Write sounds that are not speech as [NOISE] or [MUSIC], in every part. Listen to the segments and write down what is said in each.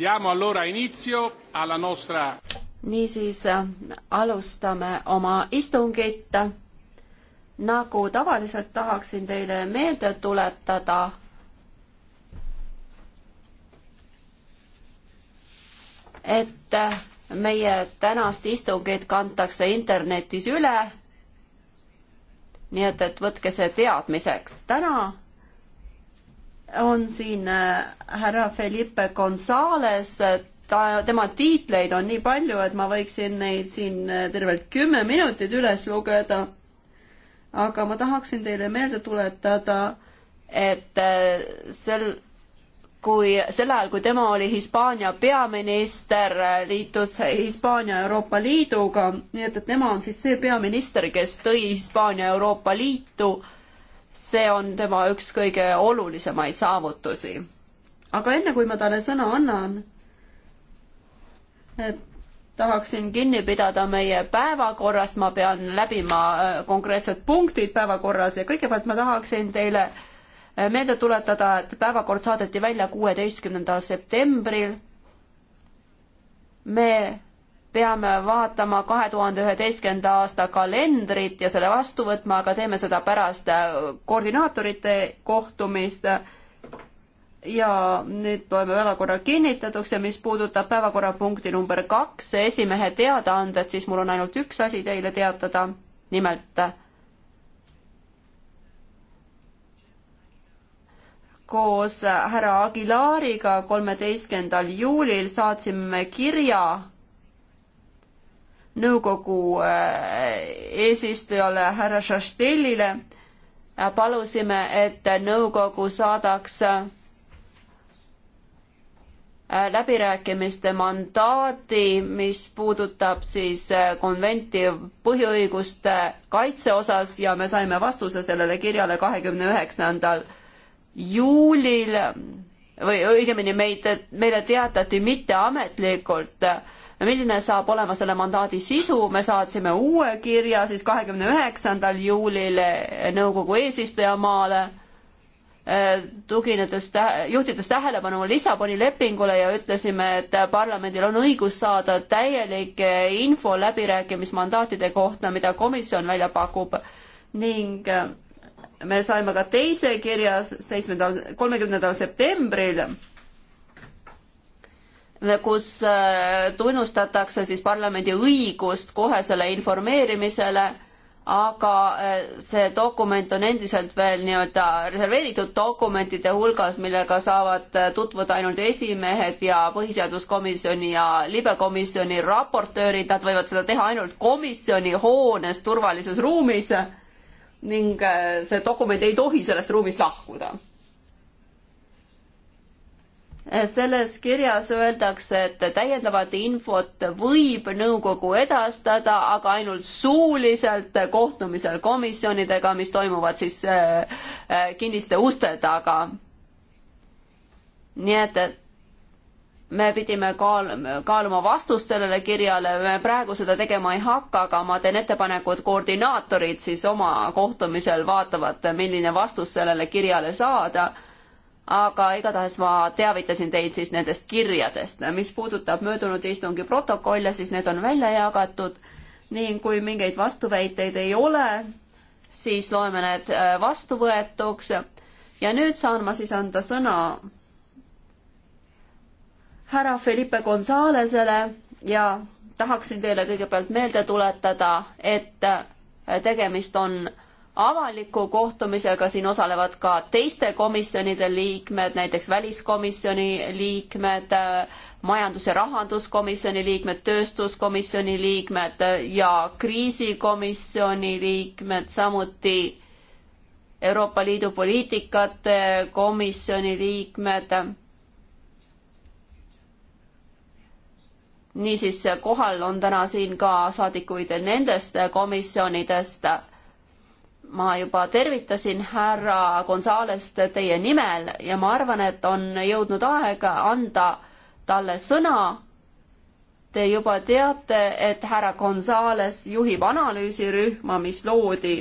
Diamo allora inizio alla nostra niisiis äh, alustame oma istungit. nagu tavaliselt tahaksin teile meelde tuletada, et meie tänast istungit kantakse internetis üle. nii et, et võtke see teadmiseks. täna on siin äh, härra Felipe Gonzales, ta, tema tiitleid on nii palju, et ma võiksin neid siin äh, tervelt kümme minutit üles lugeda. aga ma tahaksin teile meelde tuletada, et äh, sel, kui sel ajal, kui tema oli Hispaania peaminister, liitus Hispaania Euroopa Liiduga, nii et, et tema on siis see peaminister, kes tõi Hispaania Euroopa Liitu äh, see on tema üks kõige olulisemaid saavutusi. aga enne, kui ma talle sõna annan, tahaksin kinni pidada meie päevakorrast, ma pean läbima äh, konkreetsed punktid päevakorras ja kõigepealt ma tahaksin teile äh, meelde tuletada, et päevakord saadeti välja kuueteistkümnendal septembril. me peame vaatama kahe tuhande üheteistkümnenda aasta kalendrit ja selle vastu võtma, aga teeme seda pärast äh, koordinaatorite kohtumist. ja nüüd loeme päevakorra kinnitatuks ja mis puudutab päevakorrapunkti number kaks, esimehe teadaanded, siis mul on ainult üks asi teile teatada, nimelt koos härra Aguilariga kolmeteistkümnendal juulil saatsime kirja nõukogu äh, eesistujale härra Šaštelile palusime, et nõukogu saadaks äh, läbirääkimiste mandaadi, mis puudutab siis äh, konventi põhiõiguste kaitse osas ja me saime vastuse sellele kirjale kahekümne üheksandal juulil või õigemini meid, meile teatati mitteametlikult äh, milline saab olema selle mandaadi sisu, me saatsime uue kirja siis kahekümne üheksandal juulil nõukogu eesistujamaale, e, tuginedes tähe,, juhtides tähelepanu Lissaboni lepingule ja ütlesime, et parlamendil on õigus saada täielik info läbirääkimismandaatide kohta, mida komisjon välja pakub ning e, me saime ka teise kirja seitsmendal, kolmekümnendal septembril kus äh, tunnustatakse siis parlamendi õigust kohesele informeerimisele, aga äh, see dokument on endiselt veel nii-öelda reserveeritud dokumentide hulgas, millega saavad äh, tutvuda ainult esimehed ja põhiseaduskomisjoni ja libekomisjoni raportöörid, nad võivad seda teha ainult komisjoni hoones turvalises ruumis ning see dokument ei tohi sellest ruumist lahkuda selles kirjas öeldakse, et täiendavat infot võib nõukogu edastada, aga ainult suuliselt kohtumisel komisjonidega, mis toimuvad siis äh, äh, kinniste uste taga. nii et, et me pidime kaal-, kaaluma vastust sellele kirjale, me praegu seda tegema ei hakka, aga ma teen ettepaneku, et koordinaatorid siis oma kohtumisel vaatavad, milline vastus sellele kirjale saada aga igatahes ma teavitasin teid siis nendest kirjadest. mis puudutab möödunud istungi protokolle, siis need on välja jagatud ning kui mingeid vastuväiteid ei ole, siis loeme need äh, vastuvõetuks. ja nüüd saan ma siis anda sõna härra Felipe Gonzalesele ja tahaksin teile kõigepealt meelde tuletada, et äh, tegemist on avaliku kohtumisega, siin osalevad ka teiste komisjonide liikmed, näiteks väliskomisjoni liikmed, majandus- ja rahanduskomisjoni liikmed, tööstuskomisjoni liikmed ja kriisikomisjoni liikmed, samuti Euroopa Liidu poliitikate komisjoni liikmed. niisiis, kohal on täna siin ka saadikuid nendest komisjonidest ma juba tervitasin härra Gonzalest teie nimel ja ma arvan, et on jõudnud aeg anda talle sõna. Te juba teate, et härra Gonzales juhib analüüsirühma, mis loodi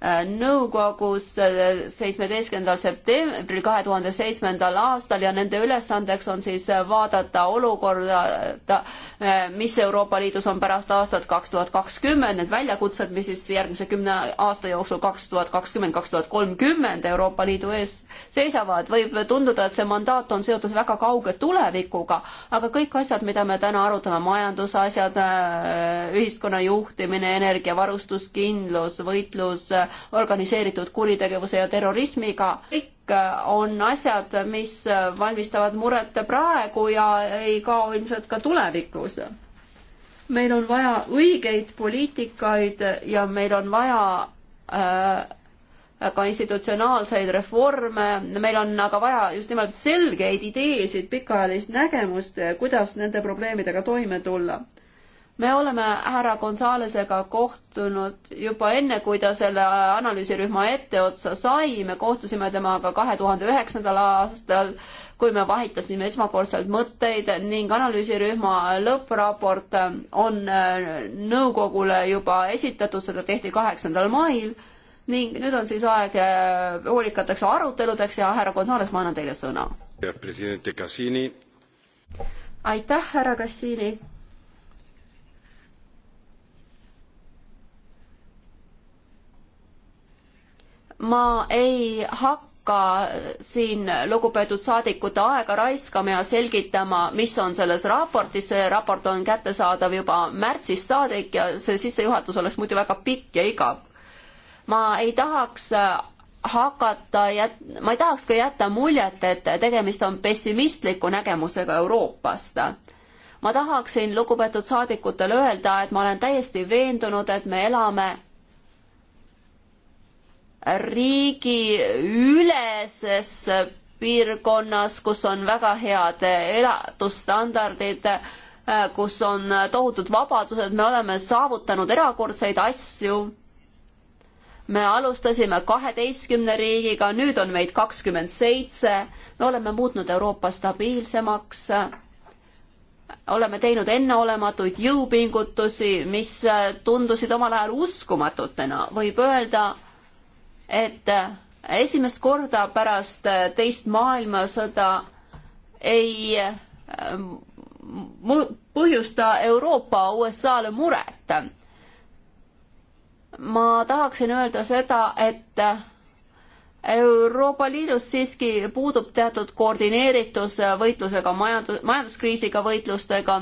Äh, nõukogus äh, seitsmeteistkümnendal septembril kahe tuhande seitsmendal aastal ja nende ülesandeks on siis äh, vaadata olukorda, mis Euroopa Liidus on pärast aastat kaks tuhat kakskümmend, need väljakutsed, mis siis järgmise kümne aasta jooksul kaks tuhat kakskümmend, kaks tuhat kolmkümmend Euroopa Liidu ees seisavad. võib tunduda, et see mandaat on seotud väga kauge tulevikuga, aga kõik asjad, mida me täna arutame, majandusasjad, ühiskonna juhtimine, energiavarustuskindlus, võitlus organiseeritud kuritegevuse ja terrorismiga. kõik äh, on asjad, mis äh, valmistavad muret praegu ja ei kao ilmselt ka tulevikus. meil on vaja õigeid poliitikaid ja meil on vaja äh, ka institutsionaalseid reforme, meil on aga vaja just nimelt selgeid ideesid, pikaajalist nägemust, kuidas nende probleemidega toime tulla me oleme härra Gonzalesega kohtunud juba enne, kui ta selle analüüsirühma etteotsa sai, me kohtusime temaga kahe tuhande üheksandal aastal, kui me vahetasime esmakordselt mõtteid ning analüüsirühma lõppraport on äh, nõukogule juba esitatud, seda tehti kaheksandal mail ning nüüd on siis aeg äh, hoolikateks aruteludeks ja härra Gonzales, ma annan teile sõna. aitäh, härra Kassiini ma ei hakka siin lugupeetud saadikute aega raiskama ja selgitama, mis on selles raportis, see raport on kättesaadav juba märtsist saadik ja see sissejuhatus oleks muidu väga pikk ja igav. ma ei tahaks hakata jät-, ma ei tahaks ka jätta muljet, et tegemist on pessimistliku nägemusega Euroopast ma tahaksin lugupeetud saadikutele öelda, et ma olen täiesti veendunud, et me elame riigiüleses piirkonnas, kus on väga head elatusstandardid, kus on tohutud vabadused, me oleme saavutanud erakordseid asju. me alustasime kaheteistkümne riigiga, nüüd on meid kakskümmend seitse, me oleme muutnud Euroopa stabiilsemaks oleme teinud enneolematuid jõupingutusi, mis tundusid omal ajal uskumatutena, võib öelda, et äh, esimest korda pärast äh, teist maailmasõda ei äh, põhjusta Euroopa USA-le muret. ma tahaksin öelda seda, et Euroopa Liidus siiski puudub teatud koordineeritus võitlusega majandus, majanduskriisiga võitlustega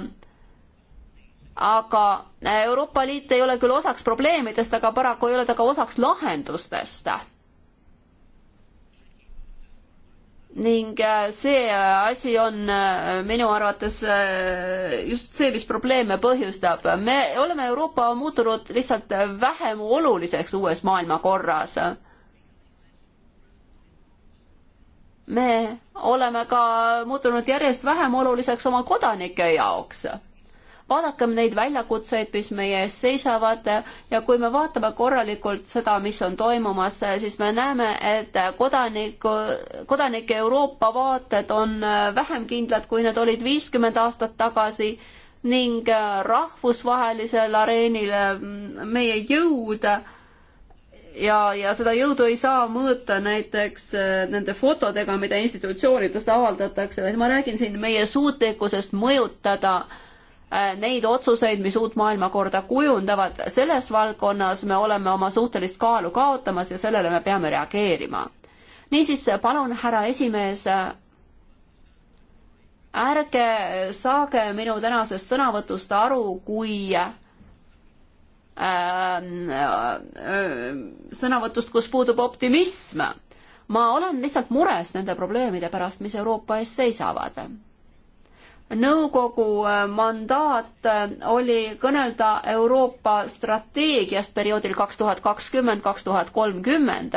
aga äh, Euroopa Liit ei ole küll osaks probleemidest, aga paraku ei ole ta ka osaks lahendustest. ning äh, see äh, asi on minu arvates just see, mis probleeme põhjustab. me oleme Euroopa muutunud lihtsalt vähem oluliseks uues maailmakorras me oleme ka muutunud järjest vähem oluliseks oma kodanike jaoks vaadakem neid väljakutseid, mis meie ees seisavad ja kui me vaatame korralikult seda, mis on toimumas, siis me näeme, et kodaniku, kodanike Euroopa vaated on äh, vähem kindlad, kui need olid viiskümmend aastat tagasi ning äh, rahvusvahelisel areenil äh, meie jõud ja, ja seda jõudu ei saa mõõta näiteks nende fotodega, mida institutsioonidest avaldatakse, vaid ma räägin siin meie suutlikkusest mõjutada äh, Äh, neid otsuseid, mis uut maailmakorda kujundavad, selles valdkonnas me oleme oma suhtelist kaalu kaotamas ja sellele me peame reageerima. niisiis, palun, härra esimees, ärge saage minu tänasest sõnavõtust aru kui äh, äh, sõnavõtust, kus puudub optimism. ma olen lihtsalt mures nende probleemide pärast, mis Euroopa ees seisavad nõukogu äh, mandaat äh, oli kõnelda Euroopa strateegiast perioodil kaks tuhat kakskümmend, kaks tuhat kolmkümmend.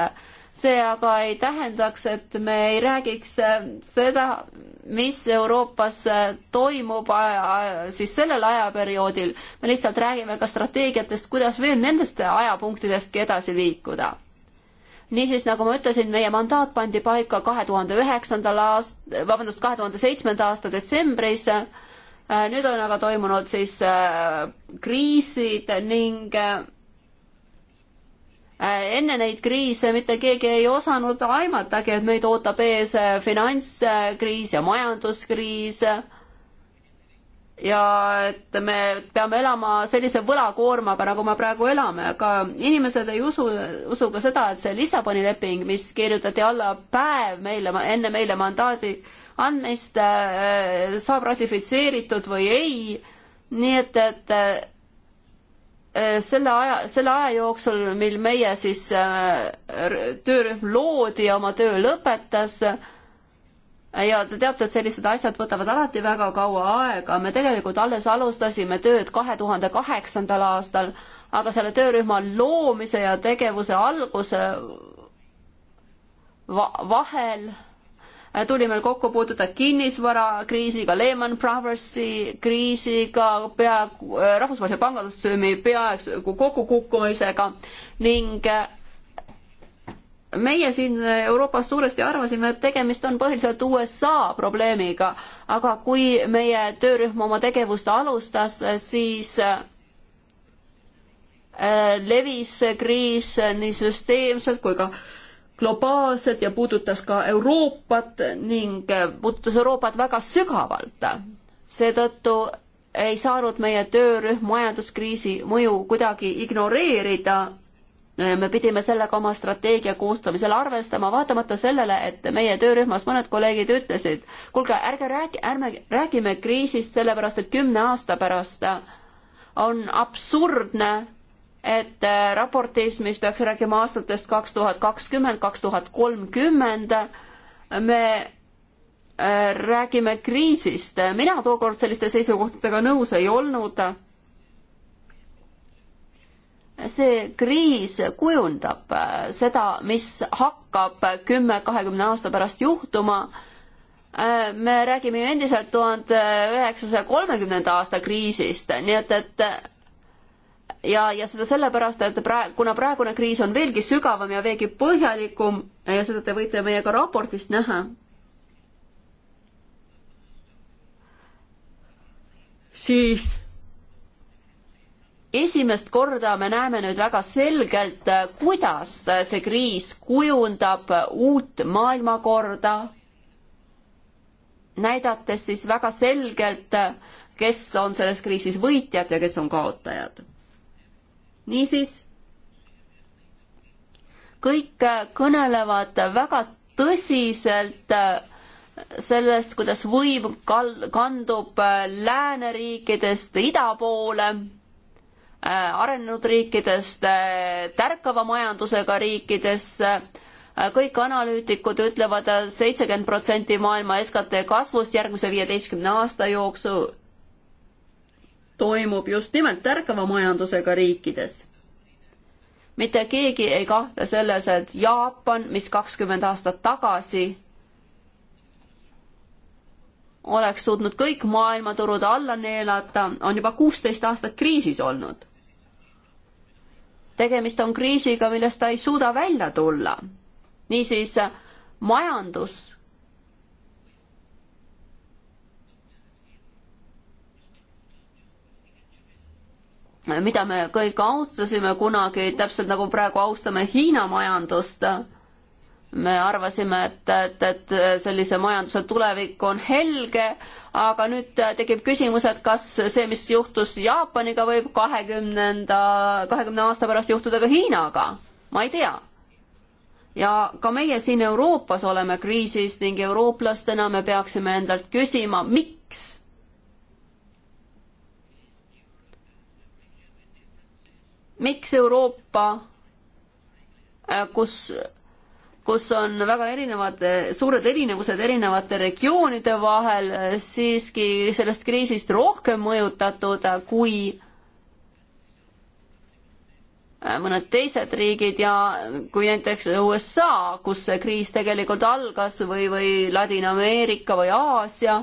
see aga ei tähendaks, et me ei räägiks äh, seda, mis Euroopas toimub siis sellel ajaperioodil. me lihtsalt räägime ka strateegiatest, kuidas veel nendest ajapunktidestki edasi liikuda niisiis, nagu ma ütlesin, meie mandaat pandi paika kahe tuhande üheksandal aast-, vabandust, kahe tuhande seitsmenda aasta detsembris. Äh, nüüd on aga toimunud siis äh, kriisid ning äh, enne neid kriise mitte keegi ei osanud aimatagi, et meid ootab ees finantskriis ja majanduskriis ja et me peame elama sellise võlakoormaga, nagu me praegu elame, aga inimesed ei usu, usu ka seda, et see Lissaboni leping, mis kirjutati alla päev meile, enne meile mandaadi andmist, äh, saab ratifitseeritud või ei. nii et, et äh, selle aja, selle aja jooksul, mil meie siis äh, töörühm loodi ja oma töö lõpetas, ja te teate, et sellised asjad võtavad alati väga kaua aega, me tegelikult alles alustasime tööd kahe tuhande kaheksandal aastal, aga selle töörühma loomise ja tegevuse alguse va vahel tuli meil kokku puutuda kinnisvarakriisiga, Lehman Brothersi kriisiga, pea, rahvusvahelise pangandussüsteemi peaaegu kokkukukkumisega ning meie siin Euroopas suuresti arvasime, et tegemist on põhiliselt USA probleemiga, aga kui meie töörühm oma tegevust alustas, siis äh, levis see kriis nii süsteemselt kui ka globaalselt ja puudutas ka Euroopat ning äh, puudutas Euroopat väga sügavalt. seetõttu ei saanud meie töörühm majanduskriisi mõju kuidagi ignoreerida me pidime sellega oma strateegia koostamisel arvestama, vaatamata sellele, et meie töörühmas mõned kolleegid ütlesid, kuulge, ärge räägi, ärme räägime kriisist, sellepärast et kümne aasta pärast on absurdne, et äh, raportis, mis peaks rääkima aastatest kaks tuhat kakskümmend, kaks tuhat kolmkümmend, me äh, räägime kriisist. mina tookord selliste seisukohtadega nõus ei olnud see kriis kujundab äh, seda, mis hakkab kümme, kahekümne aasta pärast juhtuma. Äh, me räägime ju endiselt tuhande üheksasaja kolmekümnenda aasta kriisist, nii et, et äh, ja, ja seda sellepärast, et praegu, kuna praegune kriis on veelgi sügavam ja veelgi põhjalikum ja seda te võite meie ka raportist näha siis esimest korda me näeme nüüd väga selgelt, kuidas see kriis kujundab uut maailmakorda, näidates siis väga selgelt, kes on selles kriisis võitjad ja kes on kaotajad. niisiis, kõik kõnelevad väga tõsiselt sellest, kuidas võim kal-, kandub lääneriikidest ida poole Äh, arenenud riikidest äh, tärkava majandusega riikidesse. Äh, kõik analüütikud ütlevad, et seitsekümmend protsenti maailma SKT kasvust järgmise viieteistkümne aasta jooksul toimub just nimelt tärkava majandusega riikides. mitte keegi ei kahtle selles, et Jaapan, mis kakskümmend aastat tagasi oleks suutnud kõik maailmaturud alla neelata, on juba kuusteist aastat kriisis olnud. tegemist on kriisiga, millest ta ei suuda välja tulla. niisiis majandus mida me kõik austasime kunagi, täpselt nagu praegu austame Hiina majandust me arvasime, et, et, et sellise majanduse tulevik on helge, aga nüüd tekib küsimus, et kas see, mis juhtus Jaapaniga, võib kahekümnenda, kahekümne aasta pärast juhtuda ka Hiinaga, ma ei tea. ja ka meie siin Euroopas oleme kriisis ning eurooplastena me peaksime endalt küsima, miks miks Euroopa, kus kus on väga erinevad, suured erinevused erinevate regioonide vahel, siiski sellest kriisist rohkem mõjutatud kui mõned teised riigid ja kui näiteks USA, kus see kriis tegelikult algas või, või Ladina-Ameerika või Aasia.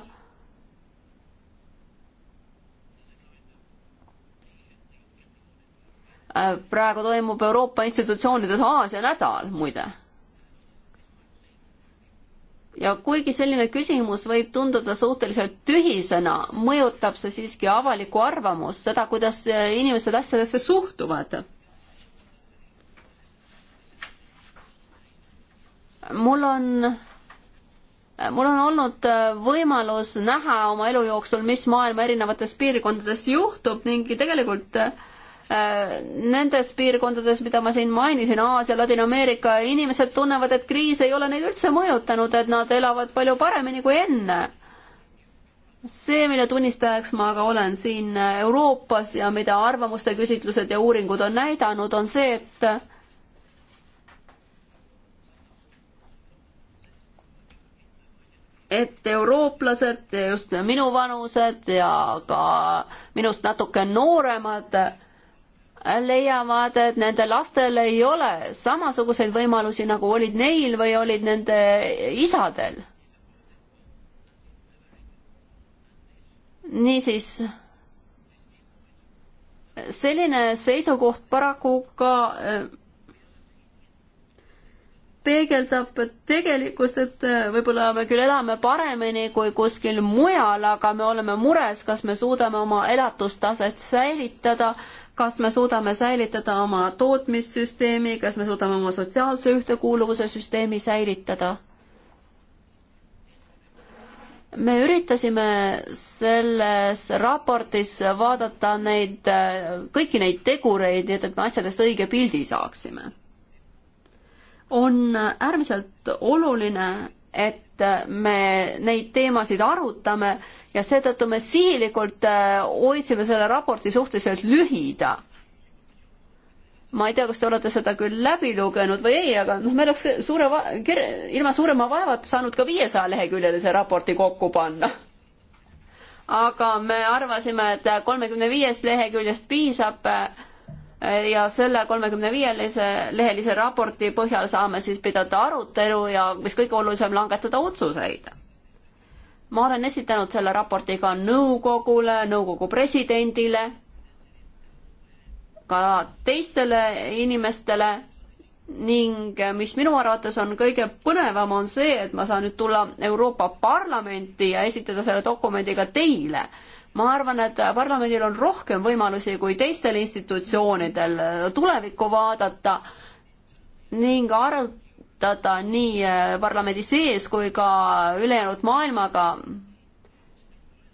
praegu toimub Euroopa institutsioonides Aasia nädal, muide ja kuigi selline küsimus võib tunduda suhteliselt tühisena, mõjutab see siiski avalikku arvamust, seda, kuidas eh, inimesed asjadesse suhtuvad. mul on, eh, mul on olnud eh, võimalus näha oma elu jooksul, mis maailma erinevates piirkondades juhtub ning tegelikult äh, Äh, nendes piirkondades, mida ma siin mainisin, Aasia, Ladina-Ameerika, inimesed tunnevad, et kriis ei ole neid üldse mõjutanud, et nad elavad palju paremini kui enne. see, mille tunnistajaks ma aga olen siin Euroopas ja mida arvamuste küsitlused ja uuringud on näidanud, on see, et et eurooplased, just minuvanused ja ka minust natuke nooremad leiavad, et nende lastel ei ole samasuguseid võimalusi, nagu olid neil või olid nende isadel. niisiis, selline seisukoht paraku ka äh, peegeldab tegelikkust, et äh, võib-olla me küll elame paremini kui kuskil mujal, aga me oleme mures, kas me suudame oma elatustaset säilitada, kas me suudame säilitada oma tootmissüsteemi, kas me suudame oma sotsiaalse ühtekuuluvuse süsteemi säilitada. me üritasime selles raportis vaadata neid, äh, kõiki neid tegureid, nii et, et me asjadest õige pildi saaksime on äärmiselt oluline, et me neid teemasid arutame ja seetõttu me sihilikult äh, hoidsime selle raporti suhteliselt lühida. ma ei tea, kas te olete seda küll läbi lugenud või ei, aga noh, me oleks suure va-, ilma suurema vaevata saanud ka viiesaja leheküljelise raporti kokku panna aga me arvasime, et kolmekümne viiest leheküljest piisab äh, Äh, ja selle kolmekümne viielise lehelise raporti põhjal saame siis pidada arutelu ja mis kõige olulisem, langetada otsuseid. ma olen esitanud selle raporti ka nõukogule, nõukogu presidendile, ka teistele inimestele ning äh, mis minu arvates on kõige põnevam, on see, et ma saan nüüd tulla Euroopa Parlamenti ja esitada selle dokumendi ka teile ma arvan, et parlamendil on rohkem võimalusi kui teistel institutsioonidel tulevikku vaadata ning arutada nii eh, parlamendi sees kui ka ülejäänud maailmaga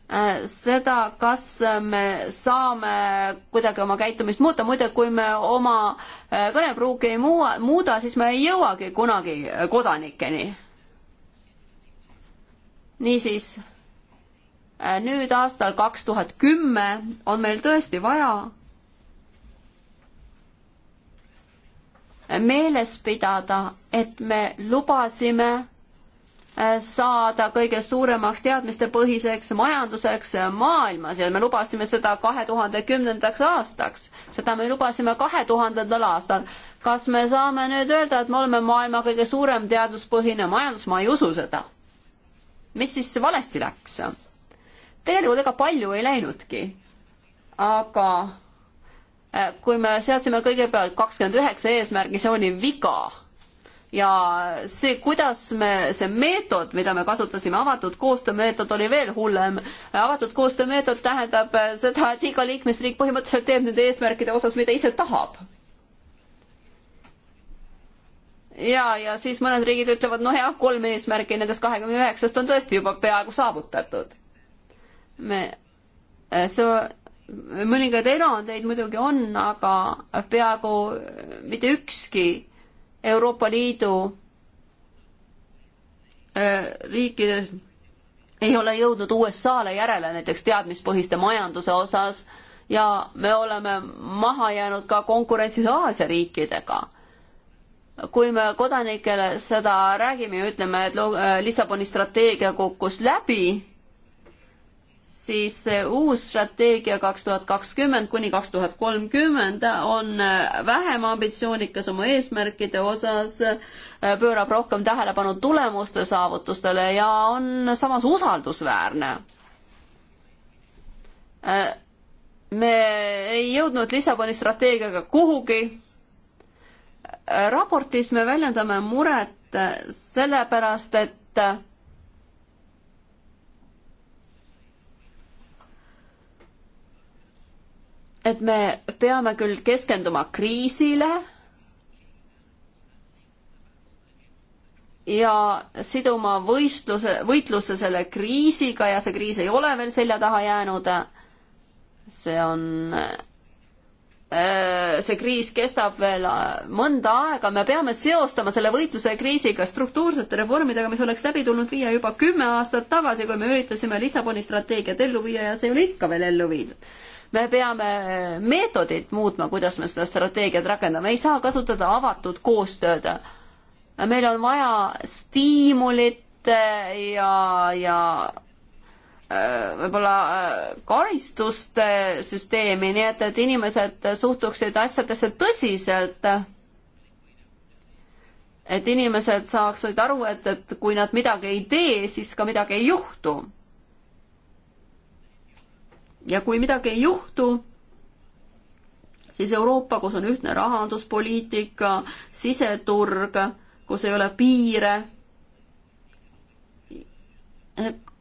eh, seda, kas me saame kuidagi oma käitumist muuta, muide kui me oma eh, kõnepruuki ei muua, muuda, siis me ei jõuagi kunagi kodanikeni. niisiis Äh, nüüd aastal kaks tuhat kümme on meil tõesti vaja meeles pidada, et me lubasime äh, saada kõige suuremaks teadmistepõhiseks majanduseks äh, maailmas ja me lubasime seda kahe tuhande kümnendaks aastaks. seda me lubasime kahe tuhandendal aastal. kas me saame nüüd öelda, et me oleme maailma kõige suurem teaduspõhine majandus, ma ei usu seda. mis siis valesti läks? tegelikult ega palju ei läinudki. aga äh, kui me seadsime kõigepealt kakskümmend üheksa eesmärgi, see oli viga. ja see, kuidas me, see meetod, mida me kasutasime, avatud koostöömeetod oli veel hullem. avatud koostöömeetod tähendab äh, seda, et iga liikmesriik põhimõtteliselt teeb nende eesmärkide osas, mida ise tahab ja, ja siis mõned riigid ütlevad, no jah, kolm eesmärki nendest kahekümne üheksast on tõesti juba peaaegu saavutatud me, äh, see, mõningaid erandeid muidugi on, aga peaaegu mitte ükski Euroopa Liidu äh, riikides ei ole jõudnud USA-le järele näiteks teadmispõhiste majanduse osas ja me oleme maha jäänud ka konkurentsis Aasia riikidega. kui me kodanikele seda räägime ja ütleme, et äh, Lissaboni strateegia kukkus läbi, siis uus strateegia kaks tuhat kakskümmend kuni kaks tuhat kolmkümmend on äh, vähem ambitsioonikas oma eesmärkide osas, äh, pöörab rohkem tähelepanu tulemuste saavutustele ja on samas usaldusväärne äh, me ei jõudnud Lissaboni strateegiaga kuhugi. raportis me väljendame muret sellepärast, et et me peame küll keskenduma kriisile ja siduma võistluse, võitluse selle kriisiga ja see kriis ei ole veel selja taha jäänud. see on, äh, see kriis kestab veel äh, mõnda aega, me peame seostama selle võitluse kriisiga struktuursete reformidega, mis oleks läbi tulnud viia juba kümme aastat tagasi, kui me üritasime Lissaboni strateegiat ellu viia ja see ei ole ikka veel ellu viidud me peame meetodit muutma, kuidas me seda strateegiat rakendame, ei saa kasutada avatud koostööd. meil on vaja stiimulit ja, ja äh, võib-olla äh, karistuste süsteemi, nii et, et inimesed suhtuksid asjadesse tõsiselt. et inimesed saaksid aru, et, et kui nad midagi ei tee, siis ka midagi ei juhtu ja kui midagi ei juhtu, siis Euroopa, kus on ühtne rahanduspoliitika, siseturg, kus ei ole piire,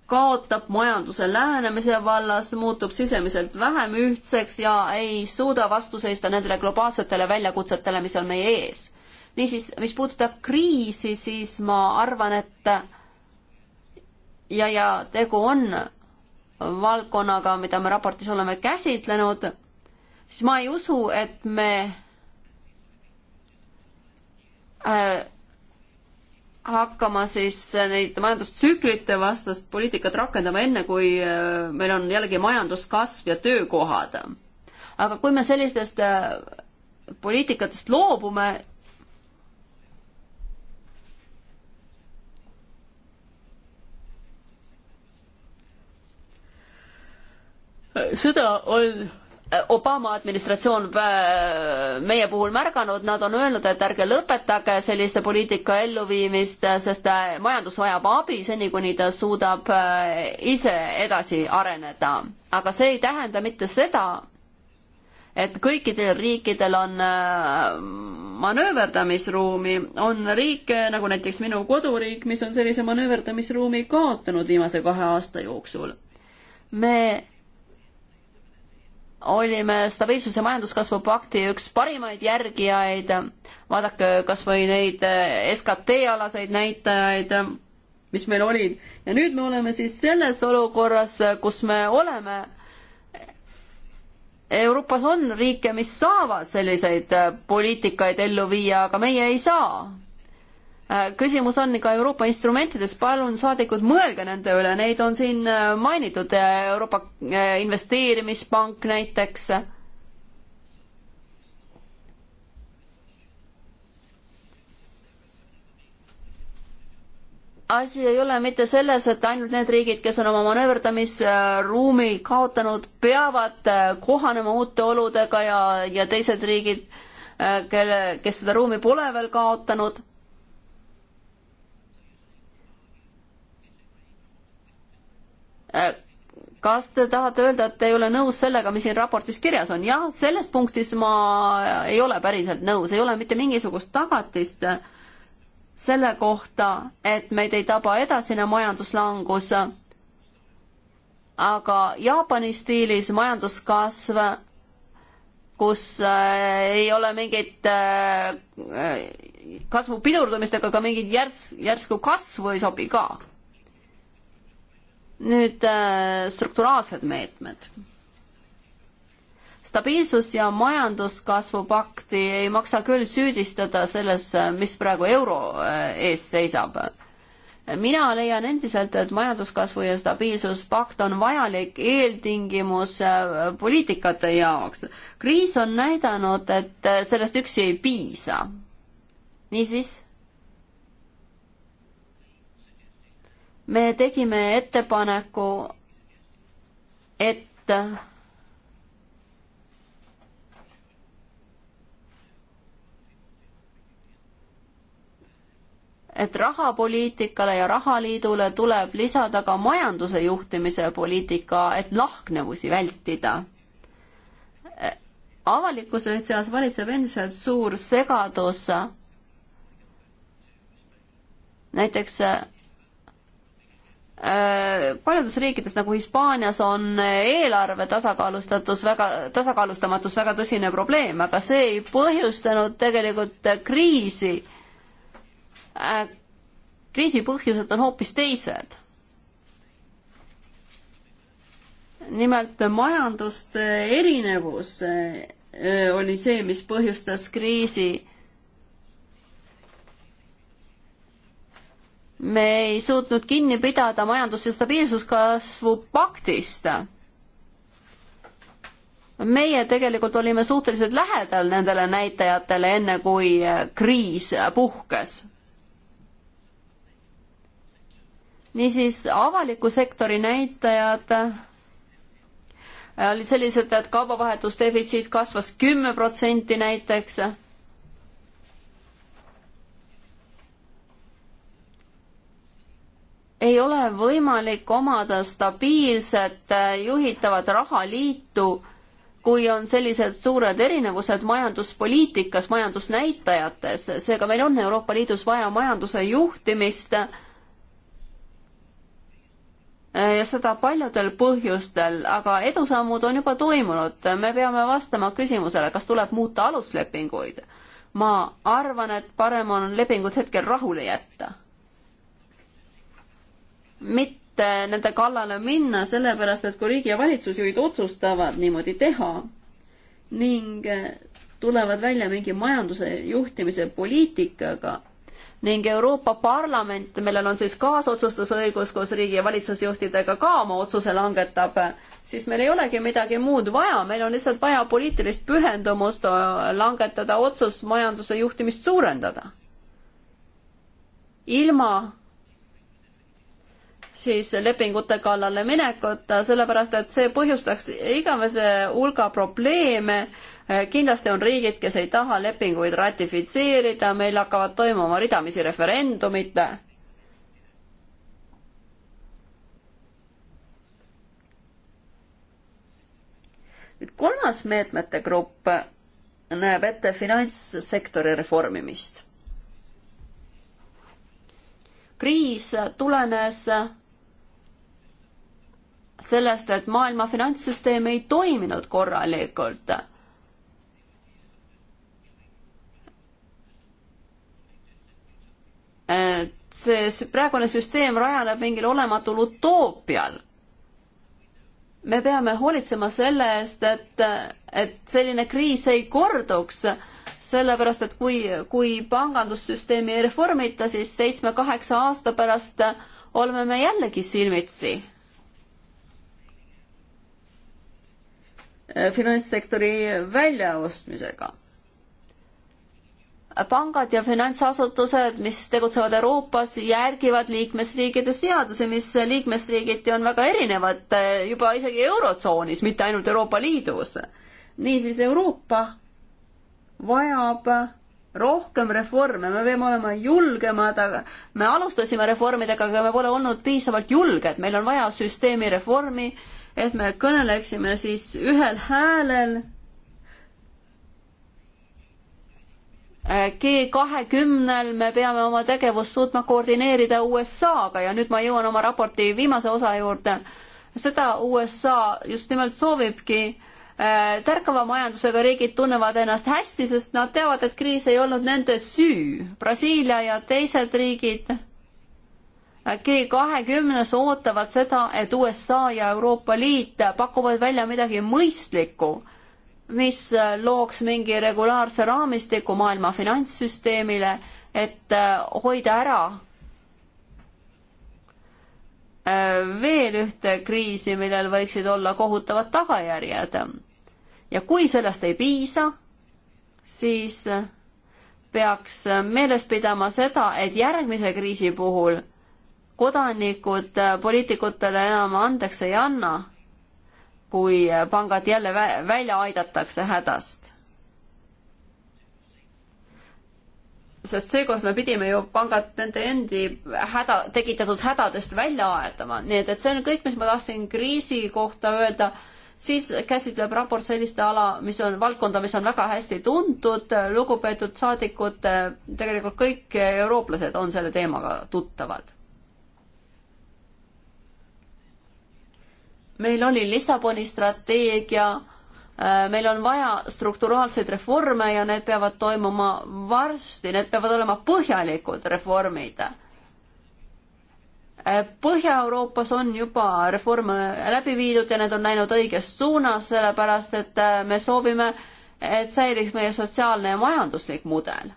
kaotab majanduse lähenemise vallas, muutub sisemiselt vähem ühtseks ja ei suuda vastu seista nendele globaalsetele väljakutsetele, mis on meie ees. niisiis, mis puudutab kriisi, siis ma arvan, et ja, ja tegu on valdkonnaga, mida me raportis oleme käsitlenud, siis ma ei usu, et me äh, hakkama siis neid majandustsüklite vastast poliitikat rakendama enne, kui äh, meil on jällegi majanduskasv ja töökohad. aga kui me sellistest äh, poliitikatest loobume, seda on Obama administratsioon äh, meie puhul märganud, nad on öelnud, et ärge lõpetage sellise poliitika elluviimist, sest äh, majandus vajab abi seni, kuni ta suudab äh, ise edasi areneda. aga see ei tähenda mitte seda, et kõikidel riikidel on manööverdamisruumi, on riike, nagu näiteks minu koduriik, mis on sellise manööverdamisruumi kaotanud viimase kahe aasta jooksul. me olime stabiilsuse majanduskasvu pakti üks parimaid järgijaid, vaadake kas või neid eh, SKT-alaseid näitajaid, mis meil olid, ja nüüd me oleme siis selles olukorras, kus me oleme. Euroopas on riike, mis saavad selliseid eh, poliitikaid ellu viia, aga meie ei saa Äh, küsimus on ka Euroopa instrumentides, palun saadikud, mõelge nende üle, neid on siin äh, mainitud, Euroopa äh, Investeerimispank näiteks. asi ei ole mitte selles, et ainult need riigid, kes on oma manööverdamisruumi kaotanud, peavad kohanema uute oludega ja, ja teised riigid, kelle, kes seda ruumi pole veel kaotanud Äh, kas te tahate öelda, et te ei ole nõus sellega, mis siin raportis kirjas on? jah, selles punktis ma ei ole päriselt nõus, ei ole mitte mingisugust tagatist selle kohta, et meid ei taba edasine majanduslangus. aga Jaapani stiilis majanduskasv, kus äh, ei ole mingit äh, kasvu pidurdumist ega ka mingit järs-, järsku kasvu ei sobi ka nüüd äh, strukturaalsed meetmed. stabiilsus ja majanduskasvu pakti ei maksa küll süüdistada selles, äh, mis praegu euro äh, ees seisab. mina leian endiselt, et majanduskasvu ja stabiilsuspakt on vajalik eeltingimus poliitikate jaoks. kriis on näidanud, et sellest üksi ei piisa. niisiis me tegime ettepaneku, et et rahapoliitikale ja rahaliidule tuleb lisada ka majanduse juhtimise poliitika, et lahknevusi vältida. avalikkuse seas valitseb endiselt suur segadus. näiteks Äh, paljudes riikides nagu Hispaanias on eelarve tasakaalustatus väga, tasakaalustamatus väga tõsine probleem, aga see ei põhjustanud tegelikult kriisi. Äh, kriisi põhjused on hoopis teised. nimelt majanduste erinevus äh, oli see, mis põhjustas kriisi me ei suutnud kinni pidada majandus- ja stabiilsuskasvu paktist. meie tegelikult olime suhteliselt lähedal nendele näitajatele, enne kui kriis puhkes. niisiis, avaliku sektori näitajad olid sellised, et kaubavahetusdefitsiit kasvas kümme protsenti näiteks ei ole võimalik omada stabiilset äh, juhitavat rahaliitu, kui on sellised suured erinevused majanduspoliitikas, majandusnäitajates, seega meil on Euroopa Liidus vaja majanduse juhtimist äh, ja seda paljudel põhjustel, aga edusammud on juba toimunud, me peame vastama küsimusele, kas tuleb muuta aluslepinguid. ma arvan, et parem on lepingud hetkel rahule jätta mitte nende kallale minna, sellepärast et kui riigi- ja valitsusjuhid otsustavad niimoodi teha ning tulevad välja mingi majanduse juhtimise poliitikaga, ning Euroopa Parlament, millel on siis kaasotsustusõigus koos riigi ja valitsusjuhtidega ka oma otsuse langetab, siis meil ei olegi midagi muud vaja, meil on lihtsalt vaja poliitilist pühendumust äh, langetada otsus majanduse juhtimist suurendada. ilma siis lepingute kallale minekut, sellepärast et see põhjustaks igavese hulga probleeme. kindlasti on riigid, kes ei taha lepinguid ratifitseerida, meil hakkavad toimuma ridamisi referendumid. nüüd kolmas meetmete grupp näeb ette finantssektori reformimist. kriis tulenes sellest, et maailma finantssüsteem ei toiminud korralikult. see praegune süsteem rajaneb mingil olematul utoopial. me peame hoolitsema selle eest, et, et selline kriis ei korduks, sellepärast et kui, kui pangandussüsteemi ei reformita, siis seitsme-kaheksa aasta pärast oleme me jällegi silmitsi Äh, finantssektori väljaostmisega. pangad ja finantsasutused, mis tegutsevad Euroopas, järgivad liikmesriikide seadusi, mis liikmesriigiti on väga erinevad äh, juba isegi Eurotsoonis, mitte ainult Euroopa Liidus. niisiis Euroopa vajab rohkem reforme, me peame olema julgemad, aga me alustasime reformidega, aga me pole olnud piisavalt julged, meil on vaja süsteemi reformi et me kõneleksime siis ühel häälel G kahekümnel me peame oma tegevust suutma koordineerida USA-ga ja nüüd ma jõuan oma raporti viimase osa juurde. seda USA just nimelt soovibki. Äh, tärkava majandusega riigid tunnevad ennast hästi, sest nad teavad, et kriis ei olnud nende süü. Brasiilia ja teised riigid G kahekümnes ootavad seda, et USA ja Euroopa Liit pakuvad välja midagi mõistlikku, mis looks mingi regulaarse raamistiku maailma finantssüsteemile, et äh, hoida ära äh, veel ühte kriisi, millel võiksid olla kohutavad tagajärjed. ja kui sellest ei piisa, siis äh, peaks meeles pidama seda, et järgmise kriisi puhul kodanikud äh, poliitikutele enam andeks ei anna, kui äh, pangad jälle vä välja aidatakse hädast. sest seekord me pidime ju pangad nende endi häda, tekitatud hädadest välja aedama, nii et, et see on kõik, mis ma tahtsin kriisi kohta öelda siis käsitleb raport sellist ala, mis on valdkonda, mis on väga hästi tuntud, lugupeetud saadikud, äh, tegelikult kõik eurooplased on selle teemaga tuttavad. meil oli Lissaboni strateegia, äh, meil on vaja strukturaalseid reforme ja need peavad toimuma varsti, need peavad olema põhjalikud reformid. Äh, Põhja-Euroopas on juba reforme läbi viidud ja need on läinud õiges suunas, sellepärast et äh, me soovime, et säiliks meie sotsiaalne ja majanduslik mudel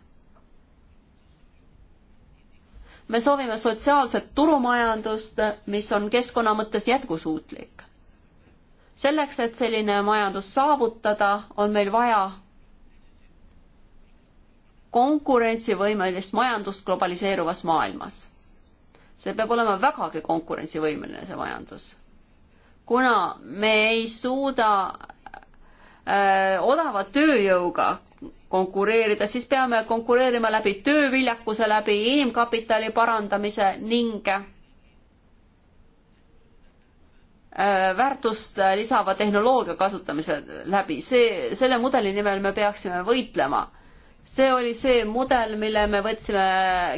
me soovime sotsiaalset turumajandust, mis on keskkonna mõttes jätkusuutlik selleks, et selline majandus saavutada, on meil vaja konkurentsivõimelist majandust globaliseeruvas maailmas. see peab olema vägagi konkurentsivõimeline, see majandus. kuna me ei suuda öö, äh, odava tööjõuga konkureerida, siis peame konkureerima läbi tööviljakuse, läbi inimkapitali parandamise ning öö, Äh, väärtust äh, lisava tehnoloogia kasutamise läbi, see, selle mudeli nimel me peaksime võitlema. see oli see mudel, mille me võtsime,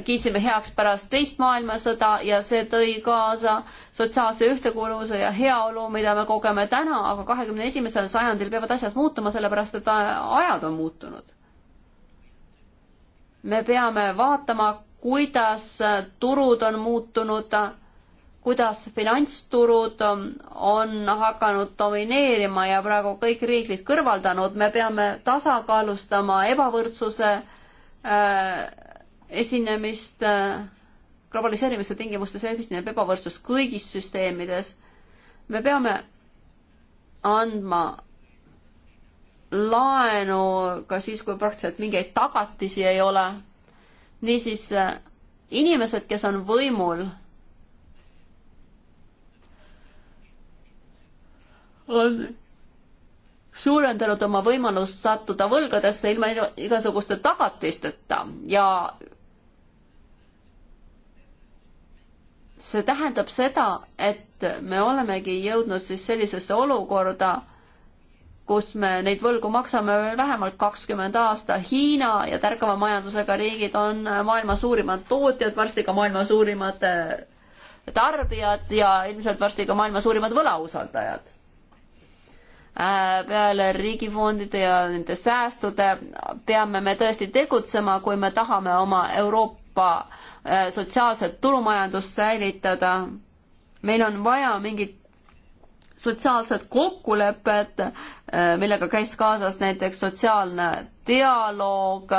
kiisime heaks pärast teist maailmasõda ja see tõi kaasa sotsiaalse ühtekuuluvuse ja heaolu, mida me kogeme täna, aga kahekümne esimesel sajandil peavad asjad muutuma, sellepärast et ajad on muutunud. me peame vaatama, kuidas turud on muutunud kuidas finantsturud ähm, on hakanud domineerima ja praegu kõik riigid kõrvaldanud, me peame tasakaalustama ebavõrdsuse äh, esinemist äh,, globaliseerimise tingimustes esineb ebavõrdsus kõigis süsteemides. me peame andma laenu ka siis, kui praktiliselt mingeid tagatisi ei ole. niisiis äh, inimesed, kes on võimul on suurendanud oma võimalust sattuda võlgadesse ilma igasuguste tagatisteta ja see tähendab seda, et me olemegi jõudnud siis sellisesse olukorda, kus me neid võlgu maksame veel vähemalt kakskümmend aasta. Hiina ja tärkava majandusega riigid on maailma suurimad tootjad, varsti ka maailma suurimad eh, tarbijad ja ilmselt varsti ka maailma suurimad võlausaldajad Äh, peale riigifondide ja nende säästude peame me tõesti tegutsema, kui me tahame oma Euroopa äh, sotsiaalset turumajandust säilitada. meil on vaja mingit sotsiaalset kokkulepet, äh, millega käis kaasas näiteks sotsiaalne dialoog,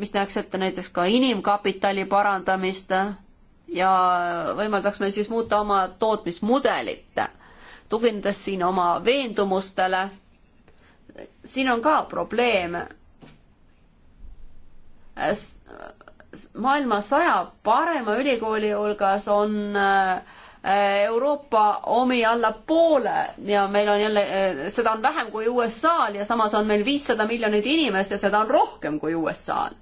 mis näeks ette näiteks ka inimkapitali parandamist ja võimaldaks meil siis muuta oma tootmismudelit tuginedes siin oma veendumustele. siin on ka probleem. maailma saja parema ülikooli hulgas on äh, Euroopa omi alla poole ja meil on jälle, äh, seda on vähem kui USA-l ja samas on meil viissada miljonit inimest ja seda on rohkem kui USA-l.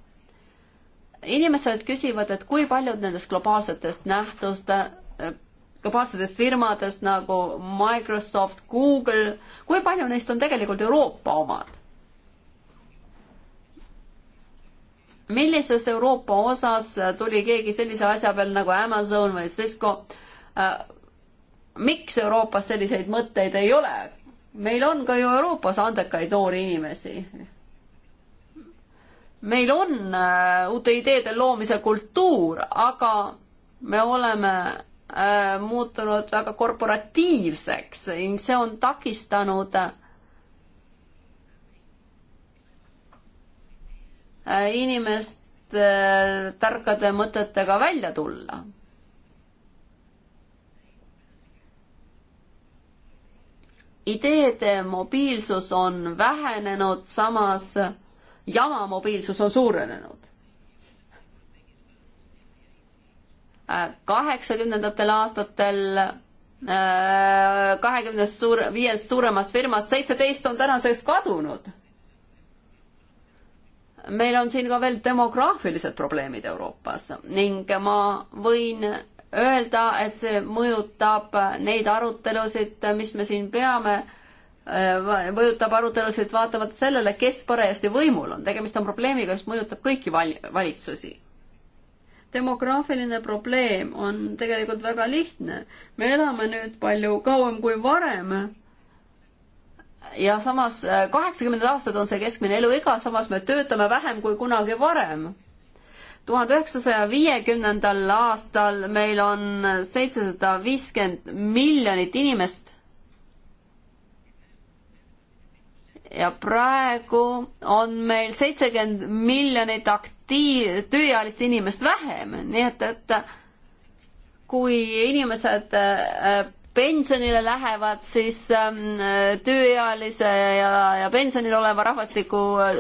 inimesed küsivad, et kui paljud nendest globaalsetest nähtust globaalsetest firmadest nagu Microsoft, Google, kui palju neist on tegelikult Euroopa omad? millises Euroopa osas tuli keegi sellise asja peal nagu Amazon või Cisco? Äh, miks Euroopas selliseid mõtteid ei ole? meil on ka ju Euroopas andekaid noori inimesi. meil on äh, uute ideede loomise kultuur, aga me oleme Äh, muutunud väga korporatiivseks ning see on takistanud äh, inimeste äh, tarkade mõtetega välja tulla. ideede mobiilsus on vähenenud, samas jama mobiilsus on suurenenud kaheksakümnendatel aastatel äh, kahekümnest suur, viiest suuremast firmast seitseteist on tänaseks kadunud. meil on siin ka veel demograafilised probleemid Euroopas ning ma võin öelda, et see mõjutab neid arutelusid, mis me siin peame, äh, mõjutab arutelusid vaatamata sellele, kes parajasti võimul on. tegemist on probleemiga, mis mõjutab kõiki val-, valitsusi demograafiline probleem on tegelikult väga lihtne. me elame nüüd palju kauem kui varem. ja samas äh, kaheksakümnendad aastad on see keskmine eluiga, samas me töötame vähem kui kunagi varem tuhande üheksasaja viiekümnendal aastal meil on seitsesada viiskümmend miljonit inimest. ja praegu on meil seitsekümmend miljonit aktiivset tii-, tööealist inimest vähem, nii et, et kui inimesed äh, pensionile lähevad, siis ähm, tööealise ja, ja pensionil oleva rahvastiku äh,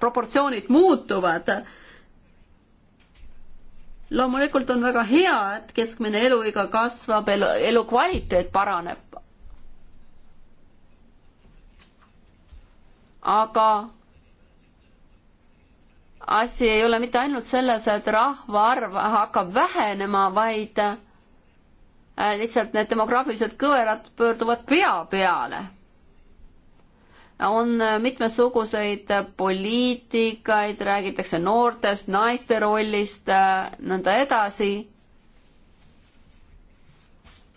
proportsioonid muutuvad loomulikult on väga hea, et keskmine eluiga kasvab, elu, elukvaliteet paraneb. aga asi ei ole mitte ainult selles, et rahvaarv hakkab vähenema, vaid äh, lihtsalt need demograafilised kõverad pöörduvad pea peale. on äh, mitmesuguseid äh, poliitikaid, räägitakse noortest, naiste rollist, nõnda edasi.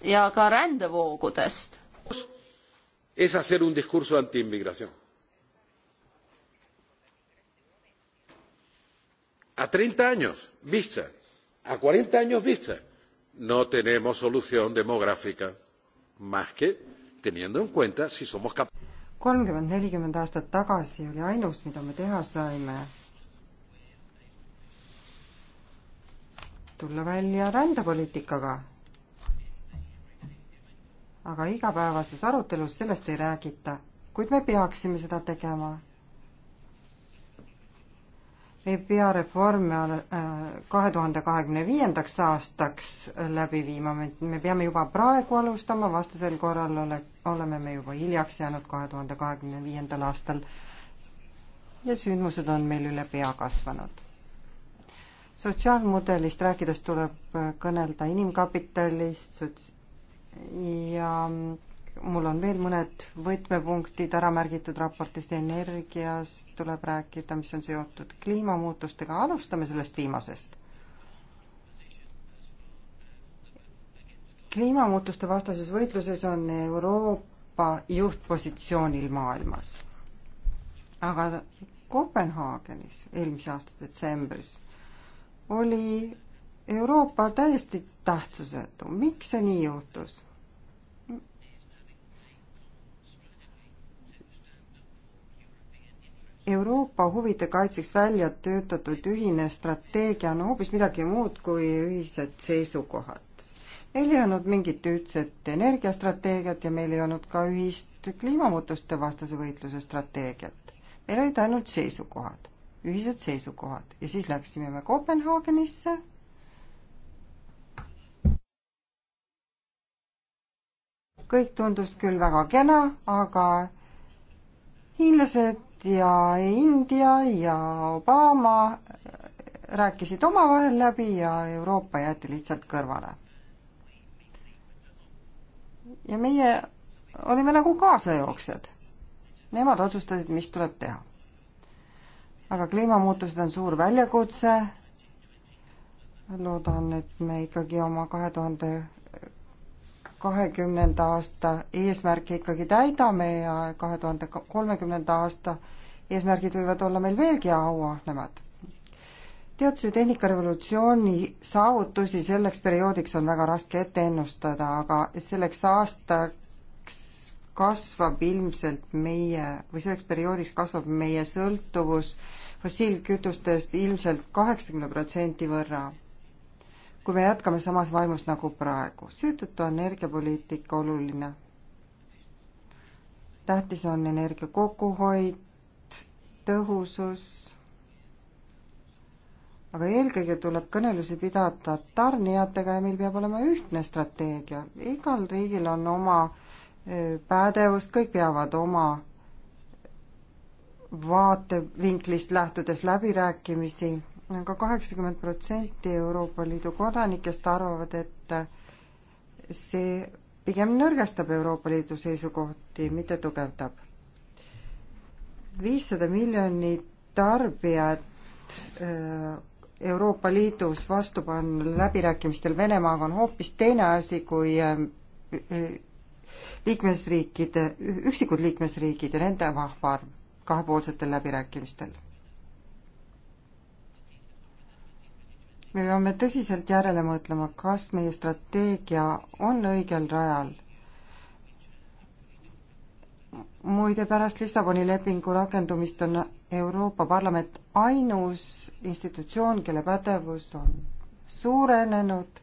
ja ka rändevoogudest. Es hacer un discurso antiinmigración a treinta años vista a cuarenta años vista no tenemos solución demográfica más que teniendo en cuenta si somos capaces kolmkümmend, nelikümmend aastat tagasi oli ainus, mida me teha saime, tulla välja rändepoliitikaga. aga igapäevases arutelus sellest ei räägita, kuid me peaksime seda tegema ei pea reforme äh, kahe tuhande kahekümne viiendaks aastaks läbi viima, me, me peame juba praegu alustama, vastasel korral ole, oleme me juba hiljaks jäänud kahe tuhande kahekümne viiendal aastal ja sündmused on meil üle pea kasvanud. sotsiaalmudelist rääkides tuleb kõnelda inimkapitalist ja mm, mul on veel mõned võtmepunktid ära märgitud raportist, energiast tuleb rääkida, mis on seotud kliimamuutustega, alustame sellest viimasest. kliimamuutuste vastases võitluses on Euroopa juhtpositsioonil maailmas. aga Kopenhaagenis eelmise aasta detsembris oli Euroopa täiesti tähtsusetu, miks see nii juhtus? Euroopa huvide kaitseks välja töötatud ühine strateegia on hoopis midagi muud kui ühised seisukohad. meil ei olnud mingit ühtset energiastrateegiat ja meil ei olnud ka ühist kliimamuutuste vastase võitluse strateegiat. meil olid ainult seisukohad, ühised seisukohad ja siis läksime me Kopenhaagenisse. kõik tundus küll väga kena, aga hiinlased ja India ja Obama rääkisid omavahel läbi ja Euroopa jäeti lihtsalt kõrvale. ja meie olime nagu kaasajooksjad. Nemad otsustasid, mis tuleb teha. aga kliimamuutused on suur väljakutse. loodan, et me ikkagi oma kahe tuhande kahekümnenda aasta eesmärke ikkagi täidame ja kahe tuhande kolmekümnenda aasta eesmärgid võivad olla meil veelgi auahnemad. teaduse ja tehnikarevolutsiooni saavutusi selleks perioodiks on väga raske ette ennustada, aga selleks aastaks kasvab ilmselt meie või selleks perioodiks kasvab meie sõltuvus fossiilkütustest ilmselt kaheksakümne protsendi võrra kui me jätkame samas vaimus nagu praegu. seetõttu on energiapoliitika oluline. tähtis on energia kokkuhoid, tõhusus, aga eelkõige tuleb kõnelusi pidada tarnijatega ja meil peab olema ühtne strateegia. igal riigil on oma e, pädevus, kõik peavad oma vaatevinklist lähtudes läbirääkimisi ka kaheksakümmend protsenti Euroopa Liidu kodanikest arvavad, et see pigem nõrgestab Euroopa Liidu seisukohti, mitte tugevdab. viissada miljonit tarbijat äh, Euroopa Liidus vastu panna läbirääkimistel Venemaaga on hoopis teine asi kui äh, äh, liikmesriikide, üksikud liikmesriigid ja nende vahva arv kahepoolsetel läbirääkimistel me peame tõsiselt järele mõtlema, kas meie strateegia on õigel rajal. muide, pärast Lissaboni lepingu rakendumist on Euroopa Parlament ainus institutsioon, kelle pädevus on suurenenud,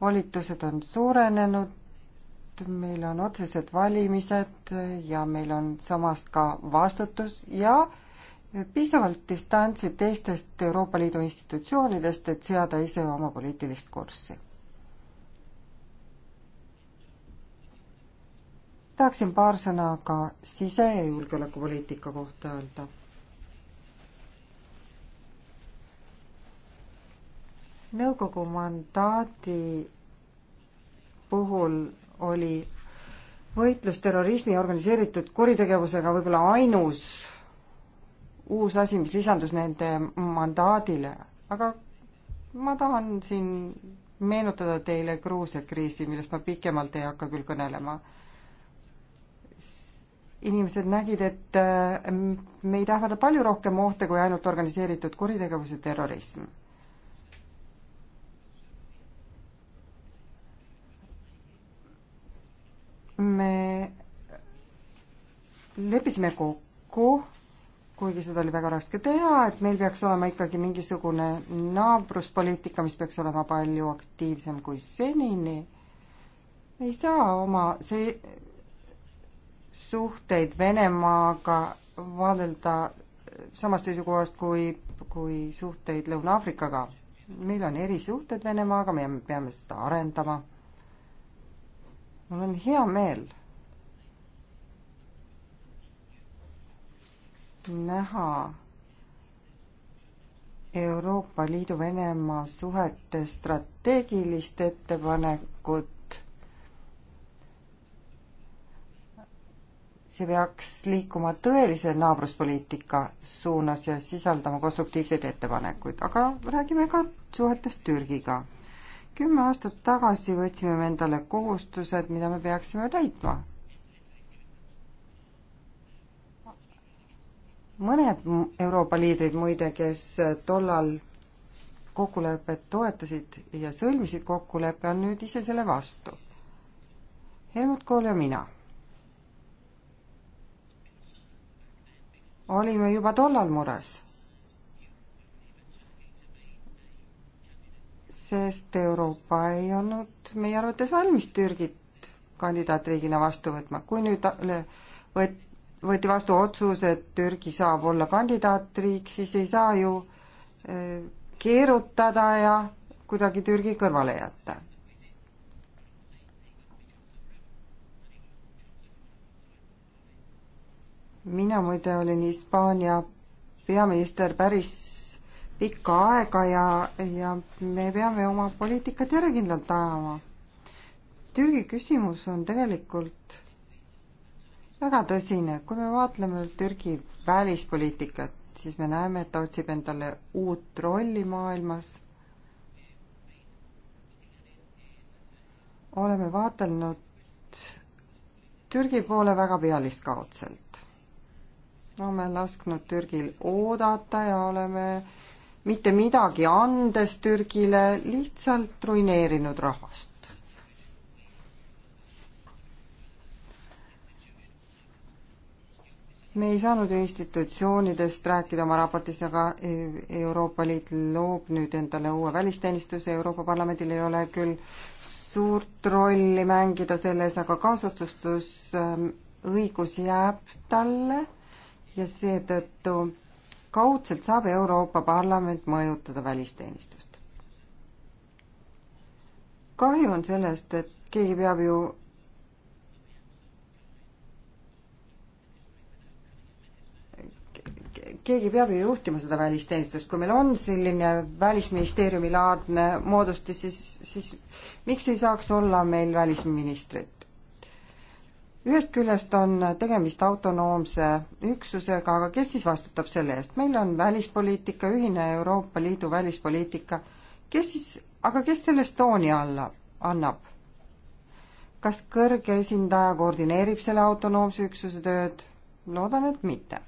volitused on suurenenud, meil on otsesed valimised ja meil on samas ka vastutus ja äh, piisavalt distantsi teistest Euroopa Liidu institutsioonidest, et seada ise oma poliitilist kurssi. tahaksin paar sõna ka sise- ja julgeolekupoliitika kohta öelda. nõukogu mandaadi puhul oli võitlus terrorismi organiseeritud kuritegevusega võib-olla ainus uus asi, mis lisandus nende mandaadile, aga ma tahan siin meenutada teile Gruusia kriisi, millest ma pikemalt ei hakka küll kõnelema. inimesed nägid, et äh, meid ähvardab palju rohkem ohte kui ainult organiseeritud kuritegevus ja terrorism. me leppisime kokku kuigi seda oli väga raske teha, et meil peaks olema ikkagi mingisugune naabruspoliitika, mis peaks olema palju aktiivsem kui senini. ei saa oma see suhteid Venemaaga vaadelda samast seisukohast kui, kui suhteid Lõuna-Aafrikaga. meil on erisuhted Venemaaga, me peame seda arendama. mul on hea meel näha Euroopa Liidu Venemaa suhete strateegilist ettepanekut. see peaks liikuma tõelise naabruspoliitika suunas ja sisaldama konstruktiivseid ettepanekuid, aga räägime ka suhetest Türgiga. kümme aastat tagasi võtsime me endale kohustused, mida me peaksime täitma mõned Euroopa liidrid muide, kes tollal kokkulepet toetasid ja sõlmisid kokkuleppe, on nüüd ise selle vastu. Helmut Kohl ja mina olime juba tollal mures, sest Euroopa ei olnud meie arvates valmis Türgit kandidaatriigina vastu võtma. kui nüüd võt-, võeti vastu otsus, et Türgi saab olla kandidaatriik, siis ei saa ju äh, keerutada ja kuidagi Türgi kõrvale jätta. mina muide olin Hispaania peaminister päris pikka aega ja, ja me peame oma poliitikat järjekindlalt ajama. Türgi küsimus on tegelikult väga tõsine, kui me vaatleme Türgi välispoliitikat, siis me näeme, et ta otsib endale uut rolli maailmas. oleme vaadelnud Türgi poole väga pealiskaudselt. oleme lasknud Türgil oodata ja oleme mitte midagi andes Türgile lihtsalt ruineerinud rahvast. me ei saanud ju institutsioonidest rääkida oma raportis, aga e- Euroopa Liit loob nüüd endale uue välisteenistuse, Euroopa Parlamendil ei ole küll suurt rolli mängida selles, aga kaasotsustusõigus ähm, jääb talle ja seetõttu kaudselt saab Euroopa Parlament mõjutada välisteenistust. kahju on sellest, et keegi peab ju keegi peab ju juhtima seda välisteenistust, kui meil on selline välisministeeriumi laadne moodustis, siis, siis miks ei saaks olla meil välisministrit? ühest küljest on tegemist autonoomse üksusega, aga kes siis vastutab selle eest? meil on välispoliitika, ühine Euroopa Liidu välispoliitika, kes siis, aga kes sellest tooni alla annab? kas kõrge esindaja koordineerib selle autonoomse üksuse tööd? loodan, et mitte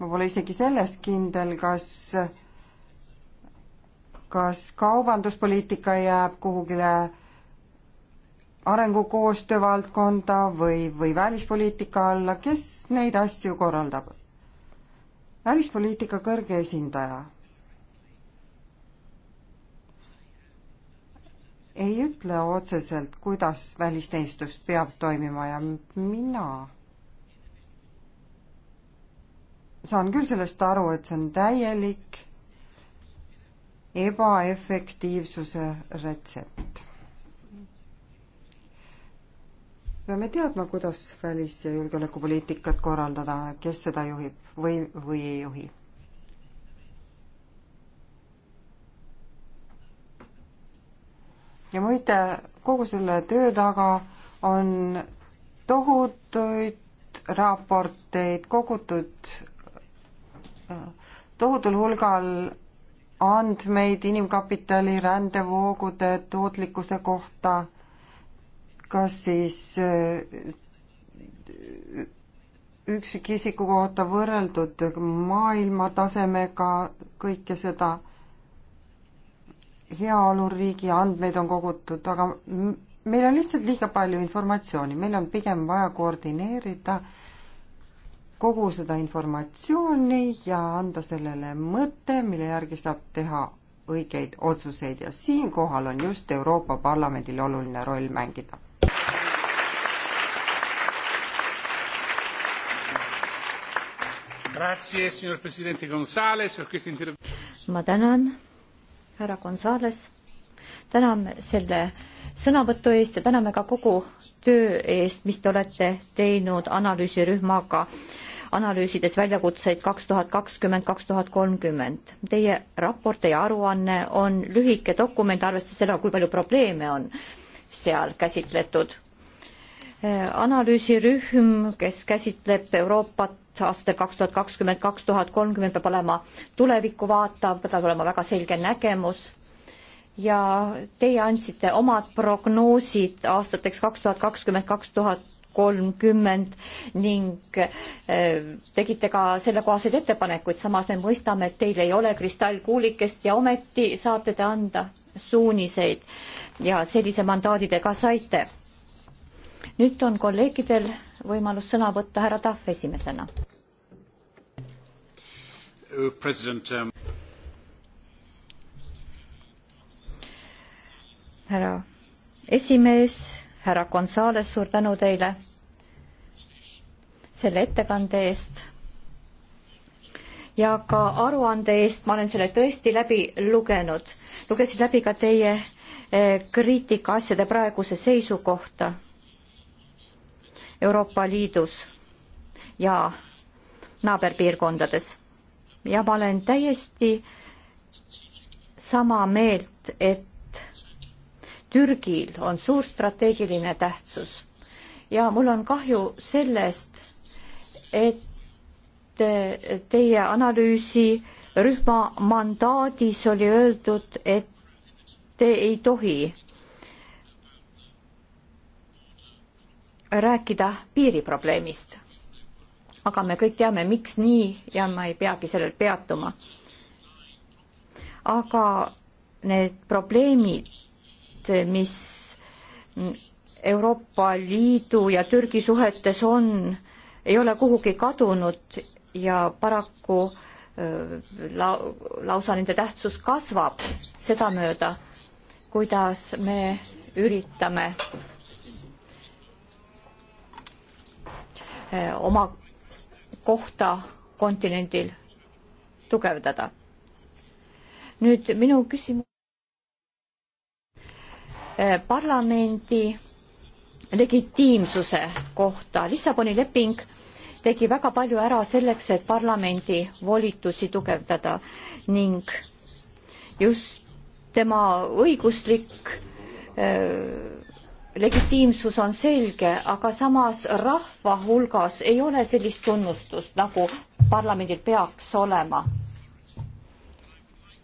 ma pole isegi selles kindel, kas, kas kaubanduspoliitika jääb kuhugile arengukoostöö valdkonda või, või välispoliitika alla, kes neid asju korraldab? välispoliitika kõrge esindaja ei ütle otseselt, kuidas välisteenistus peab toimima ja mina saan küll sellest aru, et see on täielik ebaefektiivsuse retsept. peame teadma, kuidas välis- ja julgeolekupoliitikat korraldada, kes seda juhib või, või ei juhi. ja muide, kogu selle töö taga on tohutuid raporteid kogutud tohutul hulgal andmeid inimkapitali rändevoogude tootlikkuse kohta, kas siis äh, üksikisiku kohta võrreldud maailmatasemega kõike seda heaoluriigi andmeid on kogutud, aga meil on lihtsalt liiga palju informatsiooni, meil on pigem vaja koordineerida äh, kogu seda informatsiooni ja anda sellele mõte, mille järgi saab teha õigeid otsuseid ja siinkohal on just Euroopa Parlamendil oluline roll mängida. ma tänan, härra Gonzales, täname selle sõnavõtu eest ja täname ka kogu töö eest, mis te olete teinud analüüsirühmaga äh, analüüsides väljakutseid kaks tuhat kakskümmend, kaks tuhat kolmkümmend. Teie raport, teie aruanne on lühike dokument, arvestades seda, kui palju probleeme on seal käsitletud. Äh, analüüsirühm, kes käsitleb Euroopat aastatel kaks tuhat kakskümmend, kaks tuhat kolmkümmend peab olema tulevikku vaatav, tal peab olema väga selge nägemus ja teie andsite omad prognoosid aastateks kaks tuhat kakskümmend, kaks tuhat kolmkümmend ning äh, tegite ka sellekohaseid ettepanekuid, samas me mõistame, et teil ei ole kristallkuulikest ja ometi saate te anda suuniseid ja sellise mandaadi te ka saite. nüüd on kolleegidel võimalus sõna võtta, härra Tahv esimesena. Uh, president um.... härra esimees härra Gonzales, suur tänu teile selle ettekande eest ja ka aruande eest, ma olen selle tõesti läbi lugenud. lugesin läbi ka teie eh, kriitika asjade praeguse seisu kohta Euroopa Liidus ja naaberpiirkondades. ja ma olen täiesti sama meelt, et Türgil on suur strateegiline tähtsus ja mul on kahju sellest, et teie analüüsirühma mandaadis oli öeldud, et te ei tohi rääkida piiriprobleemist. aga me kõik teame, miks nii ja ma ei peagi sellel peatuma. aga need probleemid mis Euroopa Liidu ja Türgi suhetes on, ei ole kuhugi kadunud ja paraku äh, la-, lausa nende tähtsus kasvab sedamööda, kuidas me üritame äh, oma kohta kontinendil tugevdada. nüüd minu küsimus. Äh, parlamendi legitiimsuse kohta. Lissaboni leping tegi väga palju ära selleks, et parlamendi volitusi tugevdada ning just tema õiguslik öö, äh, legitiimsus on selge, aga samas rahva hulgas ei ole sellist tunnustust, nagu parlamendil peaks olema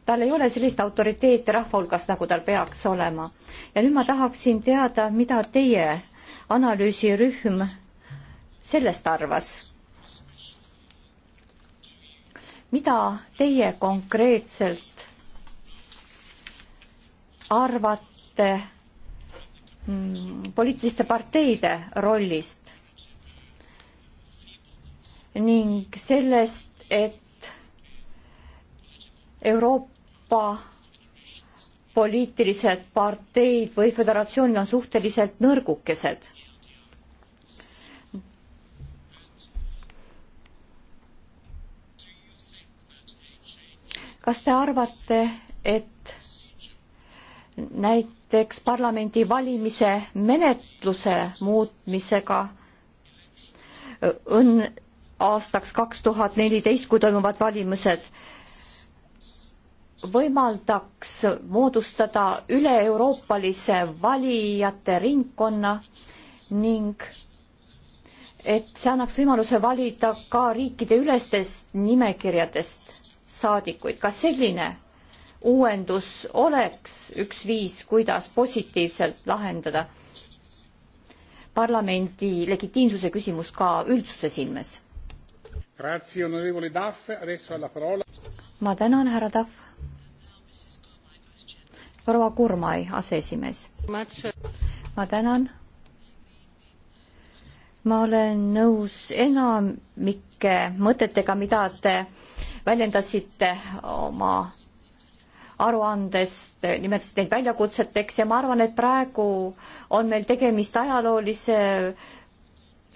tal ei ole sellist autoriteeti rahva hulgas, nagu tal peaks olema. ja nüüd ma tahaksin teada, mida teie analüüsirühm sellest arvas? mida teie konkreetselt arvate mm, poliitiliste parteide rollist ning sellest, et Euroopa Euroopa poliitilised parteid või föderatsioonid on suhteliselt nõrgukesed. kas te arvate, et näiteks parlamendivalimise menetluse muutmisega on aastaks kaks tuhat neliteist, kui toimuvad valimised, võimaldaks moodustada üle-euroopalise valijate ringkonna ning et see annaks võimaluse valida ka riikide ülestest nimekirjadest saadikuid. kas selline uuendus oleks üks viis, kuidas positiivselt lahendada parlamendi legitiimsuse küsimus ka üldsuse silmes? ma tänan, härra Tahv proua Kurmai, aseesimees. ma tänan. ma olen nõus enamike mõtetega, mida te väljendasite oma aruandest, nimetasite neid väljakutseteks ja ma arvan, et praegu on meil tegemist ajaloolise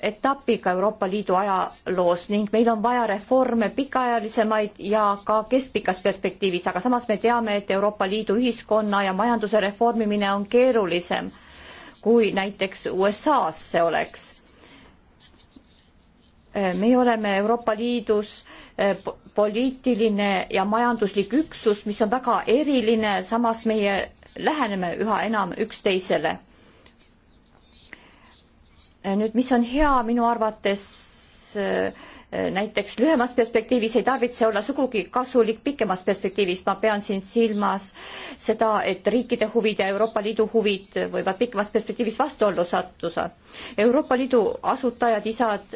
etapiga Euroopa Liidu ajaloos ning meil on vaja reforme pikaajalisemaid ja ka keskpikas perspektiivis, aga samas me teame, et Euroopa Liidu ühiskonna ja majanduse reformimine on keerulisem kui näiteks USA-s see oleks. meie oleme Euroopa Liidus eh, poliitiline ja majanduslik üksus, mis on väga eriline, samas meie läheneme üha enam üksteisele Äh, nüüd, mis on hea minu arvates äh, näiteks lühemas perspektiivis ei tarvitse olla sugugi kasulik pikemas perspektiivis, ma pean siin silmas seda, et riikide huvid ja Euroopa Liidu huvid võivad pikemas perspektiivis vastuollu sattuda. Euroopa Liidu asutajad, isad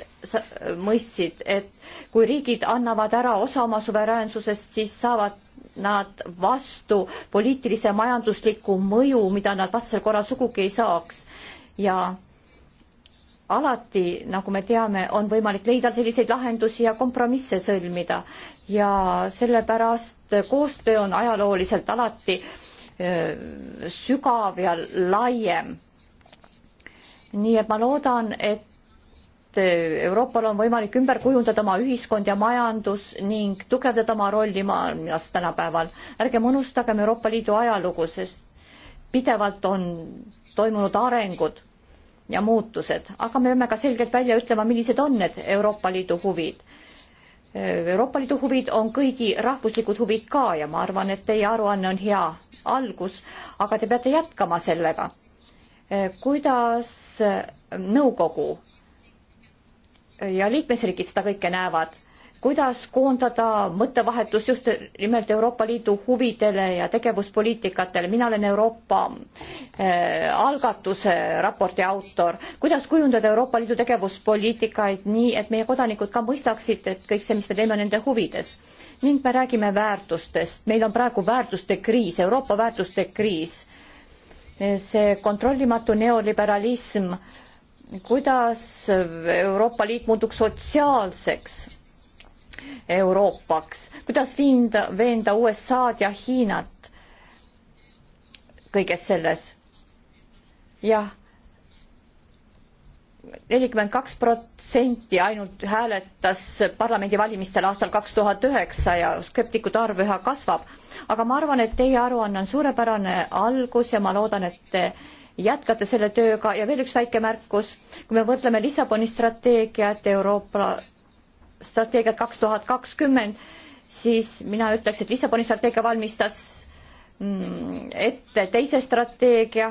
mõistsid, et kui riigid annavad ära osa oma suveräänsusest, siis saavad nad vastu poliitilise majandusliku mõju, mida nad vastasel korral sugugi ei saaks ja alati, nagu me teame, on võimalik leida selliseid lahendusi ja kompromisse sõlmida ja sellepärast koostöö on ajalooliselt alati öö, sügav ja laiem. nii et ma loodan, et Euroopal on võimalik ümber kujundada oma ühiskond ja majandus ning tugevdada oma rolli maailmas tänapäeval. ärgem unustagem Euroopa Liidu ajalugu, sest pidevalt on toimunud arengud ja muutused, aga me peame ka selgelt välja ütlema, millised on need Euroopa Liidu huvid. Euroopa Liidu huvid on kõigi rahvuslikud huvid ka ja ma arvan, et teie aruanne on hea algus, aga te peate jätkama sellega. kuidas nõukogu ja liikmesriigid seda kõike näevad? kuidas koondada mõttevahetus just nimelt Euroopa Liidu huvidele ja tegevuspoliitikatele. mina olen Euroopa äh, algatuse raporti autor. kuidas kujundada Euroopa Liidu tegevuspoliitikaid nii, et meie kodanikud ka mõistaksid, et kõik see, mis me teeme, on nende huvides. ning me räägime väärtustest. meil on praegu väärtuste kriis, Euroopa väärtuste kriis. Eh, see kontrollimatu neoliberalism kuidas Euroopa Liit muutuks sotsiaalseks Euroopaks, kuidas viinda, veenda USA-d ja Hiinat kõiges selles jah,? jah, nelikümmend kaks protsenti ainult hääletas parlamendivalimistel aastal kaks tuhat üheksa ja skeptikute arv üha kasvab. aga ma arvan, et teie aruanne on suurepärane algus ja ma loodan, et te jätkate selle tööga ja veel üks väike märkus, kui me võrdleme Lissaboni strateegiat Euroopa strateegiat kaks tuhat kakskümmend, siis mina ütleks, et Lissaboni strateegia valmistas mm, ette teise strateegia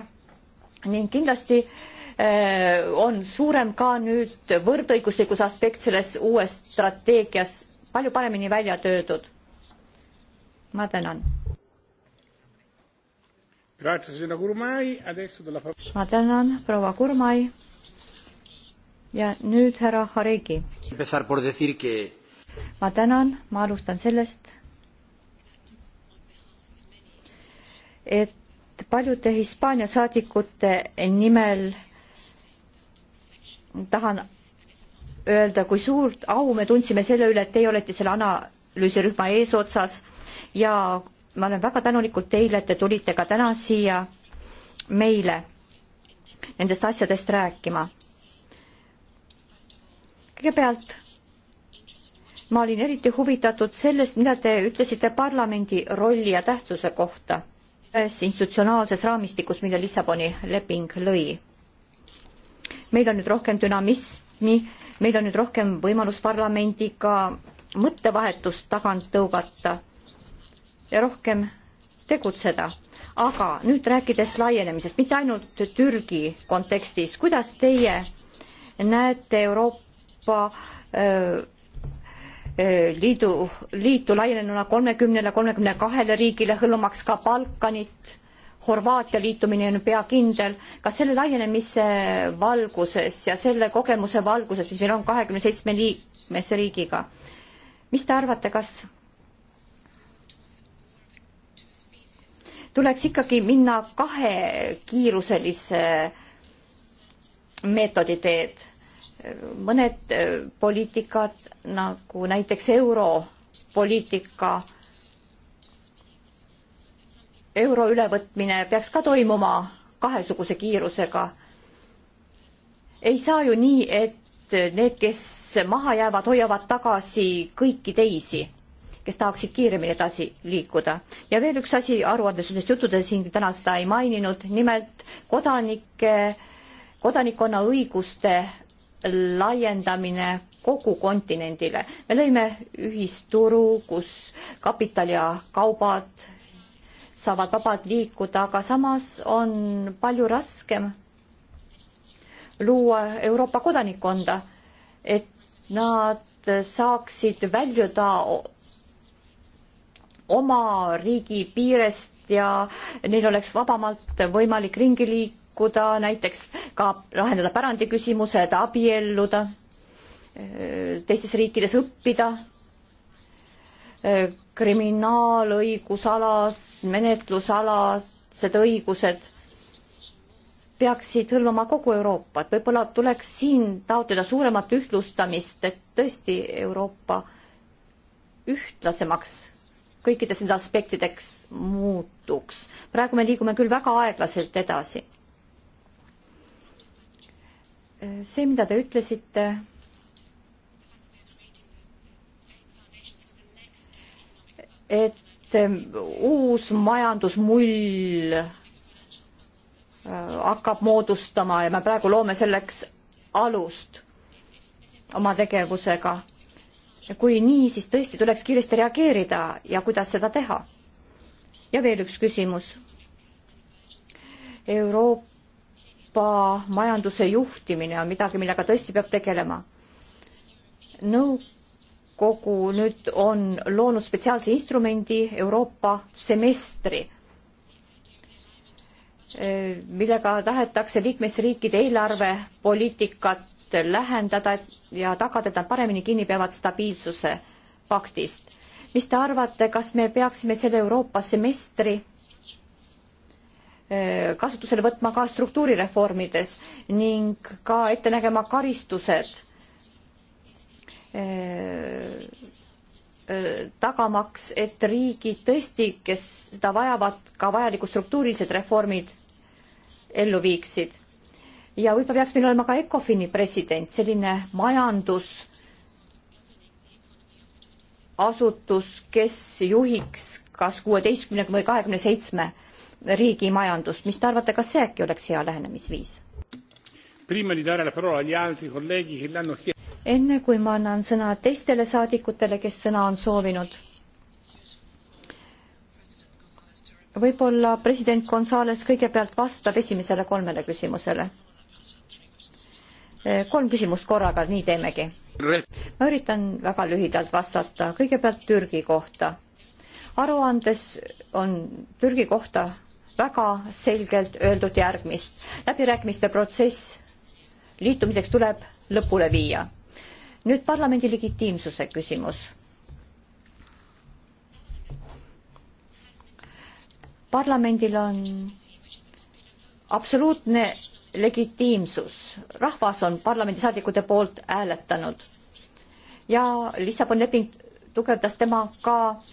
ning kindlasti äh, on suurem ka nüüd võrdõiguslikkuse aspekt selles uues strateegias palju paremini välja töötud. ma tänan. ma tänan, proua Kurmai ja nüüd härra Haregi. ma tänan, ma alustan sellest, et paljude Hispaania saadikute nimel tahan öelda, kui suurt au me tundsime selle üle, et teie olete selle analüüsirühma eesotsas ja ma olen väga tänulikult teile, et te tulite ka täna siia meile nendest asjadest rääkima kõigepealt ma olin eriti huvitatud sellest, mida te ütlesite parlamendi rolli ja tähtsuse kohta ühes institutsionaalses raamistikus, mille Lissaboni leping lõi. meil on nüüd rohkem dünamismi, meil on nüüd rohkem võimalus parlamendiga mõttevahetust tagant tõugata ja rohkem tegutseda. aga nüüd rääkides laienemisest, mitte ainult Türgi kontekstis, kuidas teie näete Euroopa Euroopa äh, äh, Liidu, liitu laienenuna kolmekümnele, kolmekümne kahele riigile, hõlmaks ka Balkanit Horvaatia liitumine on peakindel, kas selle laienemise valguses ja selle kogemuse valguses, mis meil on kahekümne seitsme liikmesriigiga, mis te arvate, kas tuleks ikkagi minna kahekiiruselise meetodi teed? mõned e, poliitikad nagu näiteks europoliitika, euro ülevõtmine peaks ka toimuma kahesuguse kiirusega. ei saa ju nii, et need, kes maha jäävad, hoiavad tagasi kõiki teisi, kes tahaksid kiiremini edasi liikuda. ja veel üks asi aruandes, sest juttudes siin täna seda ei maininud, nimelt kodanike, kodanikkonna õiguste laiendamine kogu kontinendile. me lõime ühisturu, kus kapital ja kaubad saavad vabalt liikuda, aga samas on palju raskem luua Euroopa kodanikkonda, et nad saaksid väljuda oma riigi piirest ja neil oleks vabamalt võimalik ringi liikuda pakkuda, näiteks ka lahendada pärandiküsimused, abielluda, teistes riikides õppida, kriminaalõigusalas, menetlusalased õigused peaksid hõlmama kogu Euroopat, võib-olla tuleks siin taotleda suuremat ühtlustamist, et tõesti Euroopa ühtlasemaks kõikides nendes aspektideks muutuks. praegu me liigume küll väga aeglaselt edasi see, mida te ütlesite, et ähm, uus majandusmull äh, hakkab moodustama ja me praegu loome selleks alust oma tegevusega. kui nii, siis tõesti tuleks kiiresti reageerida ja kuidas seda teha. ja veel üks küsimus. Euroopa Euroopa majanduse juhtimine on midagi, millega tõesti peab tegelema. nõukogu nüüd on loonud spetsiaalse instrumendi Euroopa semestri, eh, millega tahetakse liikmesriikide eelarvepoliitikat lähendada ja tagada, et nad paremini kinni peavad stabiilsuse paktist. mis te arvate, kas me peaksime selle Euroopa semestri Eh, kasutusele võtma ka struktuurireformides ning ka ette nägema karistused, eh, eh, tagamaks, et riigid tõesti, kes seda vajavad, ka vajalikud struktuurilised reformid ellu viiksid. ja võib-olla peaks meil olema ka ECOFIN-i president, selline majandusasutus, kes juhiks kas kuueteistkümne või kahekümne seitsme riigi majandust, mis te arvate, kas see äkki oleks hea lähenemisviis? enne kui ma annan sõna teistele saadikutele, kes sõna on soovinud, võib-olla president Gonzales kõigepealt vastab esimesele kolmele küsimusele. Eh, kolm küsimust korraga, nii teemegi. ma üritan väga lühidalt vastata, kõigepealt Türgi kohta. aruandes on Türgi kohta väga selgelt öeldud järgmist. läbirääkimiste protsess liitumiseks tuleb lõpule viia. nüüd parlamendi legitiimsuse küsimus. parlamendil on absoluutne legitiimsus, rahvas on parlamendisaadikute poolt hääletanud ja Lissaboni leping tugevdas tema ka äh,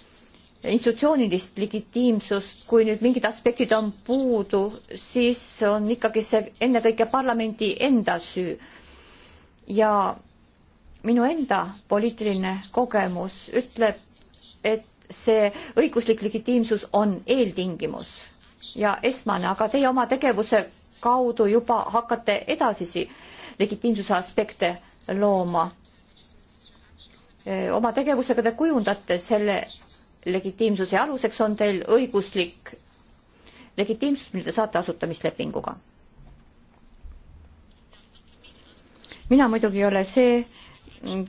institutsioonilist legitiimsust, kui nüüd mingid aspektid on puudu, siis on ikkagi see ennekõike parlamendi enda süü. ja minu enda poliitiline kogemus ütleb, et see õiguslik legitiimsus on eeltingimus ja esmane, aga teie oma tegevuse kaudu juba hakkate edasisi legitiimsuse aspekte looma. oma tegevusega te kujundate selle legitiimsuse aluseks on teil õiguslik legitiimsus, mille te saate asutamislepinguga. mina muidugi ei ole see,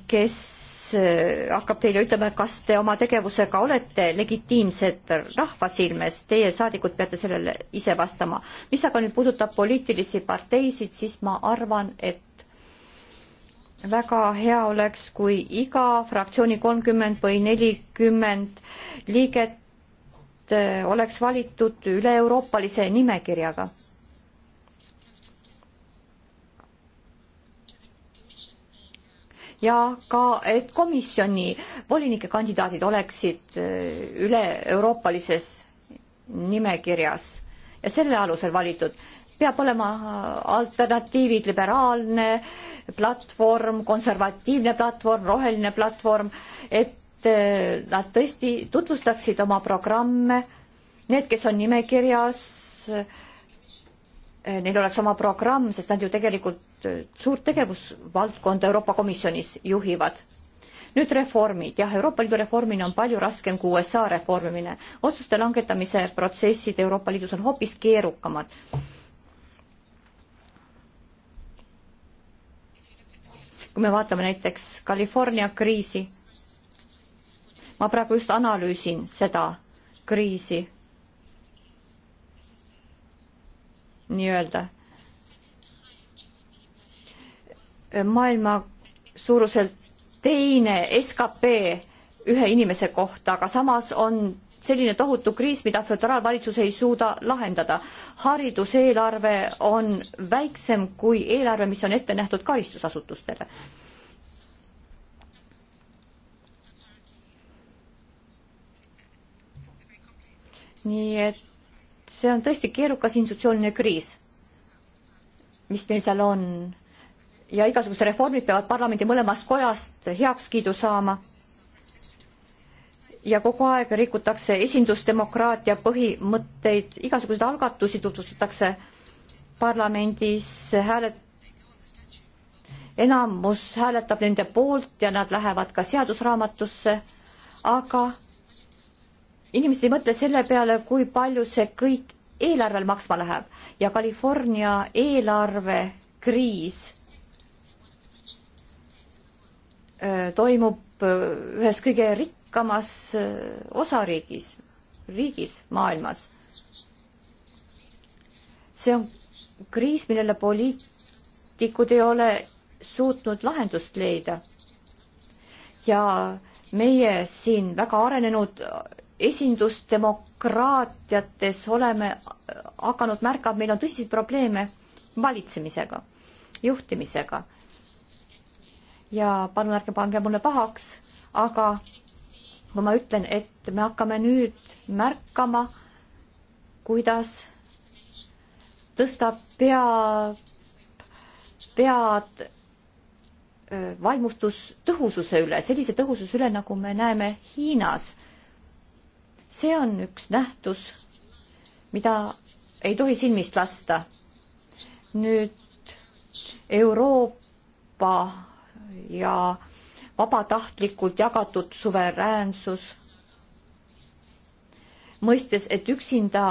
kes äh, hakkab teile ütlema, kas te oma tegevusega olete legitiimsed rahva silmes, teie saadikud peate sellele ise vastama. mis aga nüüd puudutab poliitilisi parteisid, siis ma arvan, et väga hea oleks, kui iga fraktsiooni kolmkümmend või nelikümmend liiget äh, oleks valitud üle-euroopalise nimekirjaga. ja ka, et komisjoni volinike kandidaadid oleksid äh, üle-euroopalises nimekirjas ja selle alusel valitud peab olema äh, alternatiivid, liberaalne platvorm, konservatiivne platvorm, roheline platvorm, et äh, nad tõesti tutvustaksid oma programme. Need, kes on nimekirjas, äh, neil oleks oma programm, sest nad ju tegelikult suurt tegevusvaldkonda Euroopa Komisjonis juhivad. nüüd reformid, jah, Euroopa Liidu reformimine on palju raskem kui USA reformimine. otsuste langetamise protsessid Euroopa Liidus on hoopis keerukamad kui me vaatame näiteks California kriisi, ma praegu just analüüsin seda kriisi nii-öelda. maailma suuruselt teine skp ühe inimese kohta, aga samas on selline tohutu kriis, mida föderaalvalitsus ei suuda lahendada. hariduseelarve on väiksem kui eelarve, mis on ette nähtud karistusasutustele. nii et see on tõesti keerukas institutsiooniline kriis, mis neil seal on ja igasugused reformid peavad parlamendi mõlemast kojast heakskiidu saama ja kogu aeg rikutakse esindusdemokraatia põhimõtteid, igasuguseid algatusi tutvustatakse parlamendis, hääled, enamus hääletab nende poolt ja nad lähevad ka seadusraamatusse, aga inimesed ei mõtle selle peale, kui palju see kõik eelarvel maksma läheb ja California eelarvekriis äh, toimub äh, ühes kõige rik-, rikkamas osariigis, riigis maailmas. see on kriis, millele poliitikud ei ole suutnud lahendust leida. ja meie siin väga arenenud esindusdemokraatiates oleme hakanud märkama, meil on tõsiseid probleeme valitsemisega, juhtimisega. ja palun ärge pange mulle pahaks, aga kui ma ütlen, et me hakkame nüüd märkama, kuidas tõstab pea, pead vaimustus tõhususe üle, sellise tõhususe üle, nagu me näeme Hiinas. see on üks nähtus, mida ei tohi silmist lasta. nüüd Euroopa ja vabatahtlikult jagatud suveräänsus, mõistes, et üksinda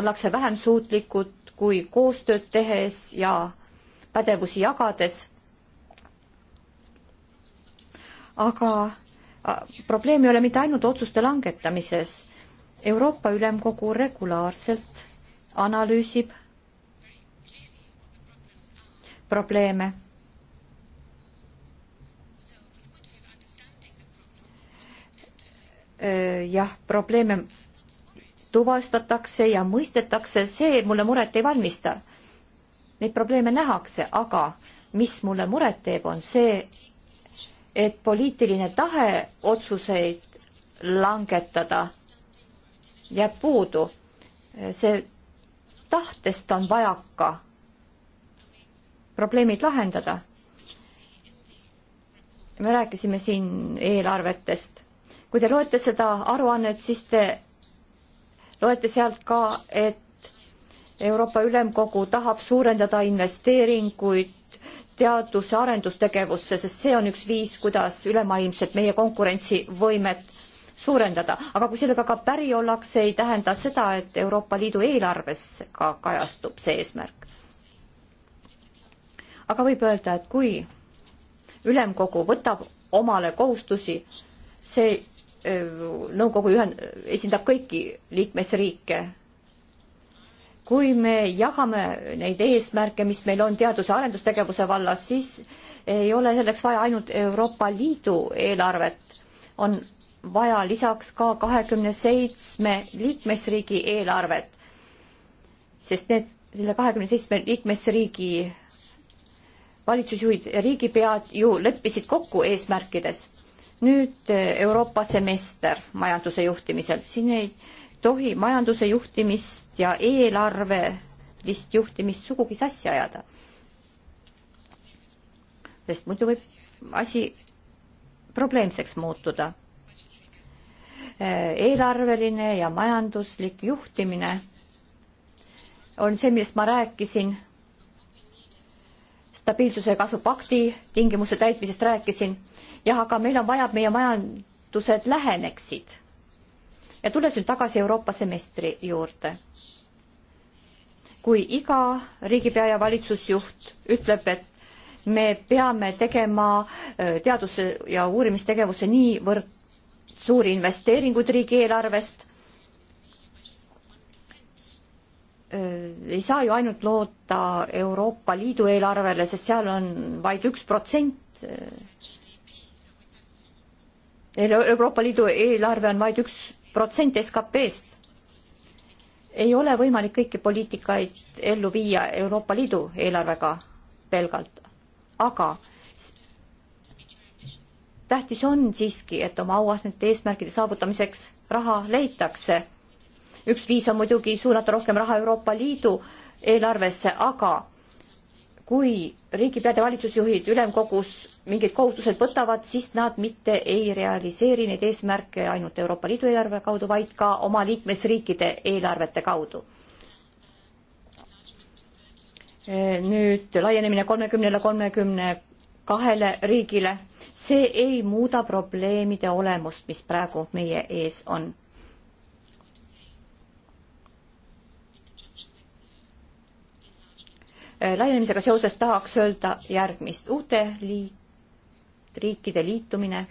ollakse vähem suutlikud kui koostööd tehes ja pädevusi jagades. aga probleem ei ole mitte ainult otsuste langetamises. Euroopa Ülemkogu regulaarselt analüüsib probleeme Äh, jah, probleeme tuvastatakse ja mõistetakse, see mulle muret ei valmista. Neid probleeme nähakse, aga mis mulle muret teeb, on see, et poliitiline tahe otsuseid langetada jääb puudu. see tahtest on vajaka probleemid lahendada. me rääkisime siin eelarvetest kui te loete seda aruannet, siis te loete sealt ka, et Euroopa Ülemkogu tahab suurendada investeeringuid teadus- ja arendustegevusse, sest see on üks viis, kuidas ülemaailmselt meie konkurentsivõimet suurendada. aga kui sellega ka päri ollakse, ei tähenda seda, et Euroopa Liidu eelarves ka kajastub see eesmärk. aga võib öelda, et kui ülemkogu võtab omale kohustusi, see nõukogu ühend-, esindab kõiki liikmesriike. kui me jagame neid eesmärke, mis meil on teadus- ja arendustegevuse vallas, siis ei ole selleks vaja ainult Euroopa Liidu eelarvet, on vaja lisaks ka kahekümne seitsme liikmesriigi eelarvet, sest need, selle kahekümne seitsme liikmesriigi valitsusjuhid ja riigipead ju leppisid kokku eesmärkides nüüd eh, Euroopa semester majanduse juhtimisel, siin ei tohi majanduse juhtimist ja eelarvelist juhtimist sugugi sassi ajada. sest muidu võib asi probleemseks muutuda. Eh, eelarveline ja majanduslik juhtimine on see, millest ma rääkisin stabiilsuse ja kasvu pakti tingimuste täitmisest rääkisin jah, aga meil on vaja, et meie majandused läheneksid. ja tulles nüüd tagasi Euroopa semestri juurde. kui iga riigipea ja valitsusjuht ütleb, et me peame tegema äh, teaduse ja uurimistegevuse niivõrd suuri investeeringuid riigieelarvest, äh, ei saa ju ainult loota Euroopa Liidu eelarvele, sest seal on vaid üks protsent äh, Euroopa Liidu eelarve on vaid üks protsent SKP-st. ei ole võimalik kõiki poliitikaid ellu viia Euroopa Liidu eelarvega pelgalt, aga tähtis on siiski, et oma auahnete eesmärkide saavutamiseks raha leitakse. üks viis on muidugi suunata rohkem raha Euroopa Liidu eelarvesse, aga kui riigipead ja valitsusjuhid ülemkogus mingid kohustused võtavad, siis nad mitte ei realiseeri neid eesmärke ainult Euroopa Liidu eelarve kaudu, vaid ka oma liikmesriikide eelarvete kaudu. nüüd laienemine kolmekümnele, kolmekümne kahele riigile, see ei muuda probleemide olemust, mis praegu meie ees on laienemisega seoses tahaks öelda järgmist. uute liik-, riikide liitumine.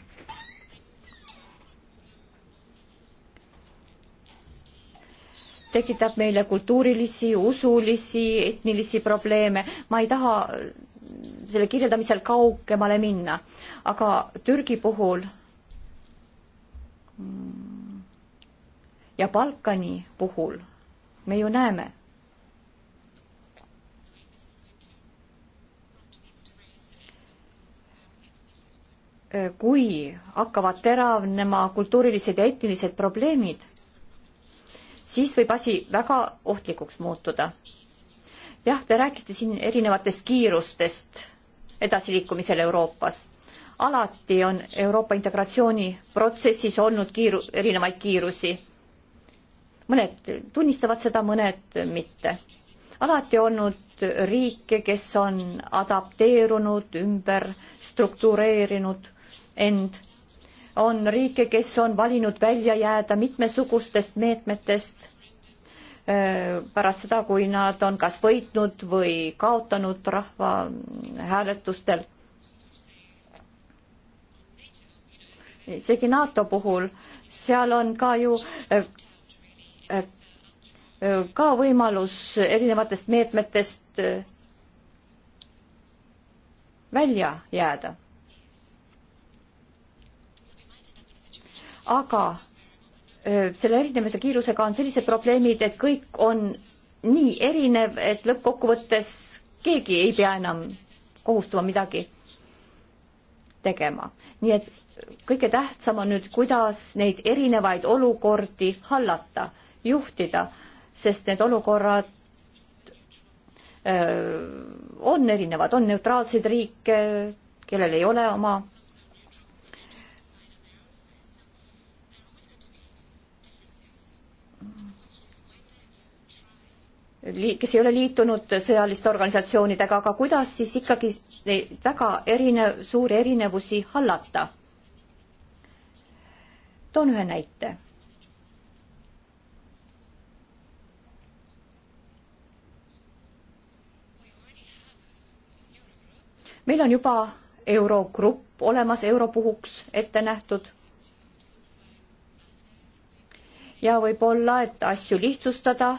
tekitab meile kultuurilisi, usulisi, etnilisi probleeme. ma ei taha selle kirjeldamisel kaugemale minna, aga Türgi puhul mm, ja Balkani puhul me ju näeme kui hakkavad teravnema kultuurilised ja etnilised probleemid, siis võib asi väga ohtlikuks muutuda. jah, te rääkisite siin erinevatest kiirustest edasiliikumisel Euroopas. alati on Euroopa integratsiooniprotsessis olnud kiiru, erinevaid kiirusi. mõned tunnistavad seda, mõned mitte. alati olnud riike, kes on adapteerunud, ümber struktureerinud end. on riike, kes on valinud välja jääda mitmesugustest meetmetest pärast seda, kui nad on kas võitnud või kaotanud rahvahääletustel. isegi NATO puhul, seal on ka ju ka võimalus erinevatest meetmetest välja jääda aga selle erinevuse kiirusega on sellised probleemid, et kõik on nii erinev, et lõppkokkuvõttes keegi ei pea enam kohustuma midagi tegema. nii et kõige tähtsam on nüüd, kuidas neid erinevaid olukordi hallata, juhtida, sest need olukorrad öö, on erinevad, on neutraalseid riike, kellel ei ole oma kes ei ole liitunud sõjaliste organisatsioonidega, aga kuidas siis ikkagi neid väga erinev, suuri erinevusi hallata? toon ühe näite. meil on juba eurogrupp olemas euro puhuks ette nähtud ja võib-olla, et asju lihtsustada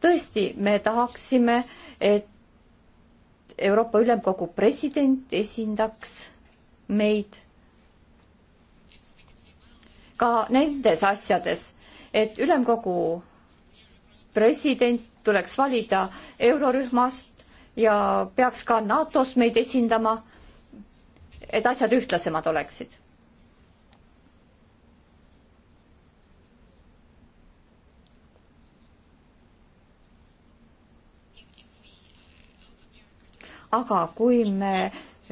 tõesti, me tahaksime, et Euroopa Ülemkogu president esindaks meid ka nendes asjades, et Ülemkogu president tuleks valida eurorühmast ja peaks ka NATO-s meid esindama, et asjad ühtlasemad oleksid. aga kui me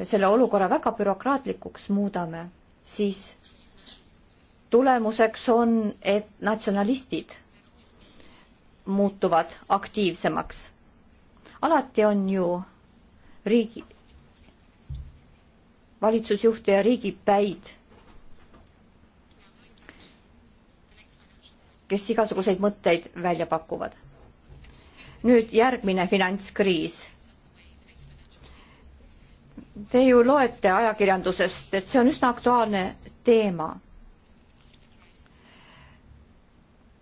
selle olukorra väga bürokraatlikuks muudame, siis tulemuseks on, et natsionalistid muutuvad aktiivsemaks. alati on ju riigi, valitsusjuhte ja riigipäid, kes igasuguseid mõtteid välja pakuvad. nüüd järgmine finantskriis te ju loete ajakirjandusest, et see on üsna aktuaalne teema.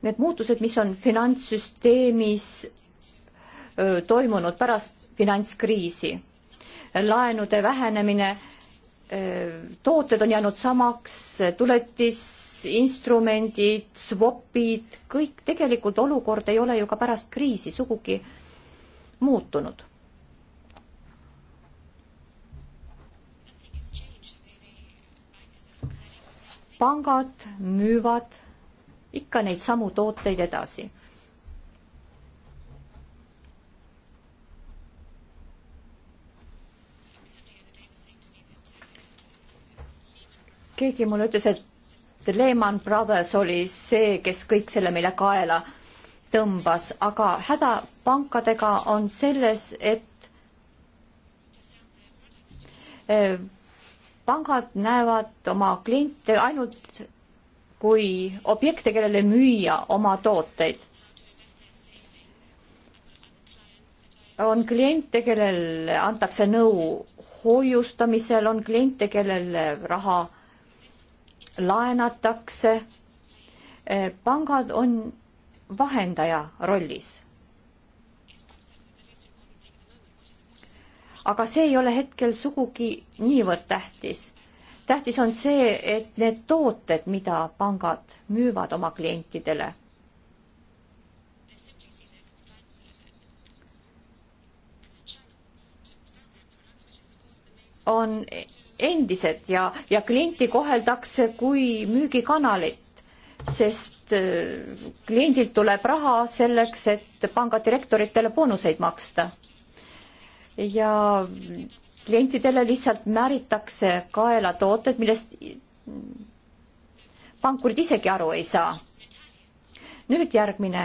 Need muutused, mis on finantssüsteemis toimunud pärast finantskriisi, laenude vähenemine, tooted on jäänud samaks, tuletisinstrumendid, swap'id, kõik tegelikult olukord ei ole ju ka pärast kriisi sugugi muutunud pangad müüvad ikka neid samu tooteid edasi. keegi mulle ütles, et Lehman Brothers oli see, kes kõik selle meile kaela tõmbas, aga häda pankadega on selles, et eh, pangad näevad oma kliente ainult kui objekte, kellele müüa oma tooteid. on kliente, kellele antakse nõu hoiustamisel, on kliente, kellele raha laenatakse. Eh, pangad on vahendaja rollis aga see ei ole hetkel sugugi niivõrd tähtis. tähtis on see, et need tooted, mida pangad müüvad oma klientidele, on endised ja, ja klienti koheldakse kui müügikanalit, sest äh, kliendilt tuleb raha selleks, et panga direktoritele boonuseid maksta ja klientidele lihtsalt määritakse kaela tooted, millest pankurid isegi aru ei saa. nüüd järgmine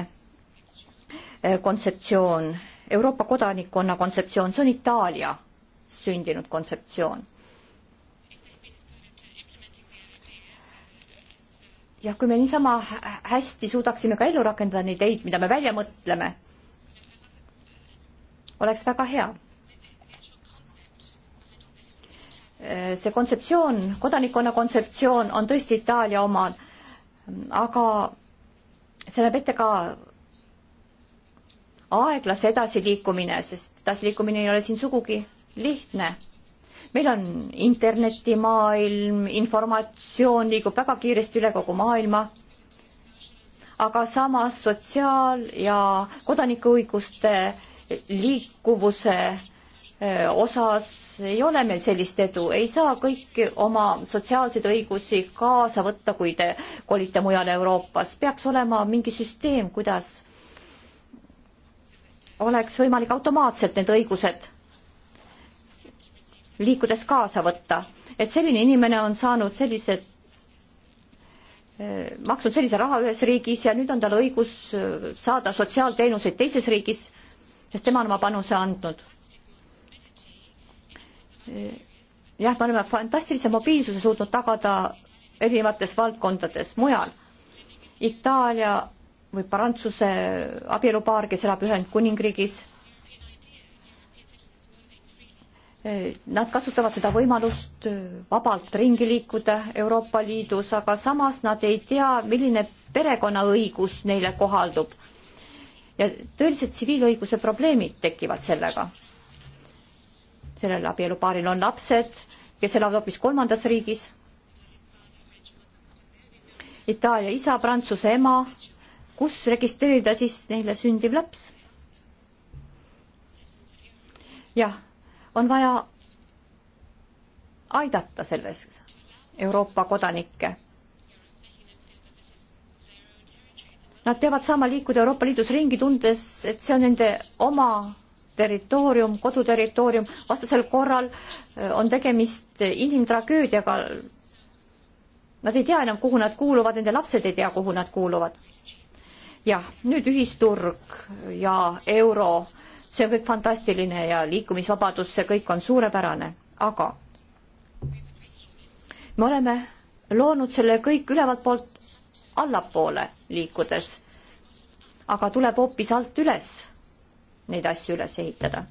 eh, kontseptsioon, Euroopa kodanikkonna kontseptsioon, see on Itaalia sündinud kontseptsioon. jah, kui me niisama hästi suudaksime ka ellu rakendada neid ideid, mida me välja mõtleme, oleks väga hea see kontseptsioon, kodanikkonna kontseptsioon on tõesti Itaalia oma, aga see näeb ette ka aeglase edasiliikumine, sest edasiliikumine ei ole siin sugugi lihtne. meil on internetimaailm, informatsioon liigub väga kiiresti üle kogu maailma, aga samas sotsiaal- ja kodanikuõiguste liikuvuse äh, osas ei ole meil sellist edu, ei saa kõiki oma sotsiaalseid õigusi kaasa võtta, kui te kolite mujale Euroopas. peaks olema mingi süsteem, kuidas oleks võimalik automaatselt need õigused liikudes kaasa võtta, et selline inimene on saanud sellised eh, maksnud sellise raha ühes riigis ja nüüd on tal õigus eh, saada sotsiaalteenuseid teises riigis, sest tema on oma panuse andnud jah, me oleme fantastilise mobiilsuse suutnud tagada erinevates valdkondades mujal. Itaalia või Prantsuse abielupaar, kes elab Ühendkuningriigis. Nad kasutavad seda võimalust vabalt ringi liikuda Euroopa Liidus, aga samas nad ei tea, milline perekonnaõigus neile kohaldub. ja tõelised tsiviilõiguse probleemid tekivad sellega sellel abielupaaril on lapsed, kes elavad hoopis kolmandas riigis. Itaalia isa, Prantsuse ema, kus registreerida siis neile sündiv laps? jah, on vaja aidata selles Euroopa kodanikke. Nad peavad saama liikuda Euroopa Liidus ringi, tundes, et see on nende oma territoorium, koduterritoorium, vastasel korral äh, on tegemist äh, inimtragöödiaga. Nad ei tea enam, kuhu nad kuuluvad, nende lapsed ei tea, kuhu nad kuuluvad. jah, nüüd ühisturg ja euro, see on kõik fantastiline ja liikumisvabadus, see kõik on suurepärane, aga me oleme loonud selle kõik ülevalt poolt allapoole liikudes, aga tuleb hoopis alt üles neid asju üles ehitada.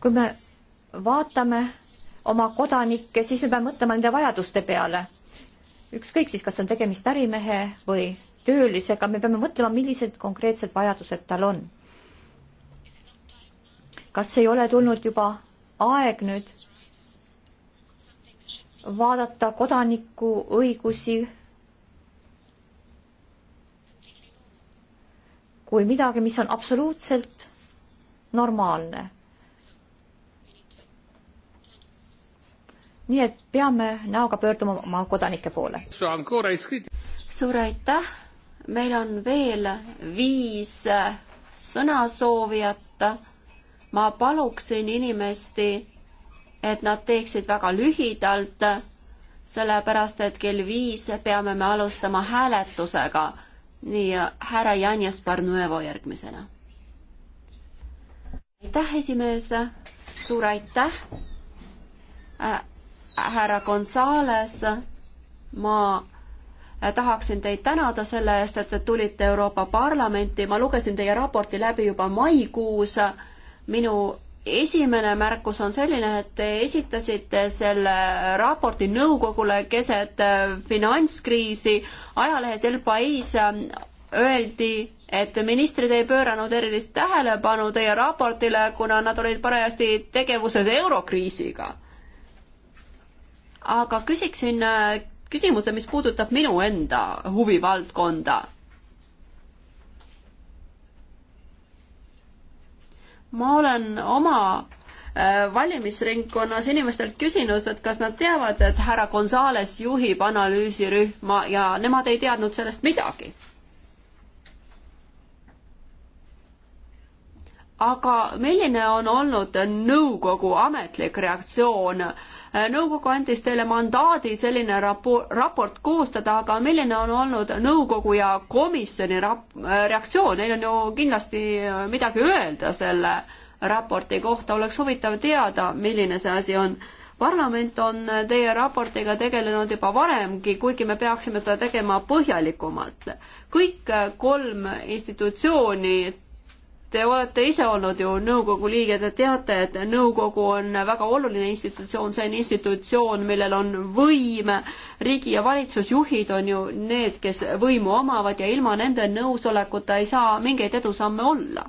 kui me vaatame oma kodanikke, siis me peame mõtlema nende vajaduste peale. ükskõik siis, kas on tegemist ärimehe või töölisega, me peame mõtlema, millised konkreetsed vajadused tal on. kas ei ole tulnud juba aeg nüüd vaadata kodaniku õigusi kui midagi, mis on absoluutselt normaalne. nii et peame näoga pöörduma oma kodanike poole. suur aitäh, meil on veel viis sõnasoovijat. ma paluksin inimesti, et nad teeksid väga lühidalt, sellepärast et kell viis peame me alustama hääletusega nii, härra Janjas Barnuevo järgmisena. aitäh, esimees, suur aitäh äh,. härra Gonzales, ma äh, tahaksin teid tänada selle eest, et te tulite Euroopa Parlamenti, ma lugesin teie raporti läbi juba maikuus, minu esimene märkus on selline, et te esitasite selle raporti nõukogule keset äh, finantskriisi. ajalehes El Pais äh, öeldi, et ministrid ei pööranud erilist tähelepanu teie raportile, kuna nad olid parajasti tegevuses eurokriisiga. aga küsiksin äh, küsimuse, mis puudutab minu enda huvivaldkonda ma olen oma äh, valimisringkonnas inimestelt küsinud, et kas nad teavad, et härra Gonzales juhib analüüsirühma ja nemad ei teadnud sellest midagi. aga milline on olnud nõukogu ametlik reaktsioon äh, Äh, nõukogu andis teile mandaadi selline rapo-, raport koostada, aga milline on olnud nõukogu ja komisjoni rap-, äh, reaktsioon, neil on ju kindlasti äh, midagi öelda selle raporti kohta, oleks huvitav teada, milline see asi on parlament on teie raportiga tegelenud juba varemgi, kuigi me peaksime seda tegema põhjalikumalt. kõik kolm institutsiooni Te olete ise olnud ju nõukogu liige, te teate, et nõukogu on väga oluline institutsioon, see on institutsioon, millel on võim. riigi ja valitsusjuhid on ju need, kes võimu omavad ja ilma nende nõusolekuta ei saa mingeid edusamme olla.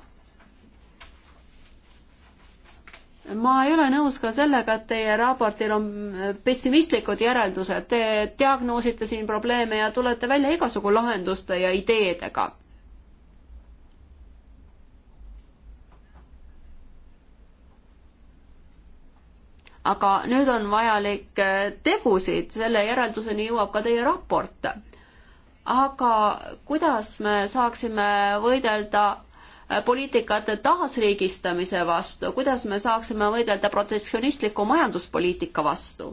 ma ei ole nõus ka sellega, et teie raportil on äh, pessimistlikud järeldused, te diagnoosite siin probleeme ja tulete välja igasugu lahenduste ja ideedega aga nüüd on vajalik äh, tegusid, selle järelduseni jõuab ka teie raport. aga kuidas me saaksime võidelda äh, poliitikate taasriigistamise vastu, kuidas me saaksime võidelda protektsionistliku majanduspoliitika vastu?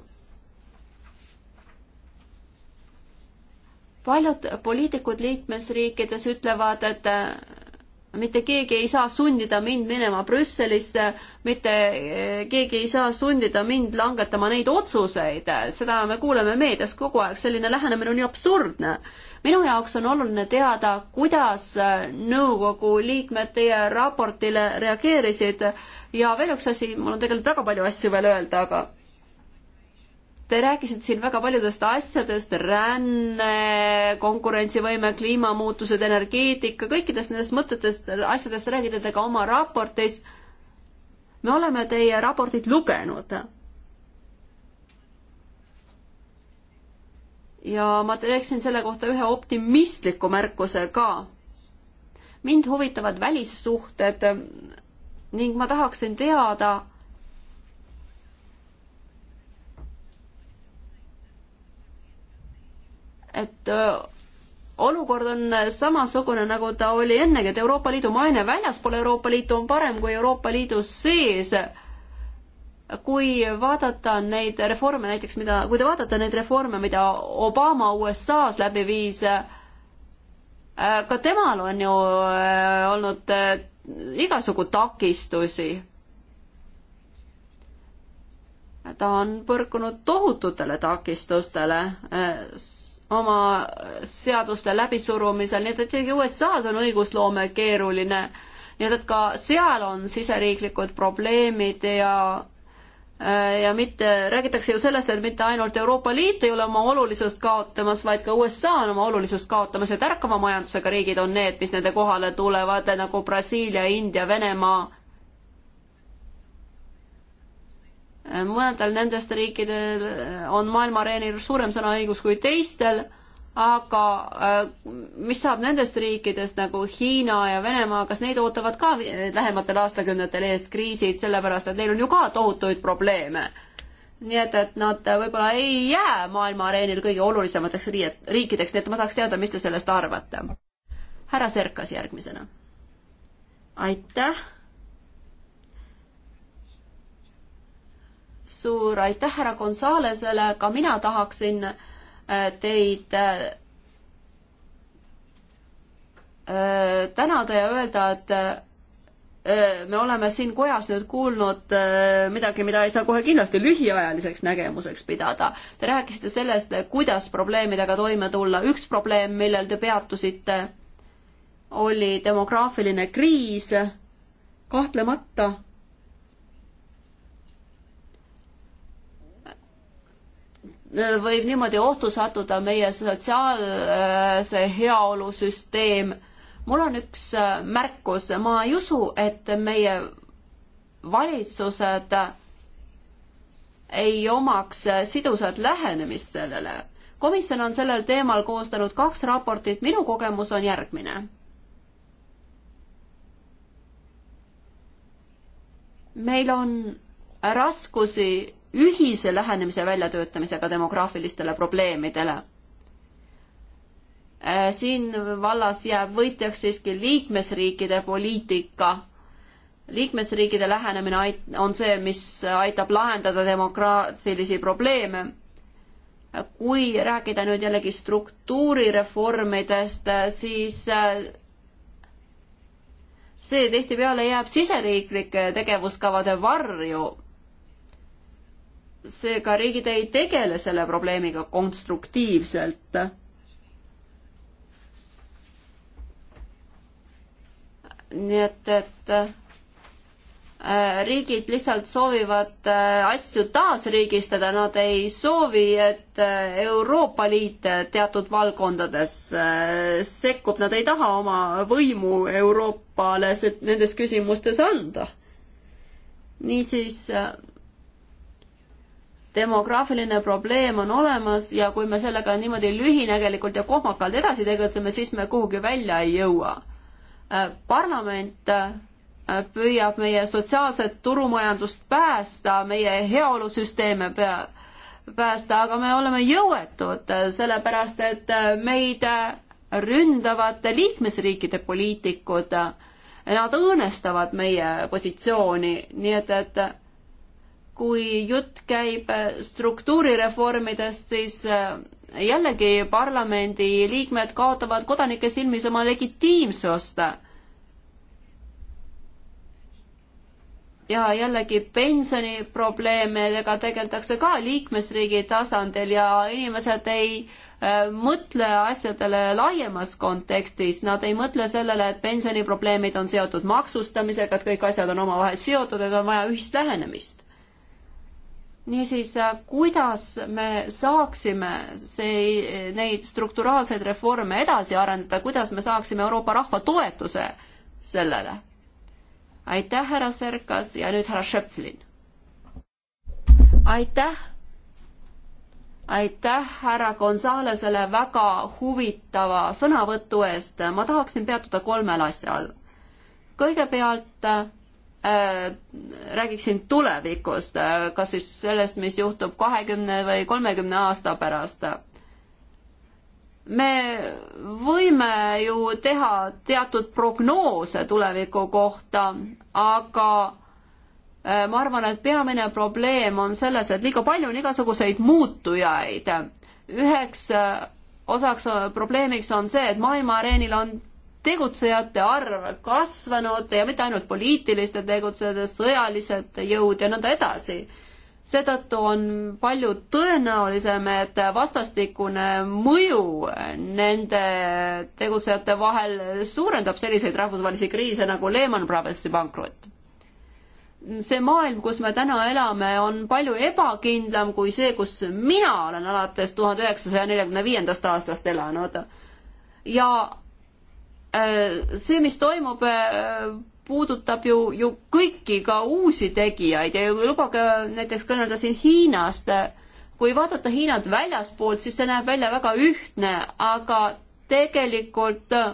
paljud poliitikud liikmesriikides ütlevad, et äh, mitte keegi ei saa sundida mind minema Brüsselisse, mitte eh, keegi ei saa sundida mind langetama neid otsuseid, seda me kuuleme meedias kogu aeg, selline lähenemine on ju absurdne. minu jaoks on oluline teada, kuidas eh, nõukogu liikmed teie raportile reageerisid ja veel üks asi, mul on tegelikult väga palju asju veel öelda, aga Te rääkisite siin väga paljudest asjadest, ränne, konkurentsivõime, kliimamuutused, energeetika, kõikidest nendest mõtetest, asjadest räägite te ka oma raportis. me oleme teie raportit lugenud. ja ma teeksin selle kohta ühe optimistliku märkuse ka. mind huvitavad välissuhted ning ma tahaksin teada, et olukord on samasugune, nagu ta oli ennegi, et Euroopa Liidu maine väljaspool Euroopa Liitu on parem kui Euroopa Liidu sees. kui vaadata neid reforme näiteks, mida, kui te vaatate neid reforme, mida Obama USA-s läbi viis, ka temal on ju olnud igasugu takistusi. ta on põrkunud tohututele takistustele oma seaduste läbisurumisel, nii et isegi USA-s on õigusloome keeruline. nii et, et ka seal on siseriiklikud probleemid ja äh, ja mitte, räägitakse ju sellest, et mitte ainult Euroopa Liit ei ole oma olulisust kaotamas, vaid ka USA on oma olulisust kaotamas ja tärkava majandusega riigid on need, mis nende kohale tulevad, nagu Brasiilia, India, Venemaa mõnedel nendest riikidel eh, on maailma areenil suurem sõnaõigus kui teistel, aga eh, mis saab nendest riikidest nagu Hiina ja Venemaa, kas neid ootavad ka lähematel aastakümnetel ees kriisid, sellepärast et neil on ju ka tohutuid probleeme? nii et, et nad eh, võib-olla ei jää maailma areenil kõige olulisemateks riiet, riikideks, nii et ma tahaks teada, mis te sellest arvate. härra Serkas järgmisena. aitäh suur aitäh härra Gonzalesele, ka mina tahaksin äh, teid äh, tänada ja öelda, et äh, me oleme siin kojas nüüd kuulnud midagi, mida ei saa kohe kindlasti lühiajaliseks nägemuseks pidada. Te rääkisite sellest, kuidas probleemidega toime tulla. üks probleem, millel te peatusite, oli demograafiline kriis. kahtlemata võib niimoodi ohtu sattuda meie sotsiaalse heaolusüsteem. mul on üks äh, märkus, ma ei usu, et meie valitsused ei omaks sidusat lähenemist sellele. komisjon on sellel teemal koostanud kaks raportit, minu kogemus on järgmine meil on raskusi ühise lähenemise väljatöötamisega demograafilistele probleemidele. Äh, siin vallas jääb võitjaks siiski liikmesriikide poliitika. liikmesriikide lähenemine on see, mis aitab lahendada demograafilisi probleeme kui rääkida nüüd jällegi struktuurireformidest, äh, siis äh, see tihtipeale jääb siseriiklike tegevuskavade varju seega riigid ei tegele selle probleemiga konstruktiivselt. nii et, et äh, riigid lihtsalt soovivad äh, asju taasriigistada, nad ei soovi, et äh, Euroopa Liit teatud valdkondades sekkub, nad ei taha oma võimu Euroopale nendes küsimustes anda. niisiis demograafiline probleem on olemas ja kui me sellega niimoodi lühinägelikult ja kohmakalt edasi tegutseme, siis me kuhugi välja ei jõua. Äh, parlament äh, püüab meie sotsiaalset turumajandust päästa, meie heaolusüsteeme päästa, aga me oleme jõuetud, äh, sellepärast et meid ründavad liikmesriikide poliitikud. Nad õõnestavad meie positsiooni, nii et, et kui jutt käib äh, struktuurireformidest, siis äh, jällegi parlamendi liikmed kaotavad kodanike silmis oma legitiimsust. ja jällegi pensioniprobleemidega tegeldakse ka liikmesriigi tasandil ja inimesed ei äh, mõtle asjadele laiemas kontekstis, nad ei mõtle sellele, et pensioniprobleemid on seotud maksustamisega, et kõik asjad on omavahel seotud, et on vaja ühist lähenemist niisiis, äh, kuidas me saaksime see, neid strukturaalseid reforme edasi arendada, kuidas me saaksime Euroopa rahva toetuse sellele? aitäh, härra Serkas ja nüüd härra Šeflin. aitäh, aitäh härra Gonzalesele väga huvitava sõnavõtu eest, ma tahaksin peatuda kolmel asjal. kõigepealt äh, Äh, räägiksin tulevikust, äh, kas siis sellest, mis juhtub kahekümne või kolmekümne aasta pärast. me võime ju teha teatud prognoose tuleviku kohta, aga äh, ma arvan, et peamine probleem on selles, et liiga palju on igasuguseid muutujaid. üheks osaks probleemiks on see, et maailma areenil on tegutsejate arv kasvanud ja mitte ainult poliitiliste tegutsejate, sõjalised jõud ja nõnda edasi. seetõttu on palju tõenäolisem, et vastastikune mõju nende tegutsejate vahel suurendab selliseid rahvusvahelisi kriise nagu Lehman Brothersi pankrot see maailm, kus me täna elame, on palju ebakindlam kui see, kus mina olen alates tuhande üheksasaja neljakümne viiendast aastast elanud. ja Äh, see, mis toimub, äh, puudutab ju, ju kõiki, ka uusi tegijaid ja lubage näiteks kõnelda siin Hiinast. kui vaadata Hiinat väljaspoolt, siis see näeb välja väga ühtne, aga tegelikult äh,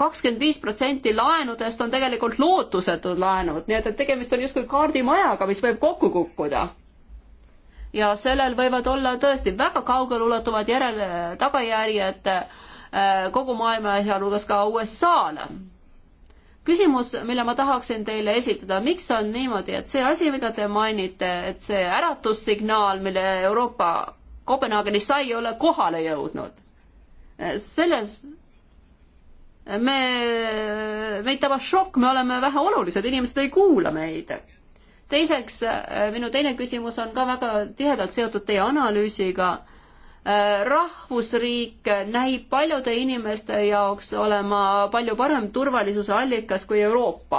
kakskümmend viis protsenti laenudest on tegelikult lootusetud laenud, nii et, et tegemist on justkui kaardimajaga, mis võib kokku kukkuda. ja sellel võivad olla tõesti väga kaugeleulatuvad järel tagajärjed äh, Äh, kogu maailma ja sealhulgas ka USA-le. küsimus, mille ma tahaksin teile esitada, miks on niimoodi, et see asi, mida te mainite, et see äratussignaal, mille Euroopa Kopenhaagenis sai, ei ole kohale jõudnud? selles me, meid tabas šokk, me oleme väheolulised, inimesed ei kuula meid. teiseks, minu teine küsimus on ka väga tihedalt seotud teie analüüsiga Äh, rahvusriik näib paljude inimeste jaoks olema palju parem turvalisuse allikas kui Euroopa.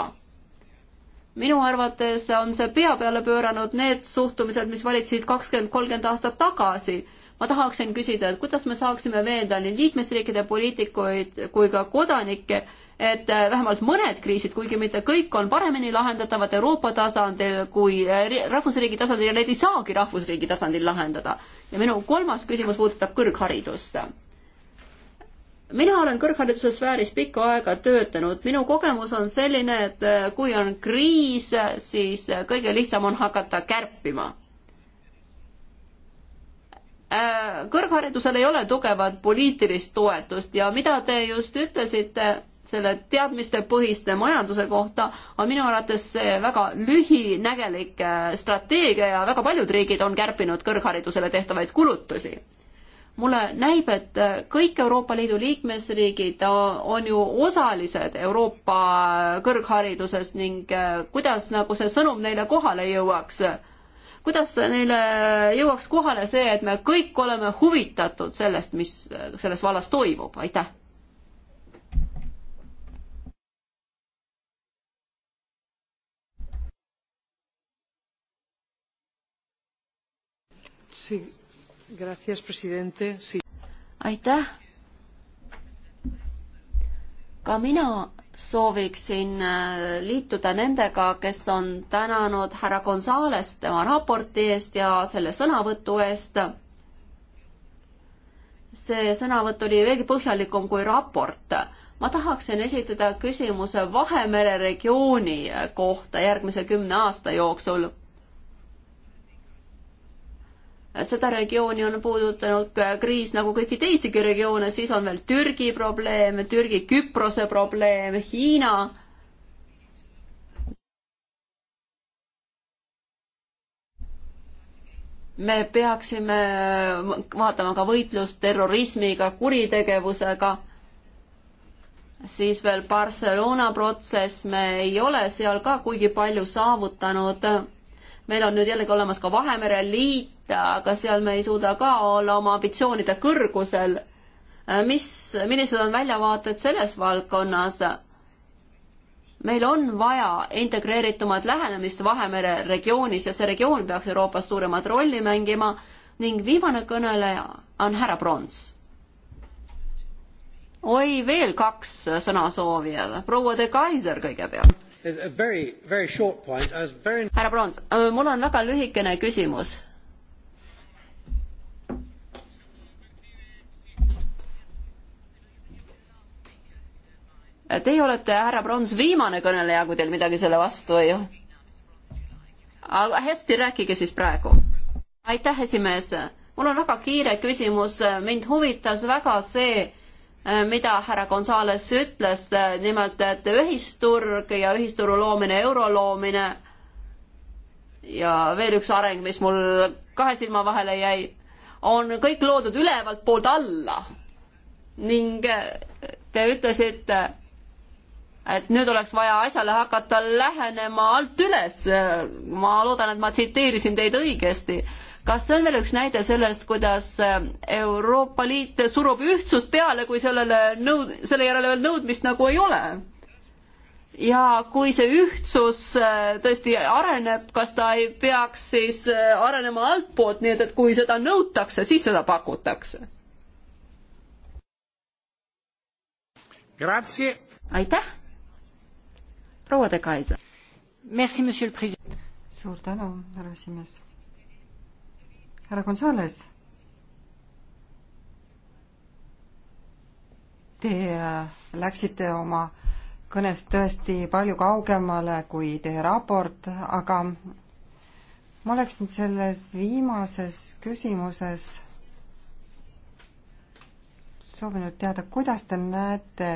minu arvates on see pea peale pööranud need suhtumised, mis valitsesid kakskümmend, kolmkümmend aastat tagasi. ma tahaksin küsida, et kuidas me saaksime veenda nii liikmesriikide poliitikuid kui ka kodanikke et äh, vähemalt mõned kriisid, kuigi mitte kõik, on paremini lahendatavad Euroopa tasandil kui äh, rahvusriigi tasandil ja neid ei saagi rahvusriigi tasandil lahendada. ja minu kolmas küsimus puudutab kõrgharidust mina olen kõrghariduse sfääris pikka aega töötanud, minu kogemus on selline, et äh, kui on kriis, siis kõige lihtsam on hakata kärpima. kõrgharidusel ei ole tugevat poliitilist toetust ja mida te just ütlesite, selle teadmistepõhiste majanduse kohta on minu arvates see väga lühinägelik äh, strateegia ja väga paljud riigid on kärpinud kõrgharidusele tehtavaid kulutusi. mulle näib, et äh, kõik Euroopa Liidu liikmesriigid äh, on ju osalised Euroopa kõrghariduses ning kuidas nagu see sõnum neile kohale jõuaks kuidas neile jõuaks kohale see, et me kõik oleme huvitatud sellest, mis selles vallas toimub, aitäh! aitäh. ka mina sooviksin äh, liituda nendega, kes on tänanud härra Gonzales tema raporti eest ja selle sõnavõtu eest. see sõnavõtt oli veelgi põhjalikum kui raport. ma tahaksin esitada küsimuse Vahemere regiooni kohta järgmise kümne aasta jooksul seda regiooni on puudutanud kriis nagu kõiki teisigi regioone, siis on veel Türgi probleem, Türgi-Küprose probleem, Hiina me peaksime vaatama ka võitlust terrorismiga, kuritegevusega, siis veel Barcelona protsess, me ei ole seal ka kuigi palju saavutanud meil on nüüd jällegi olemas ka Vahemere liit, aga seal me ei suuda ka olla oma ambitsioonide kõrgusel. Äh, mis, millised on väljavaated selles valdkonnas? meil on vaja integreeritumat lähenemist Vahemere regioonis ja see regioon peaks Euroopas suuremat rolli mängima ning viimane kõneleja on härra Brons. oi, veel kaks sõnasoovijat, proua de Kaiser kõigepealt Very... härra Brons, äh, mul on väga lühikene küsimus. Teie olete, härra Brons, viimane kõneleja, kui teil midagi selle vastu ei ole. aga hästi, rääkige siis praegu. aitäh, esimees. mul on väga kiire küsimus, mind huvitas väga see, Äh, mida härra Gonzales ütles, äh, nimelt, et ühisturg ja ühisturu loomine, euro loomine ja veel üks areng, mis mul kahe silma vahele jäi, on kõik loodud ülevalt poolt alla. ning äh, te ütlesite, et nüüd oleks vaja asjale hakata lähenema alt üles. ma loodan, et ma tsiteerisin teid õigesti kas see on veel üks näide sellest, kuidas äh, Euroopa Liit surub ühtsust peale, kui sellele nõud-, selle järele veel nõudmist nagu ei ole? ja kui see ühtsus äh, tõesti areneb, kas ta ei peaks siis äh, arenema altpoolt, nii et, et kui seda nõutakse, siis seda pakutakse? aitäh, proua de Kaisa! suur tänu, härra esimees härra Gonzales, te äh, läksite oma kõnes tõesti palju kaugemale kui teie raport, aga ma oleksin selles viimases küsimuses soovinud teada, kuidas te näete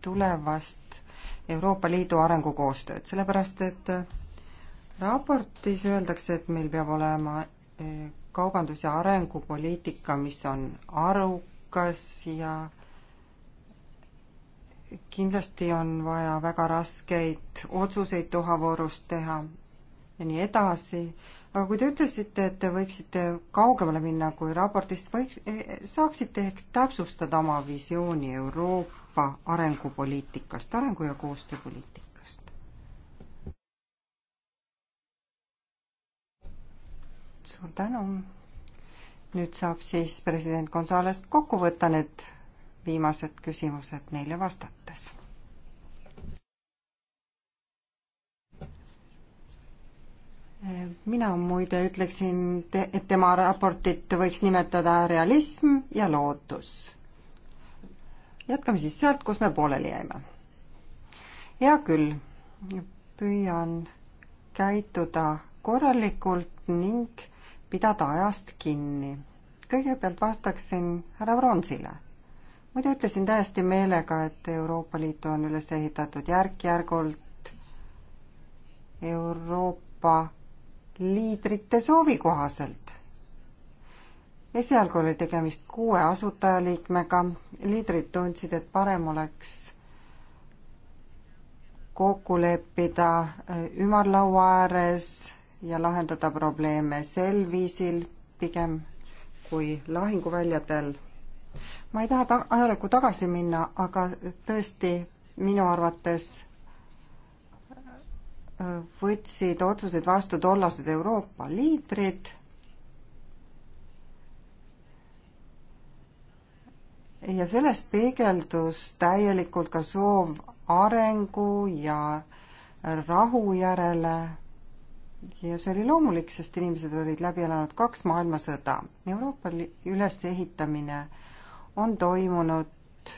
tulevast Euroopa Liidu arengukoostööd, sellepärast et raportis öeldakse, et meil peab olema äh, kaubandus- ja arengupoliitika, mis on arukas ja kindlasti on vaja väga raskeid otsuseid Doha voorus teha ja nii edasi, aga kui te ütlesite, et te võiksite kaugemale minna kui raportist, võiks, e-, saaksite ehk täpsustada oma visiooni Euroopa arengupoliitikast, arengu- ja koostööpoliitikast? suur tänu. nüüd saab siis president Gonzales kokku võtta need viimased küsimused neile vastates. mina muide ütleksin, et tema raportit võiks nimetada realism ja lootus. jätkame siis sealt, kus me pooleli jäime. hea küll, püüan käituda korralikult ning pidada ajast kinni. kõigepealt vastaksin härra Vronsile. muidu ütlesin täiesti meelega, et Euroopa Liit on üles ehitatud järk-järgult Euroopa liidrite soovi kohaselt. esialgu oli tegemist kuue asutajaliikmega, liidrid tundsid, et parem oleks kokku leppida äh, ümarlaua ääres ja lahendada probleeme sel viisil pigem kui lahinguväljadel. ma ei taha ta-, ajalukku tagasi minna, aga tõesti minu arvates äh, võtsid otsuseid vastu tollased Euroopa liidrid ja selles peegeldus täielikult ka soov arengu ja rahu järele ja see oli loomulik, sest inimesed olid läbi elanud kaks maailmasõda. Euroopa ülesehitamine on toimunud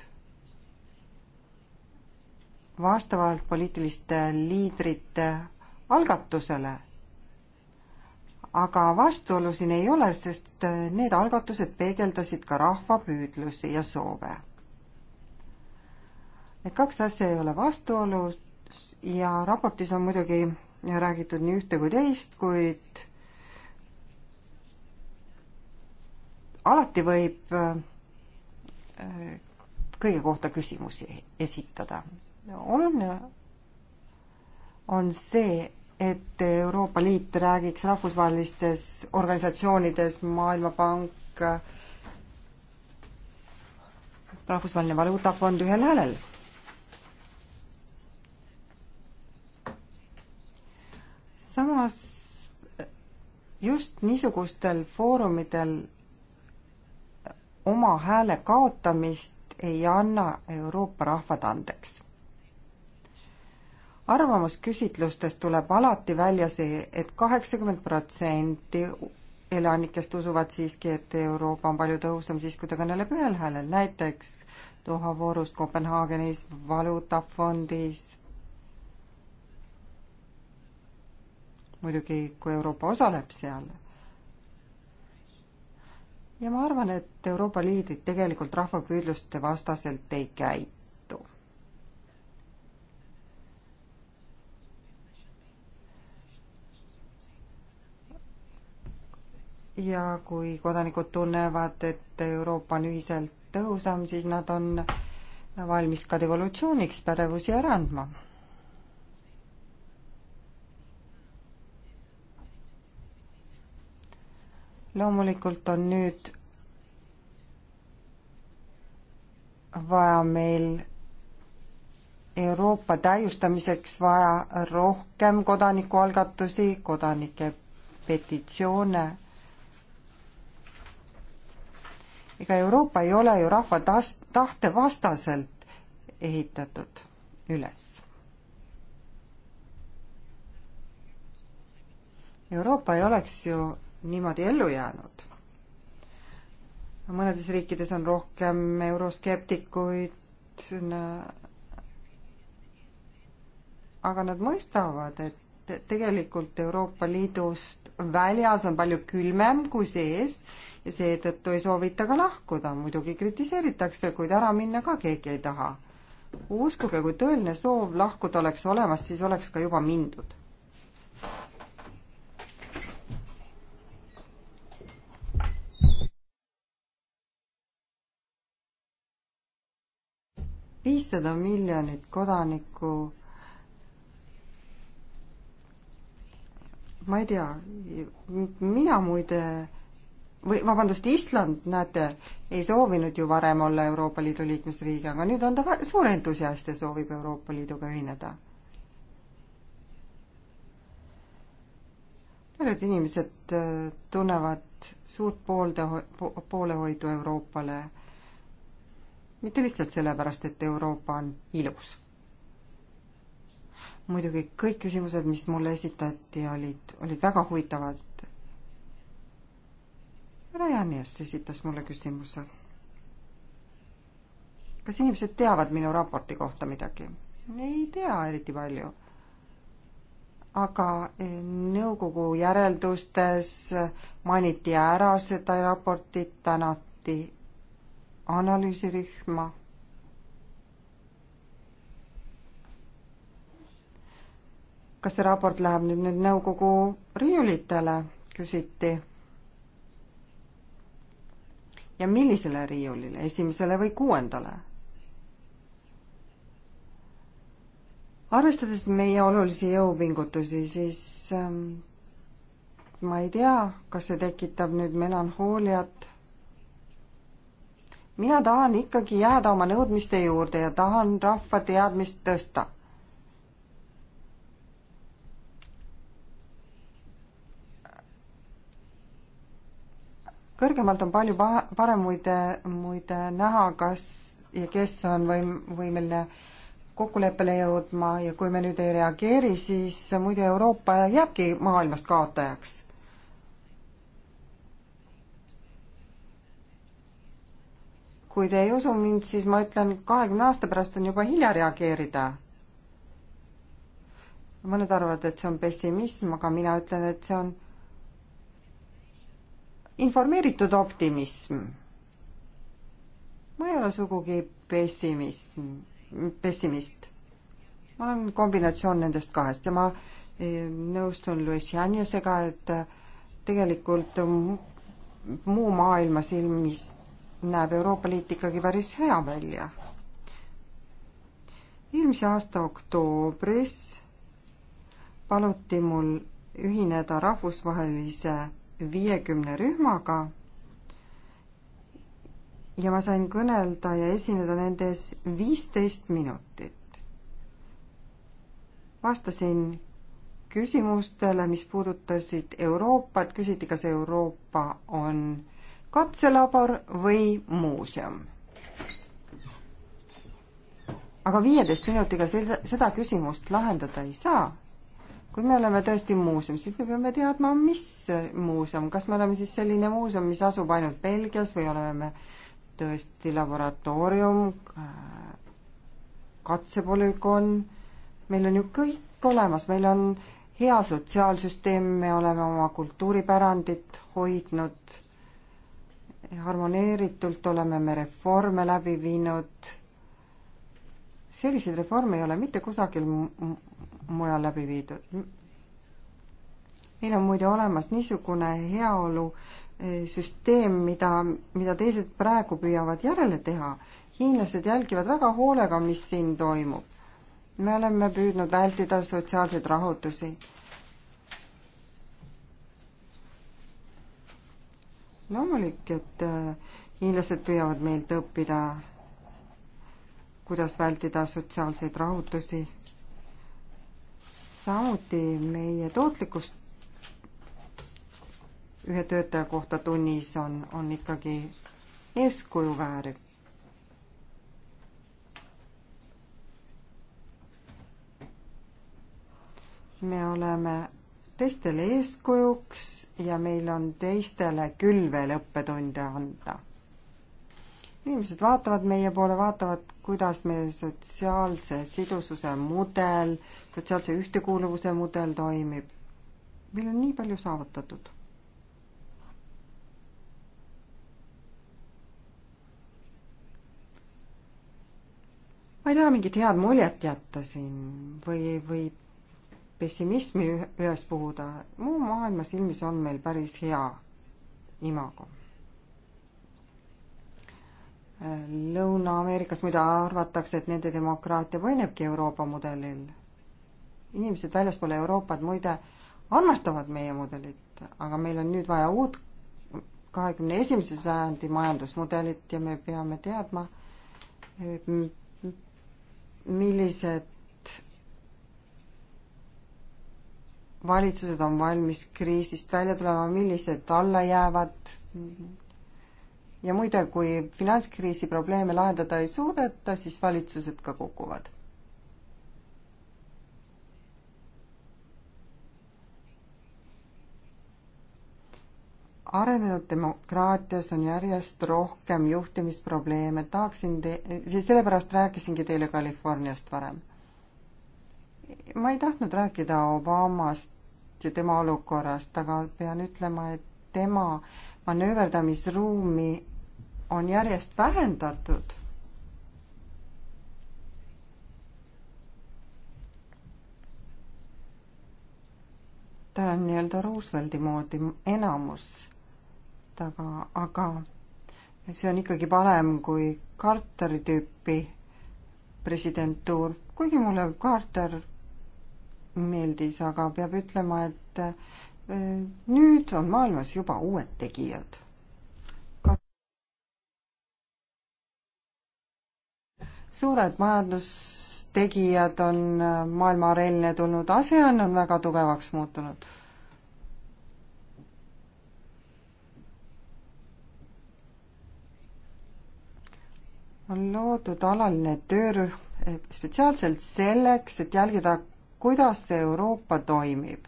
vastavalt poliitiliste liidrite algatusele. aga vastuolu siin ei ole, sest need algatused peegeldasid ka rahva püüdlusi ja soove. Need kaks asja ei ole vastuolus ja raportis on muidugi räägitud nii ühte kui teist, kuid alati võib äh, kõige kohta küsimusi esitada. oluline on see, et Euroopa Liit räägiks rahvusvahelistes organisatsioonides, Maailmapank, äh, Rahvusvaheline Valuutafond ühel häälel samas just niisugustel foorumitel oma hääle kaotamist ei anna Euroopa rahvad andeks. arvamusküsitlustes tuleb alati välja see et, et kaheksakümmend protsenti elanikest usuvad siiski, et Euroopa on palju tõhusam siis, kui ta kõneleb ühel häälel, näiteks Doha voorus Kopenhaagenis, valuutafondis muidugi kui Euroopa osaleb seal. ja ma arvan, et Euroopa liidrid tegelikult rahvapüüdluste vastaselt ei käitu. ja kui kodanikud tunnevad, et Euroopa on ühiselt tõhusam, siis nad on valmis ka devolutsiooniks pädevusi ära andma loomulikult on nüüd vaja meil Euroopa täiustamiseks vaja rohkem kodanikualgatusi, kodanike petitsioone. ega Euroopa ei ole ju rahva taht-, tahte vastaselt ehitatud üles. Euroopa ei oleks ju niimoodi ellu jäänud. mõnedes riikides on rohkem euroskeptikuid, aga nad mõistavad, et tegelikult Euroopa Liidust väljas on palju külmem kui sees ja seetõttu ei soovita ka lahkuda, muidugi kritiseeritakse, kuid ära minna ka keegi ei taha. uskuge, kui tõeline soov lahkuda oleks olemas, siis oleks ka juba mindud viissada miljonit kodanikku. ma ei tea, mina muide või vabandust, Island, näete, ei soovinud ju varem olla Euroopa Liidu liikmesriigi, aga nüüd on ta suur entusiast ja soovib Euroopa Liiduga ühineda paljud inimesed äh, tunnevad suurt poolde, poolehoidu Euroopale mitte lihtsalt sellepärast, et Euroopa on ilus. muidugi kõik küsimused, mis mulle esitati, olid, olid väga huvitavad. Rajanias esitas mulle küsimuse. kas inimesed teavad minu raporti kohta midagi? ei tea eriti palju. aga eh, nõukogu järeldustes mainiti ära seda raportit, tänati analüüsirühma. kas see raport läheb nüüd nüüd nõukogu riiulitele, küsiti. ja millisele riiulile, esimesele või kuuendale? arvestades meie olulisi jõupingutusi, siis ähm, ma ei tea, kas see tekitab nüüd melanhooliat mina tahan ikkagi jääda oma nõudmiste juurde ja tahan rahva teadmist tõsta. kõrgemalt on palju parem muide, muide näha, kas ja kes on võim-, võimeline kokkuleppele jõudma ja kui me nüüd ei reageeri, siis muidu Euroopa jääbki maailmast kaotajaks kui te ei usu mind, siis ma ütlen, kahekümne aasta pärast on juba hilja reageerida. mõned arvavad, et see on pessimism, aga mina ütlen, et see on informeeritud optimism. ma ei ole sugugi pessimist, pessimist. ma olen kombinatsioon nendest kahest ja ma eh, nõustun Luis Janjasega, et tegelikult muu maailma silmis näeb Euroopa Liit ikkagi päris hea välja. eelmise aasta oktoobris paluti mul ühineda rahvusvahelise viiekümne rühmaga ja ma sain kõnelda ja esineda nende ees viisteist minutit. vastasin küsimustele, mis puudutasid Euroopat, küsiti, kas Euroopa on katselabor või muuseum? aga viieteist minutiga seda, seda küsimust lahendada ei saa. kui me oleme tõesti muuseum, siis me peame teadma, mis muuseum, kas me oleme siis selline muuseum, mis asub ainult Belgias või oleme me tõesti laboratoorium, katsepolügoon, meil on ju kõik olemas, meil on hea sotsiaalsüsteem, me oleme oma kultuuripärandit hoidnud harmoneeritult oleme me reforme läbi viinud. selliseid reforme ei ole mitte kusagil mujal läbi viidud. meil on muide olemas niisugune heaolu eh, süsteem, mida, mida teised praegu püüavad järele teha. hiinlased jälgivad väga hoolega, mis siin toimub. me oleme püüdnud vältida sotsiaalseid rahutusi loomulik, et hiinlased äh, püüavad meilt õppida, kuidas vältida sotsiaalseid rahutusi. samuti meie tootlikkus ühe töötaja kohta tunnis on, on ikkagi eeskuju vääriv. me oleme teistele eeskujuks ja meil on teistele küll veel õppetunde anda. inimesed vaatavad meie poole, vaatavad, kuidas meie sotsiaalse sidususe mudel, sotsiaalse ühtekuuluvuse mudel toimib. meil on nii palju saavutatud. ma ei taha mingit head muljet jätta siin või, või pessimismi üles puhuda, muu maailma silmis on meil päris hea imago. Lõuna-Ameerikas muide arvatakse, et nende demokraatia põhinebki Euroopa mudelil. inimesed väljaspool Euroopat muide armastavad meie mudelit, aga meil on nüüd vaja uut kahekümne esimese sajandi majandusmudelit ja me peame teadma, millised valitsused on valmis kriisist välja tulema, millised alla jäävad. ja muide, kui finantskriisi probleeme lahendada ei suudeta, siis valitsused ka kukuvad. arenenud demokraatias on järjest rohkem juhtimisprobleeme, tahaksin te, sellepärast rääkisingi teile Californiast varem ma ei tahtnud rääkida Obamast ja tema olukorrast, aga pean ütlema, et tema manööverdamisruumi on järjest vähendatud. ta on nii-öelda Roosevelti moodi enamus taga, aga see on ikkagi parem kui Carteri tüüpi presidentuur, kuigi mulle Carter meeldis, aga peab ütlema, et äh, nüüd on maailmas juba uued tegijad. suured majandustegijad on äh, maailma areenile tulnud, ASEAN on väga tugevaks muutunud on loodud alaline töörühm eh, spetsiaalselt selleks, et jälgida, kuidas see Euroopa toimib.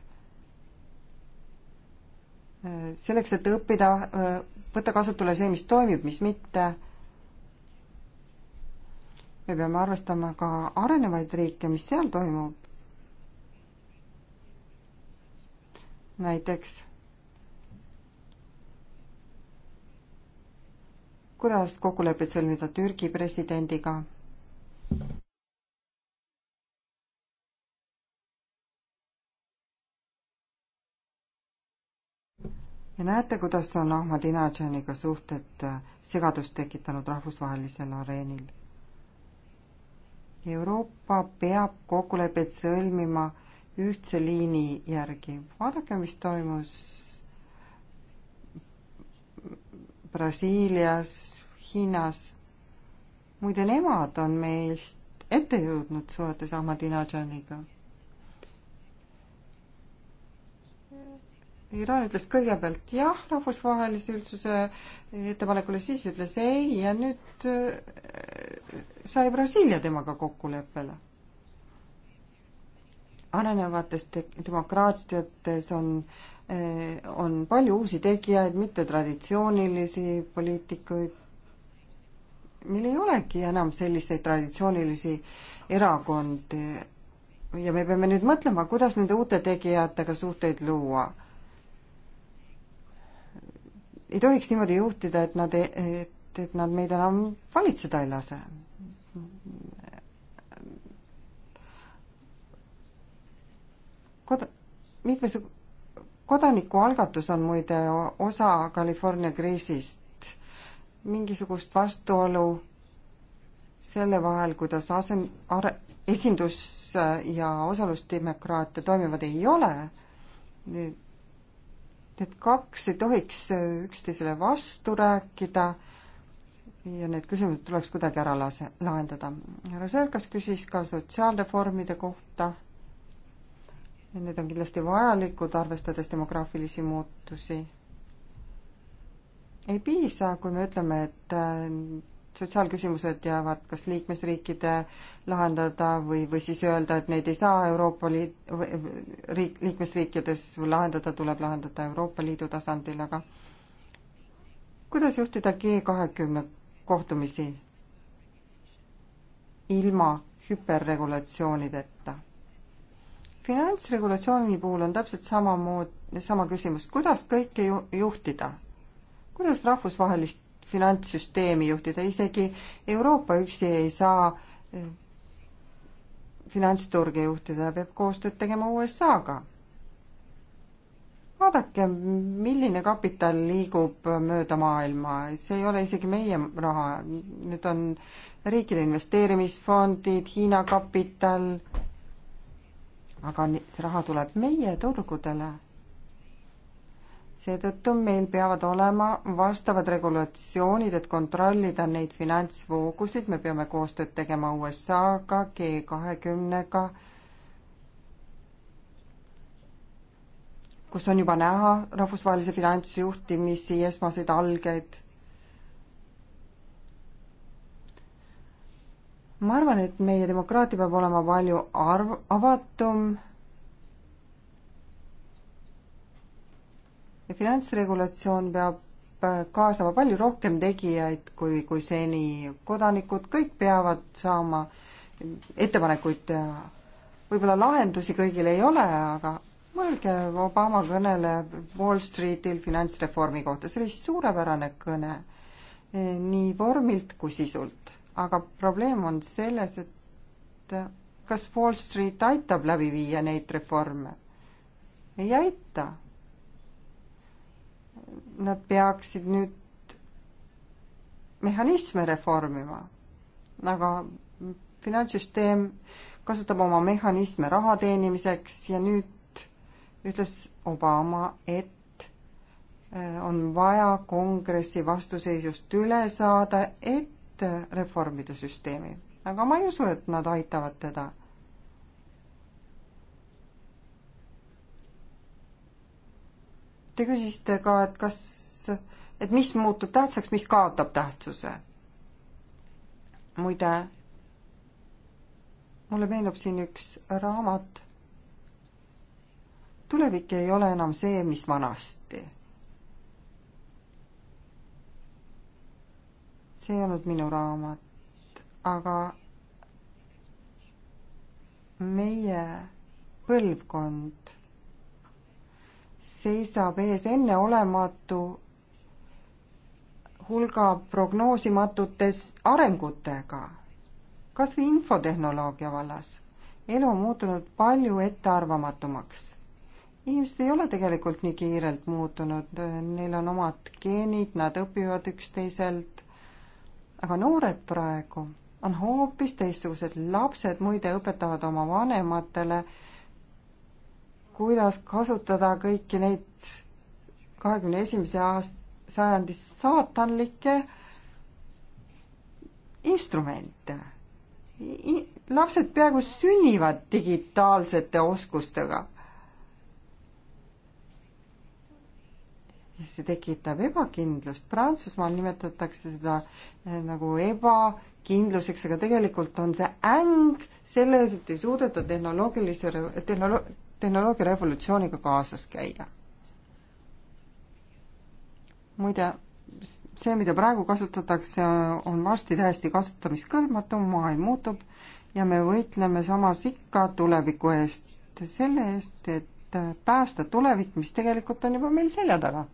selleks, et õppida, võtta kasutusele see, mis toimib, mis mitte. me peame arvestama ka arenevaid riike, mis seal toimub. näiteks kuidas kokkulepped sõlmida Türgi presidendiga? ja näete, kuidas on Ahmadinejaniga suhted äh, segadust tekitanud rahvusvahelisel areenil. Euroopa peab kokkulepet sõlmima ühtse liini järgi. vaadake, mis toimus Brasiilias, Hiinas. muide, nemad on meist ette jõudnud suhetes Ahmadinejaniga Iraan ütles kõigepealt jah rahvusvahelise üldsuse ettepanekule, siis ütles ei ja nüüd äh, sai Brasiilia temaga kokkuleppele. arenevates te-, demokraatiates on, äh, on palju uusi tegijaid, mittetraditsioonilisi poliitikuid, meil ei olegi enam selliseid traditsioonilisi erakondi ja me peame nüüd mõtlema, kuidas nende uute tegijatega suhteid luua ei tohiks niimoodi juhtida, et nad, et, et nad meid enam valitseda ei lase. Kod-, mitmes kodanikualgatus on muide osa California kriisist. mingisugust vastuolu selle vahel, kuidas asen-, are-, esindus- ja osalusdemokraatia toimivad, ei ole need kaks ei tohiks äh, üksteisele vastu rääkida ja need küsimused tuleks kuidagi ära lase, lahendada. härra Sõrgas küsis ka sotsiaalreformide kohta. Need on kindlasti vajalikud, arvestades demograafilisi muutusi. ei piisa, kui me ütleme, et äh, sotsiaalküsimused jäävad kas liikmesriikide lahendada või, või siis öelda, et neid ei saa Euroopa Liit, riik, liikmesriikides lahendada, tuleb lahendada Euroopa Liidu tasandil, aga kuidas juhtida G kahekümne kohtumisi ilma hüperregulatsioonideta? finantsregulatsiooni puhul on täpselt samamoodi, sama küsimus, kuidas kõike ju, juhtida? kuidas rahvusvahelist finantssüsteemi juhtida, isegi Euroopa üksi ei saa eh, finantsturge juhtida, peab koostööd tegema USA-ga. vaadake, milline kapital liigub mööda maailma, see ei ole isegi meie raha, need on riikide investeerimisfondid, Hiina kapital, aga see raha tuleb meie turgudele seetõttu meil peavad olema vastavad regulatsioonid, et kontrollida neid finantsvoogusid, me peame koostööd tegema USA-ga, G kahekümnega, kus on juba näha rahvusvahelise finantsjuhtimisi esmaseid algeid. ma arvan, et meie demokraatia peab olema palju arv-, avatum ja finantsregulatsioon peab äh, kaasama palju rohkem tegijaid kui, kui seni. kodanikud kõik peavad saama ettepanekuid teha. võib-olla lahendusi kõigil ei ole, aga mõelge Obama kõnele Wall Streetil finantsreformi kohta, see oli suurepärane kõne eh, nii vormilt kui sisult. aga probleem on selles, et äh, kas Wall Street aitab läbi viia neid reforme? ei aita nad peaksid nüüd mehhanisme reformima. aga finantssüsteem kasutab oma mehhanisme raha teenimiseks ja nüüd ütles Obama, et äh, on vaja kongressi vastuseisust üle saada, et reformida süsteemi. aga ma ei usu, et nad aitavad teda. Te küsisite ka, et kas, et mis muutub tähtsaks, mis kaotab tähtsuse. muide, mulle meenub siin üks raamat. tulevik ei ole enam see, mis vanasti. see ei olnud minu raamat, aga meie põlvkond seisab ees enneolematu hulga prognoosimatutes arengutega, kas või infotehnoloogia vallas. elu on muutunud palju ettearvamatumaks. inimesed ei ole tegelikult nii kiirelt muutunud, neil on omad geenid, nad õpivad üksteiselt, aga noored praegu on hoopis teistsugused, lapsed muide õpetavad oma vanematele äh, kuidas kasutada kõiki neid kahekümne esimese aast-, sajandi saatanlikke instrumente I. lapsed peaaegu sünnivad digitaalsete oskustega. see tekitab ebakindlust, Prantsusmaal nimetatakse seda eh, nagu ebakindluseks, aga tegelikult on see äng selles, et ei suudeta tehnoloogilise, tehnolo-, tehnoloogia revolutsiooniga kaasas käia. muide, see, mida praegu kasutatakse, on varsti täiesti kasutamiskõlbmatu, maailm muutub ja me võitleme samas ikka tuleviku eest, selle eest, et päästa tulevik, mis tegelikult on juba meil selja taga.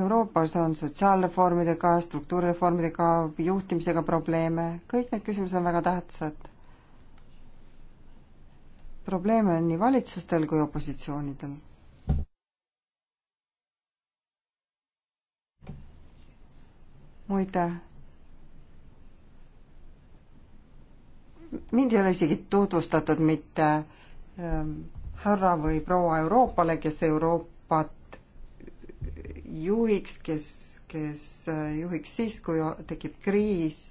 Euroopas on sotsiaalreformidega, struktuurireformidega, juhtimisega probleeme, kõik need küsimused on väga tähtsad probleeme on nii valitsustel kui opositsioonidel. muide, mind ei ole isegi tutvustatud mitte ähm, härra või proua Euroopale, kes Euroopat juhiks, kes, kes äh, juhiks siis, kui tekib kriis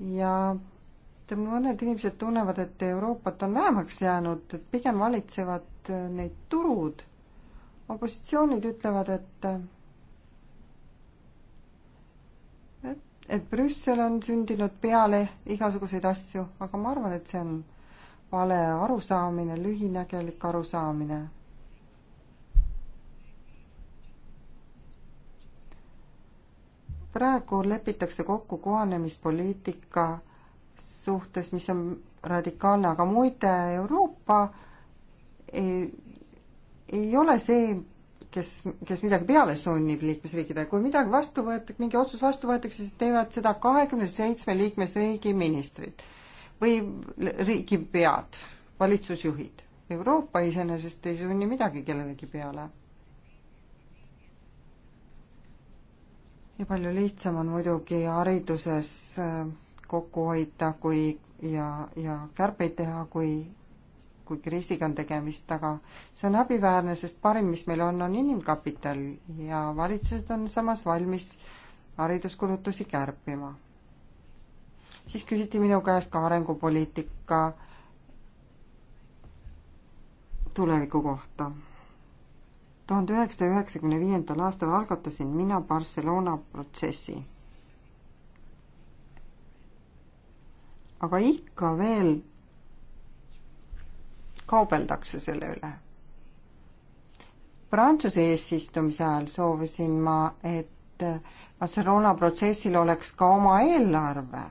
ja mõned inimesed tunnevad, et Euroopat on vähemaks jäänud, et pigem valitsevad äh, neid turud. opositsioonid ütlevad, et äh, et, et Brüssel on sündinud peale igasuguseid asju, aga ma arvan, et see on vale arusaamine, lühinägelik arusaamine praegu lepitakse kokku kohanemispoliitika suhtes, mis on radikaalne, aga muide Euroopa ei, ei ole see, kes, kes midagi peale sunnib liikmesriikidele, kui midagi vastu võetakse, mingi otsus vastu võetakse, siis teevad seda kahekümne seitsme liikmesriigi ministrid või riigipead, valitsusjuhid. Euroopa iseenesest ei sunni midagi kellelegi peale ja palju lihtsam on muidugi hariduses äh, kokku hoida, kui ja, ja kärpeid teha, kui, kui kriisiga on tegemist, aga see on häbiväärne, sest parim, mis meil on, on inimkapital ja valitsused on samas valmis hariduskulutusi kärpima. siis küsiti minu käest ka arengupoliitika tuleviku kohta tuhande üheksasaja üheksakümne viiendal aastal algatasin mina Barcelona protsessi. aga ikka veel kaubeldakse selle üle. Prantsuse eesistumise ajal soovisin ma, et Barcelona protsessil oleks ka oma eelarve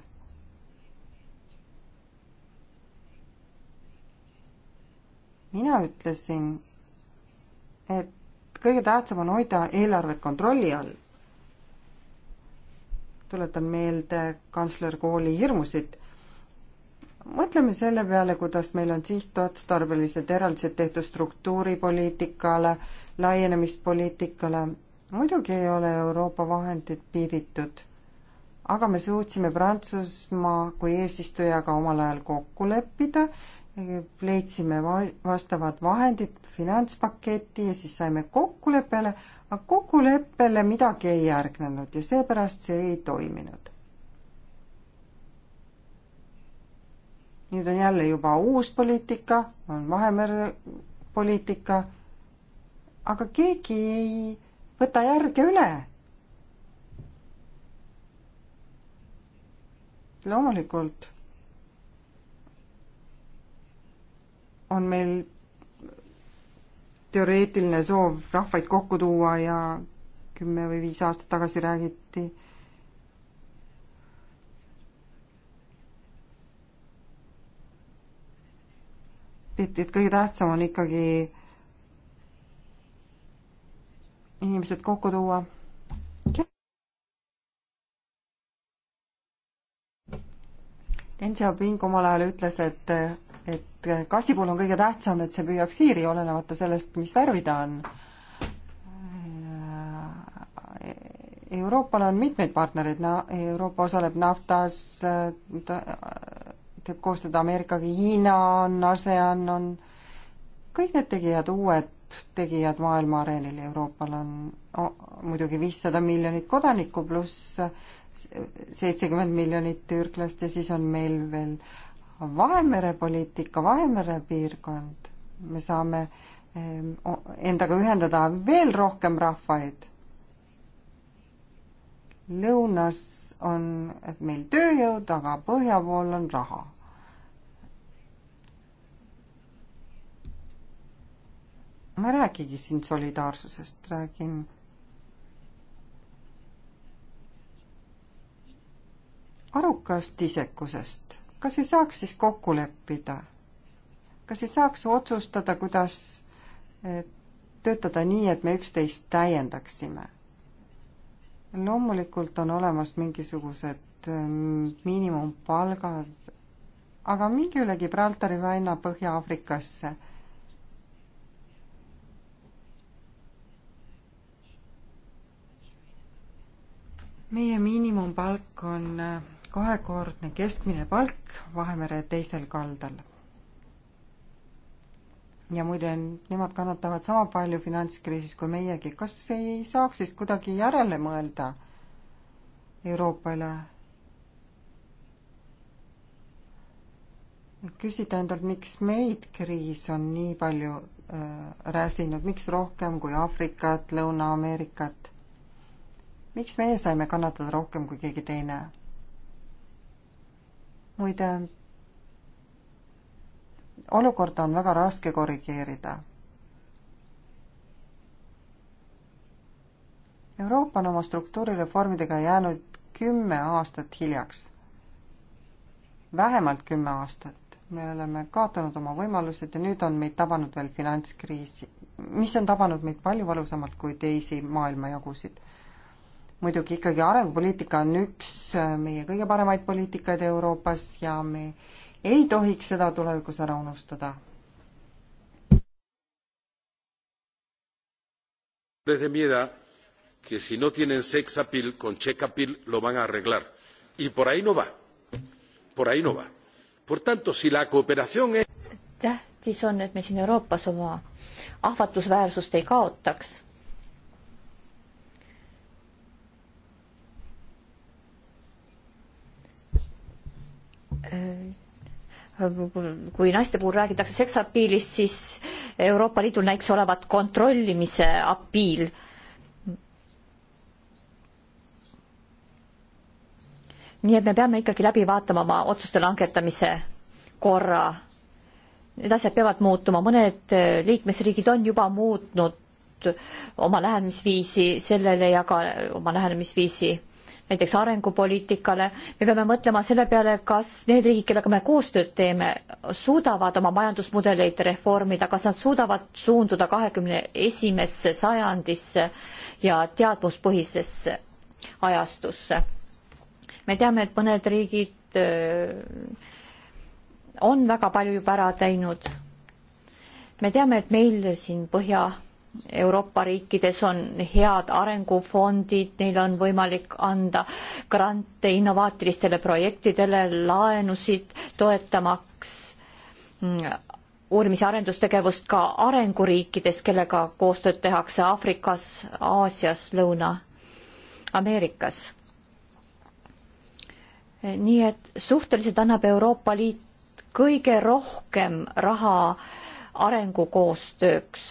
mina ütlesin, et kõige tähtsam on hoida eelarvet kontrolli all. tuletan meelde kantsler kooli hirmusid. mõtleme selle peale, kuidas meil on sihtotstarbelised eraldised tehtud struktuuripoliitikale, laienemispoliitikale. muidugi ei ole Euroopa vahendid piiritud aga me suutsime Prantsusmaa kui eesistujaga omal ajal kokku leppida, leidsime vastavad vahendid finantspaketti ja siis saime kokkuleppele, aga kokkuleppele midagi ei järgnenud ja seepärast see ei toiminud. nüüd on jälle juba uus poliitika, on Vahemere poliitika, aga keegi ei võta järge üle. loomulikult on meil teoreetiline soov rahvaid kokku tuua ja kümme või viis aastat tagasi räägiti et, et kõige tähtsam on ikkagi inimesed kokku tuua. Deng Xiaoping omal ajal ütles, et kassi puhul on kõige tähtsam, et see püüaks siiri, olenemata sellest, mis värvi ta on. Euroopal on mitmeid partnereid, na-, Euroopa osaleb naftas, ta teeb koostööd Ameerikaga, Hiina on, ASEAN on, kõik need tegijad, uued tegijad maailma areenil, Euroopal on oh, muidugi viissada miljonit kodanikku pluss seitsekümmend miljonit türklast ja siis on meil veel äh, Vahemere poliitika, Vahemere piirkond, me saame endaga ühendada veel rohkem rahvaid. lõunas on meil tööjõud, aga põhja pool on raha. ma ei räägigi siin solidaarsusest, räägin arukast isekusest kas ei saaks siis kokku leppida? kas ei saaks otsustada, kuidas eh, töötada nii, et me üksteist täiendaksime? loomulikult on olemas mingisugused eh, miinimumpalgad, aga minge üle Gibraltari väina Põhja-Aafrikasse. meie miinimumpalk on eh, kahekordne keskmine palk Vahemere teisel kaldal. ja muide, nemad kannatavad sama palju finantskriisis kui meiegi, kas ei saaks siis kuidagi järele mõelda Euroopale? küsida endalt, miks meid kriis on nii palju äh, räsinud, miks rohkem kui Aafrikat, Lõuna-Ameerikat? miks meie saime kannatada rohkem kui keegi teine? muide, olukorda on väga raske korrigeerida. Euroopa on oma struktuurireformidega jäänud kümme aastat hiljaks. vähemalt kümme aastat. me oleme kaotanud oma võimalused ja nüüd on meid tabanud veel finantskriisi, mis on tabanud meid palju valusamalt kui teisi maailmajagusid muidugi ikkagi arengupoliitika on üks äh, meie kõige paremaid poliitikaid Euroopas ja me ei tohiks seda tulevikus ära unustada. de miedo que si no tienen sex appeal con check appeal lo van a arreglar y por ahí no va por ahí no va por tanto si la cooperación es tähtis on et me siin Euroopas oma ahvatlusväärsust ei kaotaks Äh, kui naiste puhul räägitakse seksapiilist, siis Euroopa Liidul näiks olevat kontrollimise apiil. nii et me peame ikkagi läbi vaatama oma otsuste langetamise korra. Need asjad peavad muutuma, mõned äh, liikmesriigid on juba muutnud oma lähenemisviisi sellele ja ka oma lähenemisviisi näiteks arengupoliitikale, me peame mõtlema selle peale, kas need riigid, kellega me koostööd teeme, suudavad oma majandusmudeleid reformida, kas nad suudavad suunduda kahekümne esimesse sajandisse ja teadmuspõhisesse ajastusse. me teame, et mõned riigid äh, on väga palju juba ära teinud. me teame, et meil siin Põhja Euroopa riikides on head arengufondid, neil on võimalik anda grante innovaatilistele projektidele, laenusid toetamaks mm, uurimis- ja arendustegevust ka arenguriikides, kellega koostööd tehakse Aafrikas, Aasias, Lõuna-Ameerikas. nii et suhteliselt annab Euroopa Liit kõige rohkem raha arengukoostööks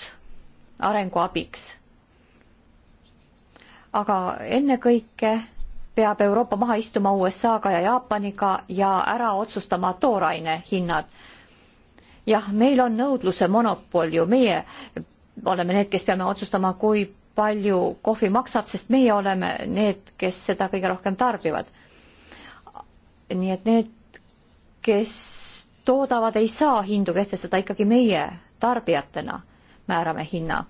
arenguabiks. aga ennekõike peab Euroopa maha istuma USA-ga ja Jaapaniga ja ära otsustama tooraine hinnad. jah, meil on nõudluse monopol ju, meie oleme need, kes peame otsustama, kui palju kohvi maksab, sest meie oleme need, kes seda kõige rohkem tarbivad. nii et need, kes toodavad, ei saa hindu kehtestada ikkagi meie tarbijatena määrame hinna.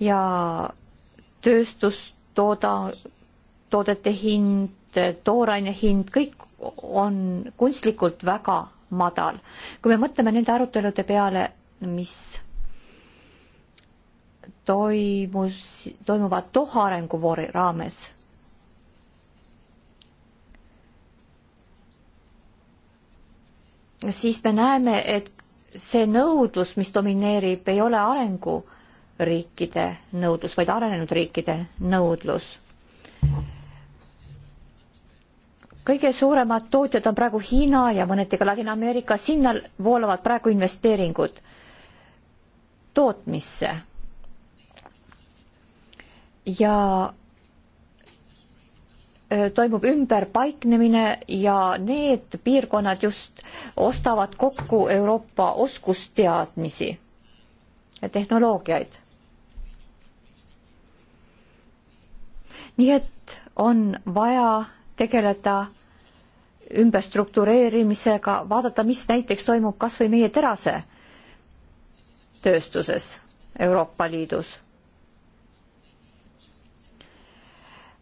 ja tööstustooda, toodete hind, tooraine hind, kõik on kunstlikult väga madal. kui me mõtleme nende arutelude peale, mis toimus, toimuvad Doha arenguvoori raames siis me näeme, et see nõudlus, mis domineerib, ei ole arenguriikide nõudlus, vaid arenenud riikide nõudlus. kõige suuremad tootjad on praegu Hiina ja mõneti ka Ladina-Ameerika, sinna voolavad praegu investeeringud tootmisse. ja toimub ümberpaiknemine ja need piirkonnad just ostavad kokku Euroopa oskusteadmisi ja tehnoloogiaid. nii et on vaja tegeleda ümberstruktureerimisega, vaadata, mis näiteks toimub kas või meie terase tööstuses Euroopa Liidus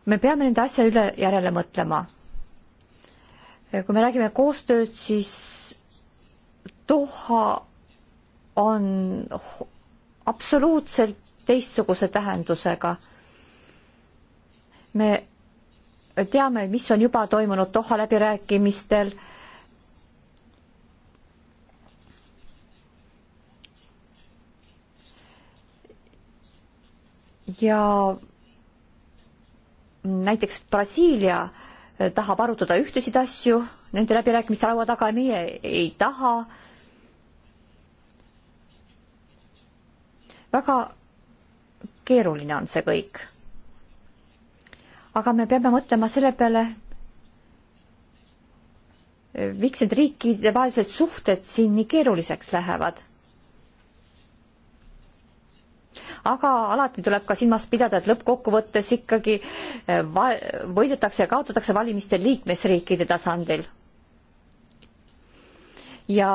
me peame nende asja üle järele mõtlema. kui me räägime koostööd, siis Doha on absoluutselt teistsuguse tähendusega. me teame, mis on juba toimunud Doha läbirääkimistel. ja näiteks Brasiilia eh, tahab arutada ühtesid asju nende läbirääkimiste laua taga ja meie ei taha. väga keeruline on see kõik. aga me peame mõtlema selle peale, eh, miks need riikide vahelised suhted siin nii keeruliseks lähevad aga alati tuleb ka silmas pidada, et lõppkokkuvõttes ikkagi eh, võidetakse ja kaotatakse valimistel liikmesriikide tasandil. ja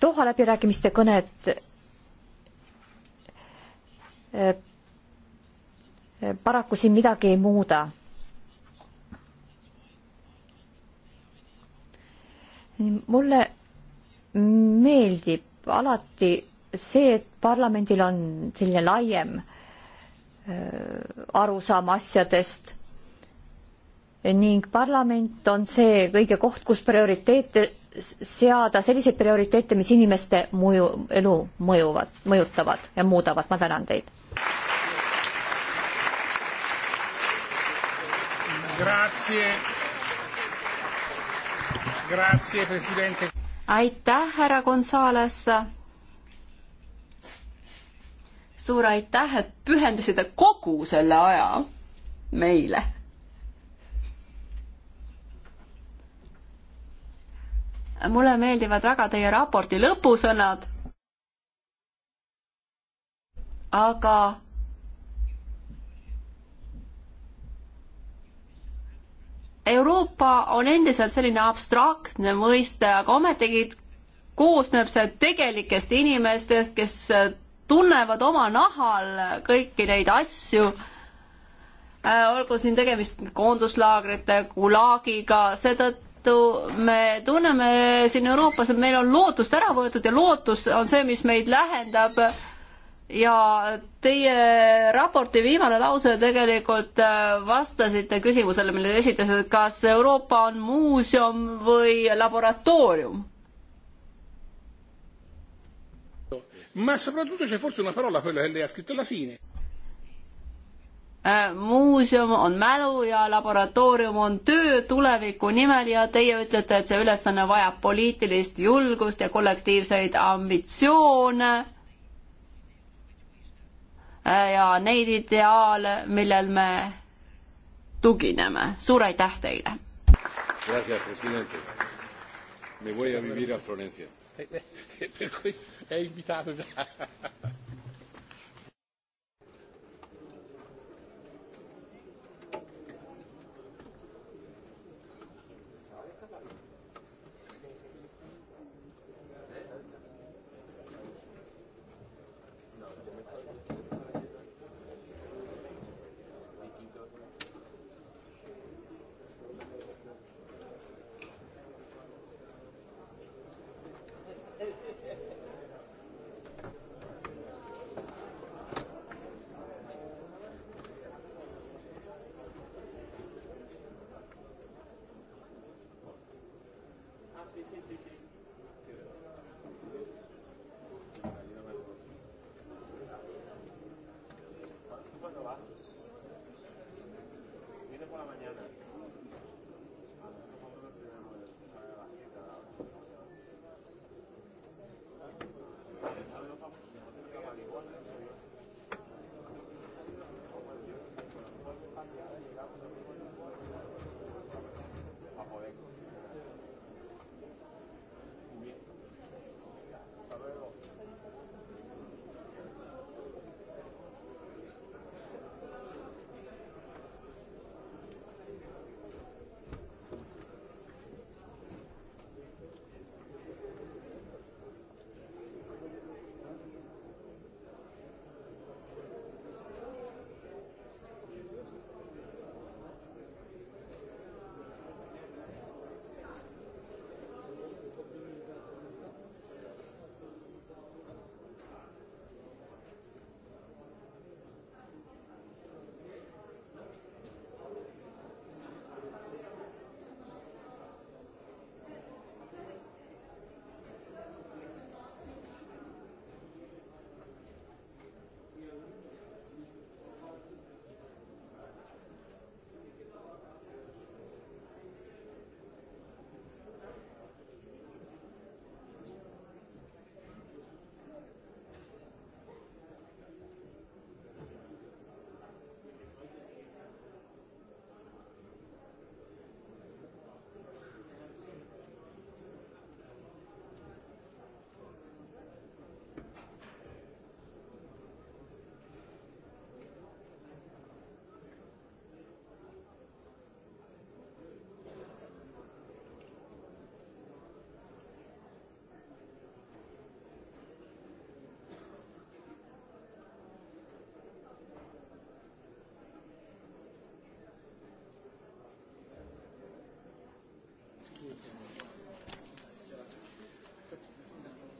Doha läbirääkimiste kõned eh, eh, paraku siin midagi ei muuda. mulle meeldib alati see, et parlamendil on selline laiem arusaam asjadest ning parlament on see kõige koht, kus prioriteete seada, selliseid prioriteete, mis inimeste mõju, elu mõjuvad, mõjutavad ja muudavad. ma tänan teid. aitäh, härra Gonzales suur aitäh, et pühendasite kogu selle aja meile. mulle meeldivad väga teie raporti lõpusõnad. aga Euroopa on endiselt selline abstraktne mõiste, aga ometigi koosneb see tegelikest inimestest, kes tunnevad oma nahal kõiki neid asju, äh, olgu siin tegemist koonduslaagritel, Gulagiga, seetõttu seetõttu me tunneme siin Euroopas, et meil on lootust ära võetud ja lootus on see, mis meid lähendab. ja teie raporti viimane lause tegelikult äh, vastasite küsimusele, mille te esitasite, kas Euroopa on muuseum või laboratoorium? ma soprattutto c'è forse una parola, quella che lei ha scritto alla fine. Äh, muuseum on mälu ja laboratoorium on töö tuleviku nimel ja teie ütlete, et see ülesanne vajab poliitilist julgust ja kollektiivseid ambitsioone äh, ja neid ideaale, millel me tugineme. suur aitäh teile! Gracias, presidente. Me voy a vivir a Florencia. Eh, eh, [LAUGHS] è invitato già.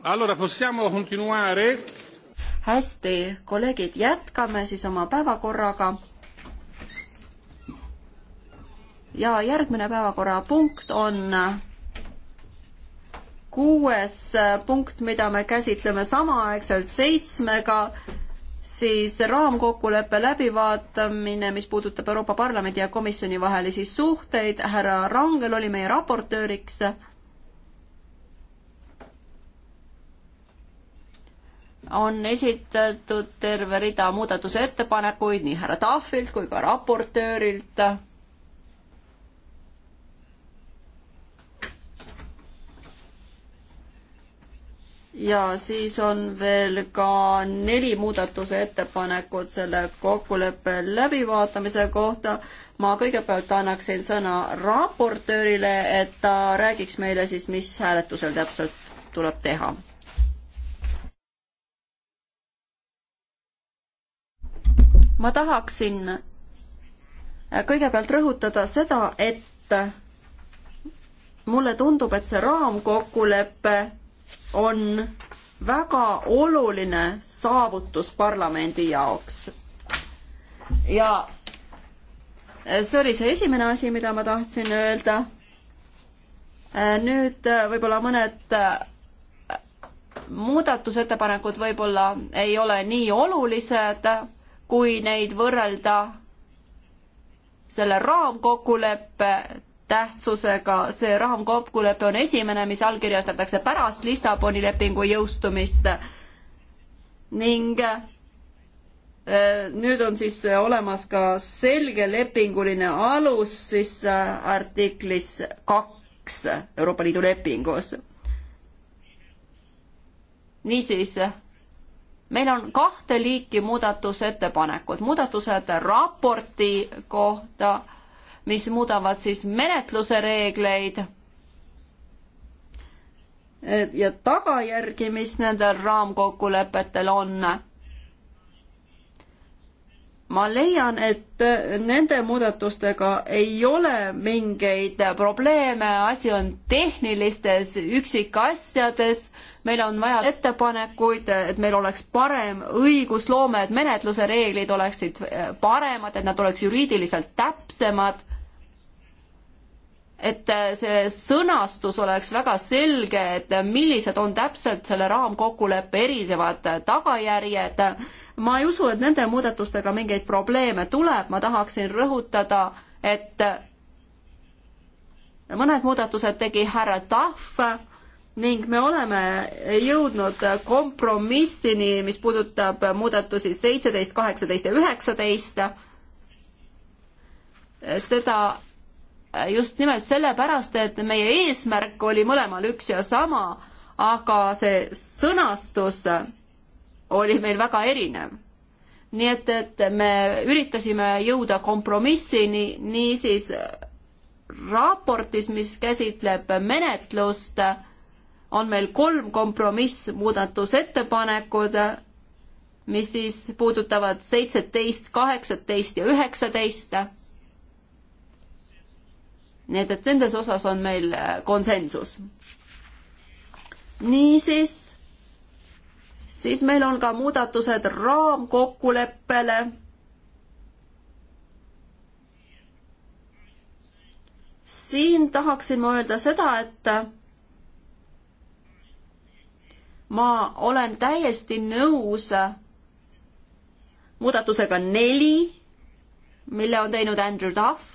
Allora possiamo continuare. hästi, kolleegid, jätkame siis oma päevakorraga. ja järgmine päevakorrapunkt on kuues punkt, mida me käsitleme samaaegselt seitsmega siis raamkokkuleppe läbivaatamine, mis puudutab Euroopa Parlamendi ja komisjoni vahelisi suhteid, härra Rangel oli meie raportööriks. on esitatud terve rida muudatusettepanekuid nii härra Tahvilt kui ka raportöörilt ja siis on veel ka neli muudatuse ettepanekut selle kokkuleppe läbivaatamise kohta. ma kõigepealt annaksin sõna raportöörile, et ta räägiks meile siis, mis hääletusel täpselt tuleb teha. ma tahaksin kõigepealt rõhutada seda, et mulle tundub, et see raamkokkulepe on väga oluline saavutus parlamendi jaoks. ja see oli see esimene asi, mida ma tahtsin öelda. nüüd võib-olla mõned muudatusettepanekud võib-olla ei ole nii olulised, kui neid võrrelda selle raamkokkuleppe tähtsusega, see raamkokkulepe on esimene, mis allkirjastatakse pärast Lissaboni lepingu jõustumist ning eh, nüüd on siis olemas ka selge lepinguline alus siis eh, artiklis kaks Euroopa Liidu lepingus. niisiis, meil on kahte liiki muudatusettepanekud, muudatused raporti kohta äh, mis muudavad siis menetluse reegleid ja tagajärgi, mis nendel raamkokkulepetel on. ma leian, et nende muudatustega ei ole mingeid probleeme, asi on tehnilistes üksikasjades, meil on vaja ettepanekuid, et meil oleks parem õigusloome, et menetluse reeglid oleksid paremad, et nad oleks juriidiliselt täpsemad et äh, see sõnastus oleks väga selge, et äh, millised on täpselt selle raamkokkuleppe erinevad äh, tagajärjed. ma ei usu, et nende muudatustega mingeid probleeme tuleb, ma tahaksin rõhutada, et mõned muudatused tegi härra Tahv ning me oleme jõudnud kompromissini, mis puudutab muudatusi seitseteist, kaheksateist ja üheksateist. seda just nimelt sellepärast, et meie eesmärk oli mõlemal üks ja sama, aga see sõnastus oli meil väga erinev. nii et, et me üritasime jõuda kompromissini, niisiis raportis, mis käsitleb menetlust, on meil kolm kompromissmuudatusettepanekud, mis siis puudutavad seitseteist, kaheksateist ja üheksateist nii et, et nendes osas on meil äh, konsensus. niisiis, siis meil on ka muudatused raamkokkuleppele. siin tahaksin ma öelda seda, et ma olen täiesti nõus muudatusega neli, mille on teinud Andrew Duff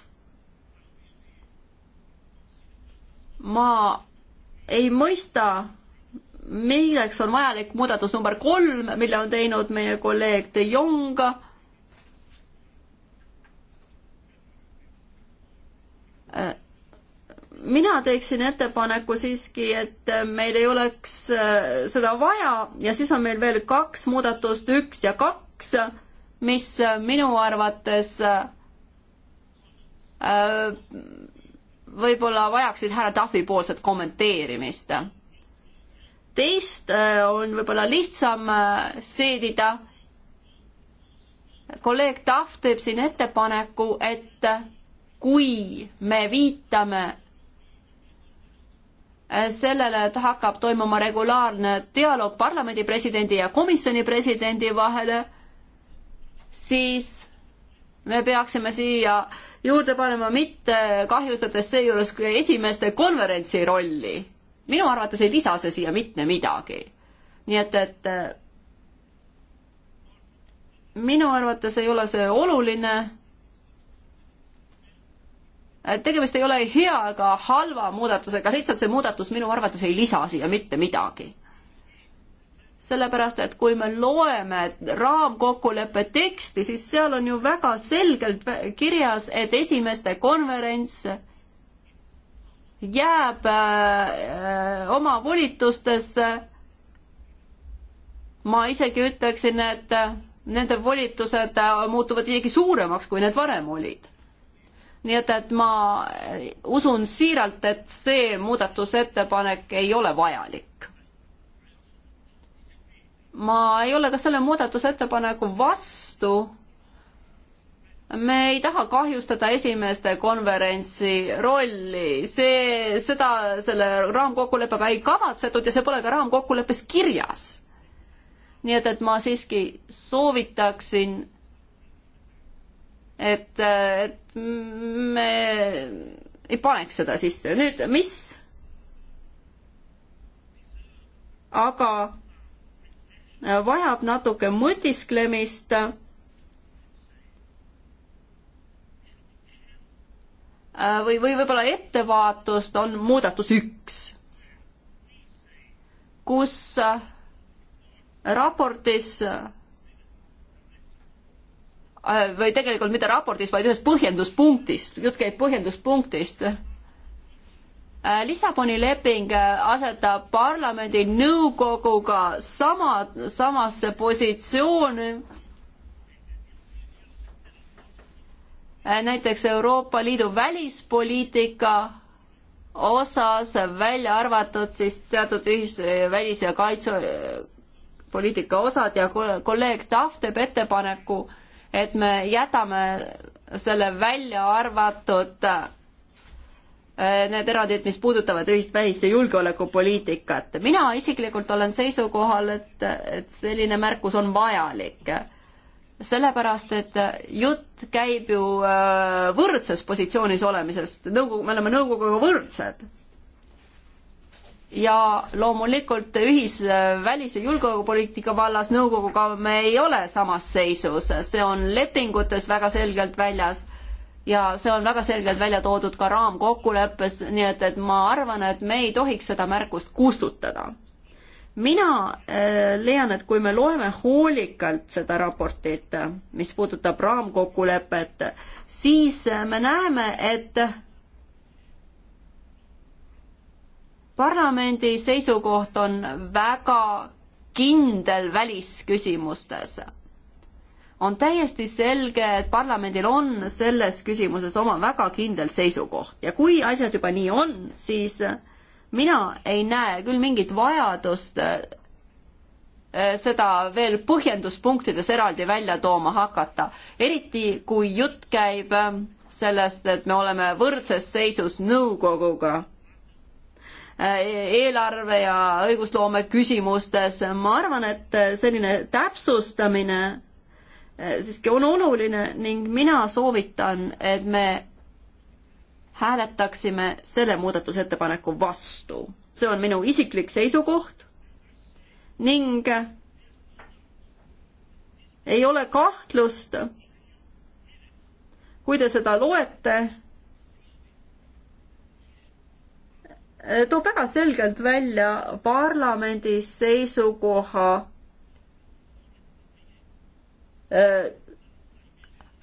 ma ei mõista, milleks on vajalik muudatus number kolm, mille on teinud meie kolleeg De Jong. mina teeksin ettepaneku siiski, et meil ei oleks äh, seda vaja ja siis on meil veel kaks muudatust, üks ja kaks, mis minu arvates äh, võib-olla vajaksid härra Tafi poolset kommenteerimist. teist äh, on võib-olla lihtsam äh, seedida. kolleeg Tahv teeb siin ettepaneku, et kui me viitame äh, sellele, et hakkab toimuma regulaarne dialoog parlamendi presidendi ja komisjoni presidendi vahel, siis me peaksime siia äh, juurde panema, mitte kahjustades seejuures esimeste konverentsi rolli. minu arvates ei lisa see siia mitte midagi. nii et, et äh, minu arvates ei ole see oluline äh, tegemist ei ole hea ega halva muudatusega, lihtsalt see muudatus minu arvates ei lisa siia mitte midagi sellepärast et kui me loeme raamkokkuleppe teksti, siis seal on ju väga selgelt kirjas, et esimeste konverents jääb äh, oma volitustesse. ma isegi ütleksin, et nende volitused äh, muutuvad isegi suuremaks, kui need varem olid nii et, et ma äh, usun siiralt, et see muudatusettepanek ei ole vajalik ma ei ole ka selle muudatusettepaneku vastu. me ei taha kahjustada esimeste konverentsi rolli, see, seda selle raamkokkuleppega ei kavatsetud ja see pole ka raamkokkuleppes kirjas. nii et, et ma siiski soovitaksin, et, et me ei paneks seda sisse. nüüd, mis aga vajab natuke mõtisklemist. või, või võib-olla ettevaatust on muudatus üks, kus raportis või tegelikult mitte raportis, vaid ühes põhjenduspunktis, jutt käib põhjenduspunktist Äh, Lissaboni leping äh, asetab parlamendi nõukoguga sama, samasse positsiooni. Äh, näiteks Euroopa Liidu välispoliitika osas välja arvatud siis teatud ühis-, välis- ja kaitsepoliitika osad ja kolleeg Tahv teeb ettepaneku, et me jätame selle välja arvatud Äh, need erandid, mis puudutavad ühist välis- ja julgeolekupoliitikat. mina isiklikult olen seisukohal, et, et selline märkus on vajalik. sellepärast, et jutt käib ju äh, võrdses positsioonis olemisest, nõukogu, me oleme nõukoguga võrdsed. ja loomulikult ühis-, äh, välis- ja julgeolekupoliitika vallas nõukoguga me ei ole samas seisus, see on lepingutes väga selgelt väljas ja see on väga selgelt välja toodud ka raamkokkuleppes, nii et, et ma arvan, et me ei tohiks seda märkust kustutada. mina äh, leian, et kui me loeme hoolikalt seda raportit, mis puudutab raamkokkulepet, siis äh, me näeme, et parlamendi seisukoht on väga kindel välisküsimustes on täiesti selge, et parlamendil on selles küsimuses oma väga kindel seisukoht ja kui asjad juba nii on, siis mina ei näe küll mingit vajadust äh, seda veel põhjenduspunktides eraldi välja tooma hakata, eriti kui jutt käib äh, sellest, et me oleme võrdses seisus nõukoguga äh, eelarve ja õigusloome küsimustes. ma arvan, et selline täpsustamine Äh, siiski on oluline ning mina soovitan, et me hääletaksime selle muudatusettepaneku vastu. see on minu isiklik seisukoht ning äh, ei ole kahtlust, kui te seda loete, äh, toob väga selgelt välja parlamendi seisukoha Äh,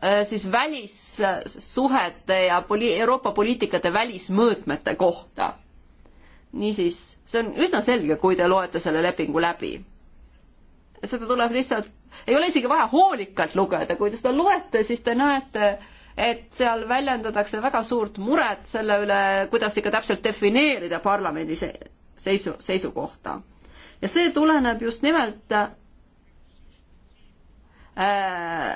äh, siis välissuhete ja poli-, Euroopa poliitikate välismõõtmete kohta. niisiis, see on üsna selge, kui te loete selle lepingu läbi. seda tuleb lihtsalt, ei ole isegi vaja hoolikalt lugeda, kui te seda loete, siis te näete, et seal väljendatakse väga suurt muret selle üle, kuidas ikka täpselt defineerida parlamendi seisu, seisukohta. ja see tuleneb just nimelt Äh,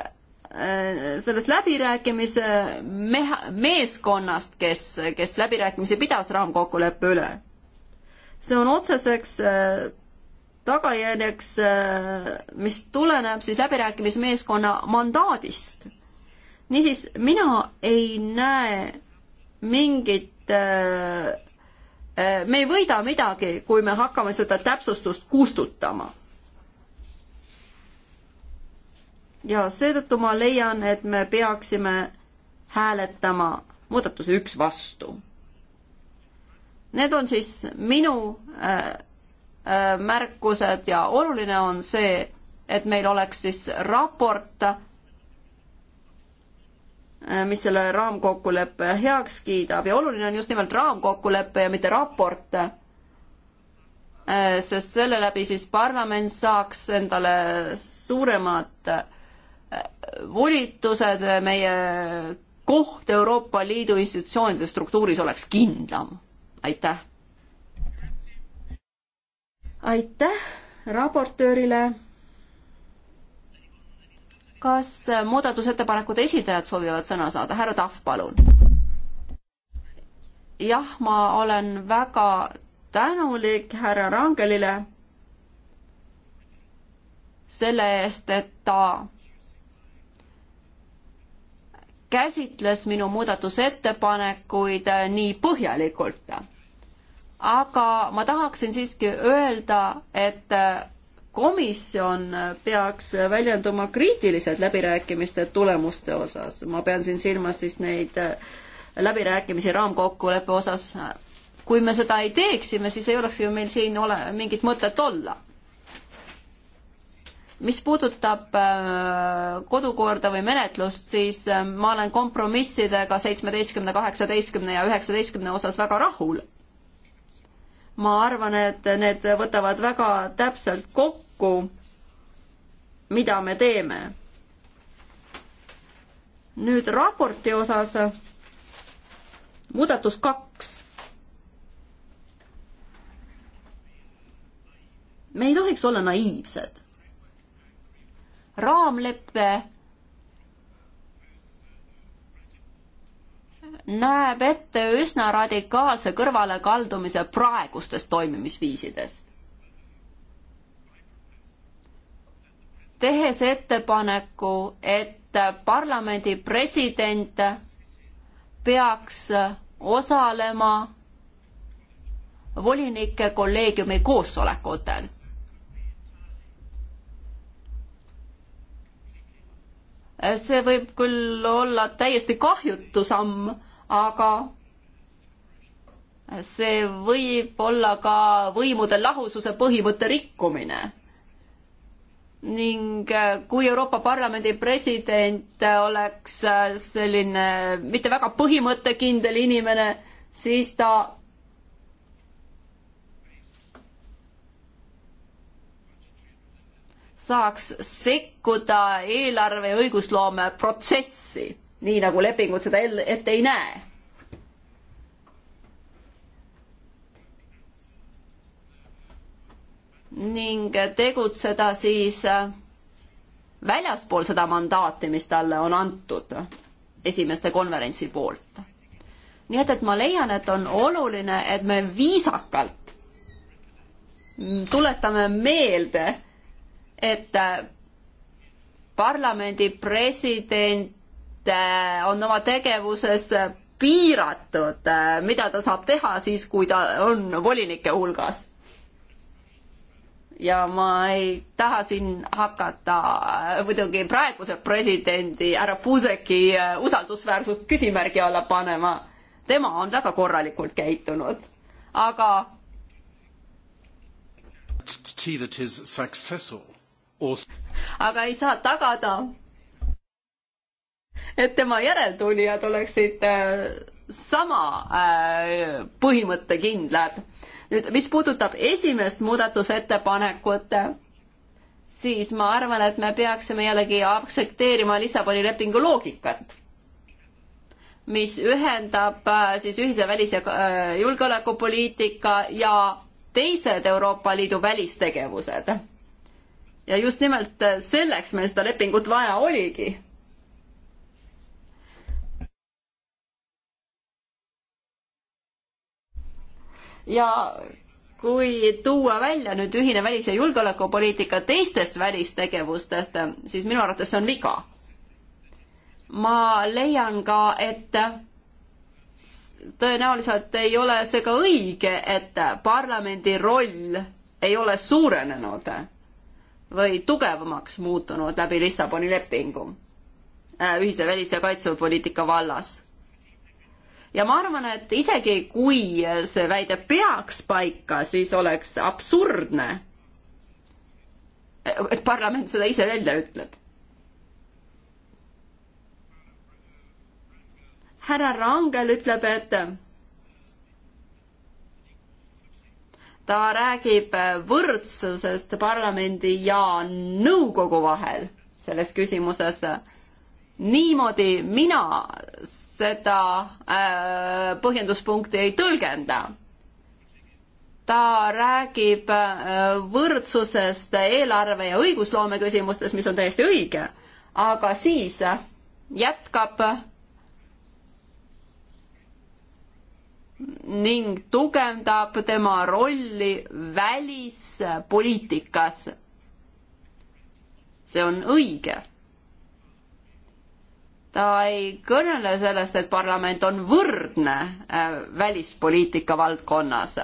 äh, sellest läbirääkimise meha-, meeskonnast, kes, kes läbirääkimisi pidas raamkokkuleppe üle. see on otseseks äh, tagajärjeks, mis tuleneb siis läbirääkimismeeskonna mandaadist. niisiis, mina ei näe mingit me ei võida midagi, kui me hakkame seda täpsustust kustutama ja seetõttu ma leian, et me peaksime hääletama muudatuse üks vastu. Need on siis minu äh, äh, märkused ja oluline on see, et meil oleks siis raport äh,, mis selle raamkokkuleppe heaks kiidab ja oluline on just nimelt raamkokkulepe ja mitte raport äh,, sest selle läbi siis parlament saaks endale suuremat äh, volitused, meie koht Euroopa Liidu institutsioonide struktuuris oleks kindlam. aitäh! aitäh raportöörile. kas muudatusettepanekute esitajad soovivad sõna saada? härra Tahv, palun. jah, ma olen väga tänulik härra Rangelile selle eest, et ta käsitles minu muudatusettepanekuid äh, nii põhjalikult. aga ma tahaksin siiski öelda, et äh, komisjon peaks väljenduma kriitiliselt läbirääkimiste tulemuste osas, ma pean siin silmas siis neid äh, läbirääkimisi raamkokkuleppe osas. kui me seda ei teeksime, siis ei oleks ju meil siin ole mingit mõtet olla mis puudutab äh, kodukorda või menetlust, siis äh, ma olen kompromissidega seitsmeteistkümne, kaheksateistkümne ja üheksateistkümne osas väga rahul. ma arvan, et need võtavad väga täpselt kokku, mida me teeme. nüüd raporti osas muudatus kaks. me ei tohiks olla naiivsed raamlepe näeb ette üsna radikaalse kõrvalekaldumise praegustest toimimisviisidest. tehes ettepaneku, et parlamendi president peaks osalema volinike kolleegiumi koosolekutel see võib küll olla täiesti kahjutu samm, aga see võib olla ka võimude lahususe põhimõtte rikkumine ning äh, kui Euroopa Parlamendi president äh, oleks äh, selline mitte väga põhimõttekindel inimene, siis ta saaks sekkuda eelarve õigusloome protsessi, nii nagu lepingud seda ette ei näe ning tegutseda siis äh, väljaspool seda mandaati, mis talle on antud esimeste konverentsi poolt. nii et, et ma leian, et on oluline, et me viisakalt tuletame meelde, et äh, parlamendi president äh, on oma tegevuses piiratud, äh, mida ta saab teha siis, kui ta on volinike hulgas. ja ma ei taha siin hakata muidugi praeguse presidendi härra Puuseki usaldusväärsust küsimärgi alla panema. tema on väga korralikult käitunud, aga. see that his successor aga ei saa tagada, et tema järeltulijad oleksid äh, sama äh, põhimõttekindlad. nüüd, mis puudutab esimest muudatusettepanekut, siis ma arvan, et me peaksime jällegi aktsepteerima Lissaboni lepingu loogikat, mis ühendab äh, siis ühise välis- ja julgeolekupoliitika ja teised Euroopa Liidu välistegevused ja just nimelt eh, selleks meil seda lepingut vaja oligi. ja kui tuua välja nüüd ühine välis- ja julgeolekupoliitika teistest välistegevustest, siis minu arvates see on viga. ma leian ka, et tõenäoliselt ei ole see ka õige, et parlamendi roll ei ole suurenenud või tugevamaks muutunud läbi Lissaboni lepingu äh, ühise välis- ja kaitsepoliitika vallas. ja ma arvan, et isegi kui see väide peaks paika, siis oleks absurdne, et parlament seda ise välja ütleb. härra Rangel ütleb, et ta räägib võrdsusest parlamendi ja nõukogu vahel selles küsimuses. niimoodi mina seda äh, põhjenduspunkti ei tõlgenda ta räägib äh, võrdsusest eelarve ja õigusloome küsimustes, mis on täiesti õige, aga siis jätkab ning tugevdab tema rolli välispoliitikas. see on õige. ta ei kõnele sellest, et parlament on võrdne äh, välispoliitika valdkonnas.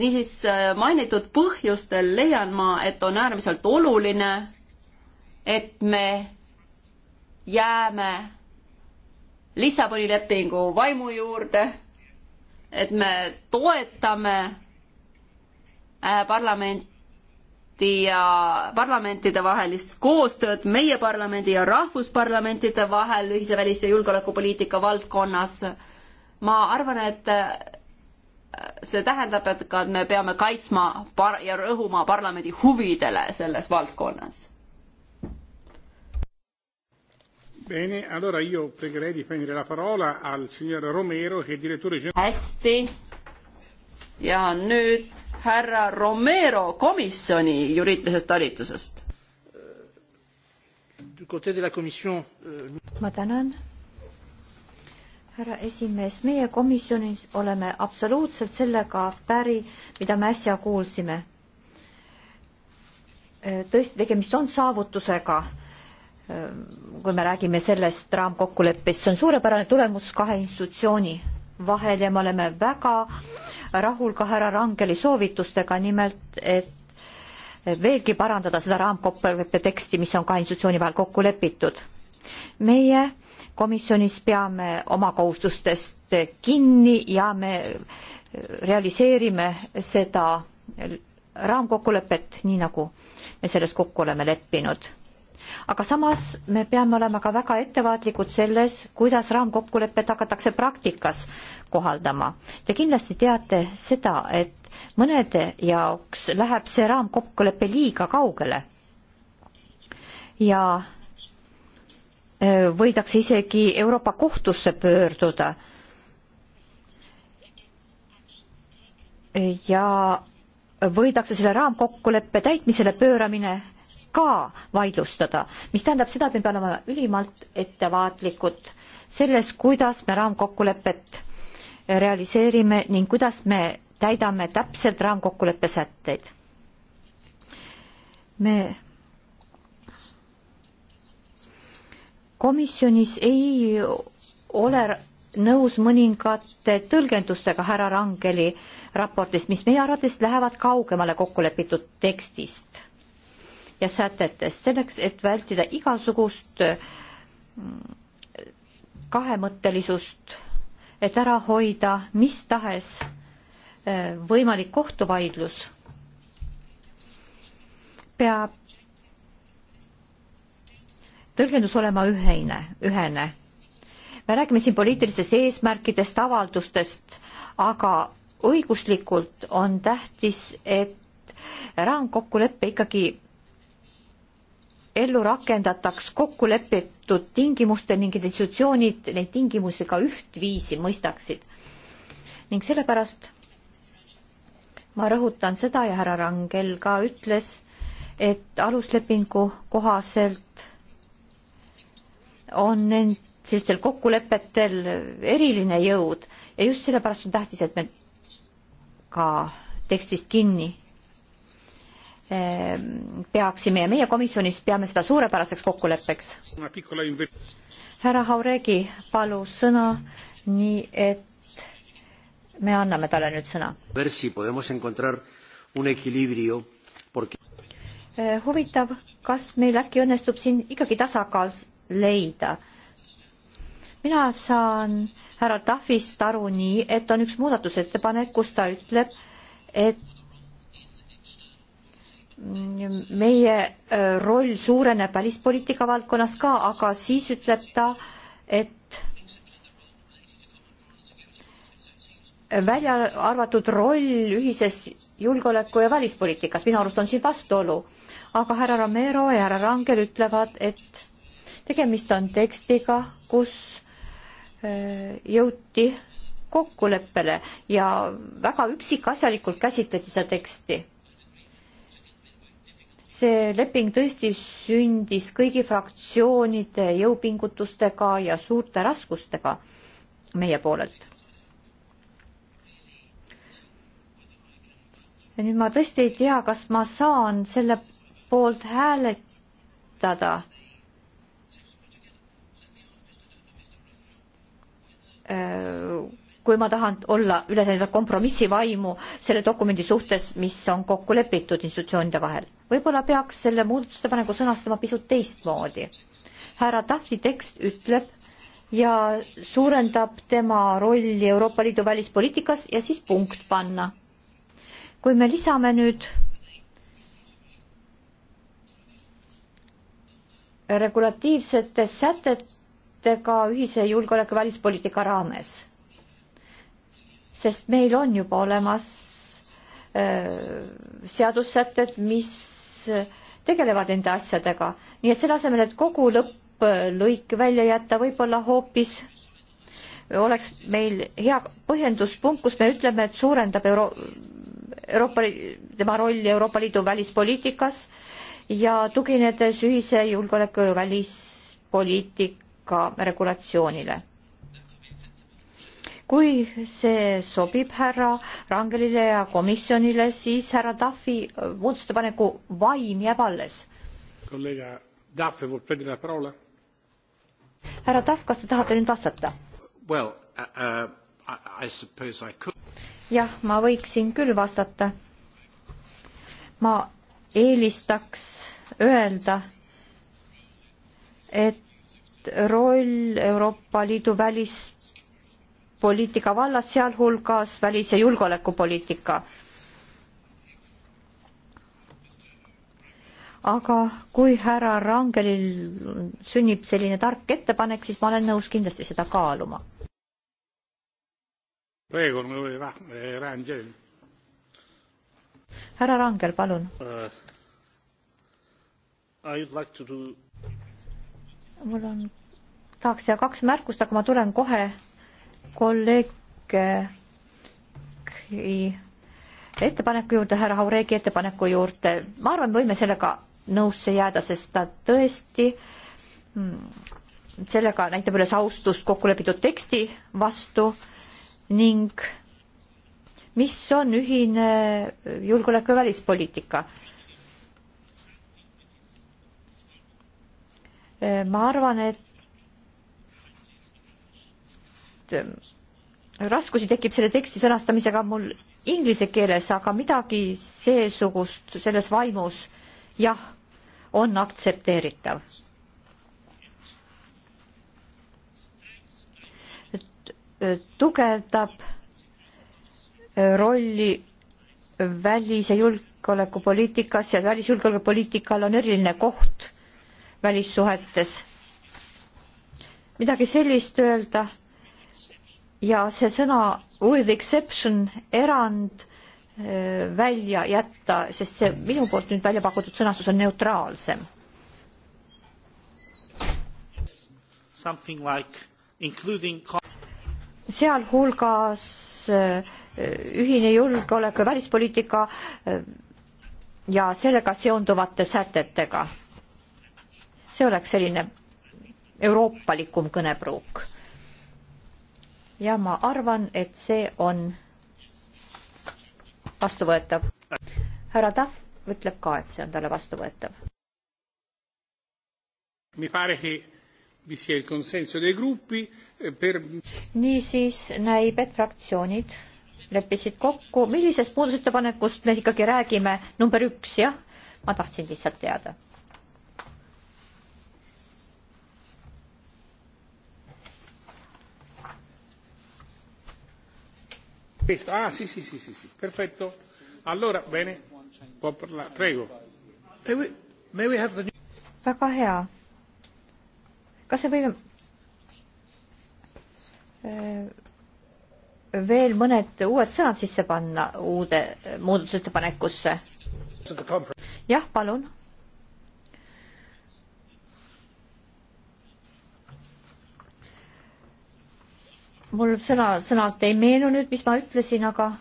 niisiis äh, mainitud põhjustel leian ma, et on äärmiselt oluline, et me jääme Lissaboni lepingu vaimu juurde, et me toetame äh, parlamenti ja parlamentide vahelist koostööd meie parlamendi ja rahvusparlamentide vahel ühise välis- ja julgeolekupoliitika valdkonnas. ma arvan, et äh, see tähendab, et ka me peame kaitsma par- ja rõhuma parlamendi huvidele selles valdkonnas. Bene, allora io pregherei di prendere la parola al signor Romero, che è direttore generale. hästi. ja nüüd härra Romero komisjoni juriidilisest talitusest. Euh, euh, ma tänan, härra esimees, meie komisjonis oleme absoluutselt sellega päri, mida me äsja kuulsime. Äh, tõesti, tegemist on saavutusega kui me räägime sellest raamkokkuleppest, see on suurepärane tulemus kahe institutsiooni vahel ja me oleme väga rahul ka härra Rangeli soovitustega, nimelt et veelgi parandada seda raamkokkuleppe teksti, mis on kahe institutsiooni vahel kokku lepitud. meie komisjonis peame oma kohustustest kinni ja me realiseerime seda raamkokkulepet, nii nagu me selles kokku oleme leppinud aga samas me peame olema ka väga ettevaatlikud selles, kuidas raamkokkulepet hakatakse praktikas kohaldama. Te kindlasti teate seda, et mõnede jaoks läheb see raamkokkulepe liiga kaugele ja e, võidakse isegi Euroopa kohtusse pöörduda. ja võidakse selle raamkokkuleppe täitmisele pööramine ka vaidlustada, mis tähendab seda, et me peame olema ülimalt ettevaatlikud selles, kuidas me raamkokkulepet realiseerime ning kuidas me täidame täpselt raamkokkuleppe sätteid. me komisjonis ei ole nõus mõningate tõlgendustega härra Rangeli raportist, mis meie arvates lähevad kaugemale kokkulepitud tekstist ja sätetest, selleks et vältida igasugust mm, kahemõttelisust, et ära hoida mis tahes äh, võimalik kohtuvaidlus, peab tõlgendus olema ühine, ühene. me räägime siin poliitilistest eesmärkidest, avaldustest, aga õiguslikult on tähtis, et raamkokkulepe ikkagi ellu rakendataks kokkulepitud tingimustel ning et institutsioonid neid tingimusi ka ühtviisi mõistaksid. ning sellepärast ma rõhutan seda ja härra Rangel ka ütles, et aluslepingu kohaselt on nend-, sellistel kokkulepetel eriline jõud ja just sellepärast on tähtis, et me ka tekstist kinni Ehm, peaksime ja meie komisjonis peame seda suurepäraseks kokkuleppeks. härra Hauregi palus sõna, nii et me anname talle nüüd sõna. Eh, huvitav, kas meil äkki õnnestub siin ikkagi tasakaal leida? mina saan härra Tahvist aru nii, et on üks muudatusettepanek, kus ta ütleb, et meie äh, roll suureneb välispoliitika valdkonnas ka, aga siis ütleb ta, et välja arvatud roll ühises julgeoleku ja välispoliitikas, minu arust on siin vastuolu. aga härra Romero ja härra Rangel ütlevad, et tegemist on tekstiga, kus äh, jõuti kokkuleppele ja väga üksikasjalikult käsitleti seda teksti see leping tõesti sündis kõigi fraktsioonide jõupingutustega ja suurte raskustega meie poolelt. ja nüüd ma tõesti ei tea, kas ma saan selle poolt hääletada. Äh, kui ma tahan olla üles näidata kompromissivaimu selle dokumendi suhtes, mis on kokku lepitud institutsioonide vahel. võib-olla peaks selle muudatusettepaneku sõnastama pisut teistmoodi. härra Tahvli tekst ütleb ja suurendab tema rolli Euroopa Liidu välispoliitikas ja siis punkt panna. kui me lisame nüüd regulatiivsete sätetega ühise julgeoleku välispoliitika raames sest meil on juba olemas äh, seadussätted, mis äh, tegelevad nende asjadega, nii et selle asemel, et kogu lõpplõik äh, välja jätta, võib-olla hoopis oleks meil hea põhjenduspunkt, kus me ütleme, et suurendab Euro-, Euroopa, tema rolli Euroopa Liidu välispoliitikas ja tuginedes ühise julgeoleku ja välispoliitika regulatsioonile kui see sobib härra Rangelile ja komisjonile, siis härra Tafi äh, muudatusettepaneku vaim jääb alles. härra Tahv, kas te tahate nüüd vastata? Well, uh, uh, I, I suppose I could. jah, ma võiksin küll vastata. ma eelistaks öelda, et roll Euroopa Liidu välist poliitika vallas, sealhulgas välis- ja julgeolekupoliitika. aga kui härra Rangelil sünnib selline tark ettepanek, siis ma olen nõus kindlasti seda kaaluma. härra Rangel, palun uh,. Like do... mul on, tahaks teha kaks märkust, aga ma tulen kohe kolleeg eh, ettepaneku juurde, härra Hauregi ettepaneku juurde, ma arvan, võime sellega nõusse jääda, sest ta tõesti mm, sellega näitab üles austust kokku lepitud teksti vastu ning mis on ühine julgeoleku ja välispoliitika. Eh, ma arvan, et et äh, raskusi tekib selle teksti sõnastamisega mul inglise keeles, aga midagi seesugust selles vaimus jah, on aktsepteeritav. tugevdab äh, rolli välis- ja julgeolekupoliitikas ja välisjulgeolekupoliitikal on eriline koht välissuhetes. midagi sellist öelda ja see sõna with exception, erand äh, välja jätta, sest see minu poolt nüüd välja pakutud sõnastus on neutraalsem. Like including... sealhulgas äh, ühine julgeolek ja välispoliitika äh, ja sellega seonduvate sätetega. see oleks selline euroopalikum kõnepruuk ja ma arvan, et see on vastuvõetav. härra Tahv ütleb ka, et see on talle vastuvõetav. Eh, per... niisiis näib, et fraktsioonid leppisid kokku, millisest muudatusettepanekust me ikkagi räägime, number üks, jah? ma tahtsin lihtsalt teada Questo, ah sì, sì, sì, sì, sì, perfetto. Allora, bene, può parlare, prego. May we, may we have the new... väga hea. kas me võime äh, veel mõned uued sõnad sisse panna uude muudatusettepanekusse? jah, palun mul sõna, sõnalt ei meenu nüüd, mis ma ütlesin, aga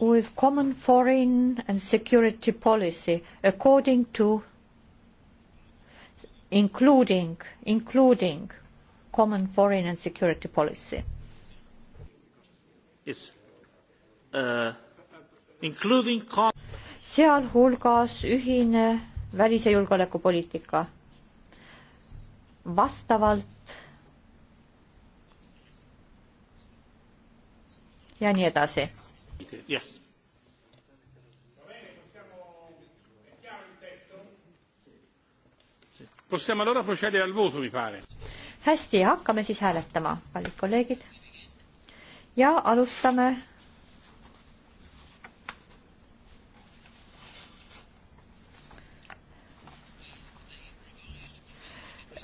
with common foreign and security policy according to including including common foreign and security policy yes. uh, including sealhulgas ühine välis ja julgeolekupoliitika vastavalt ja nii edasi yes.. hästi, hakkame siis hääletama, kallid kolleegid. ja alustame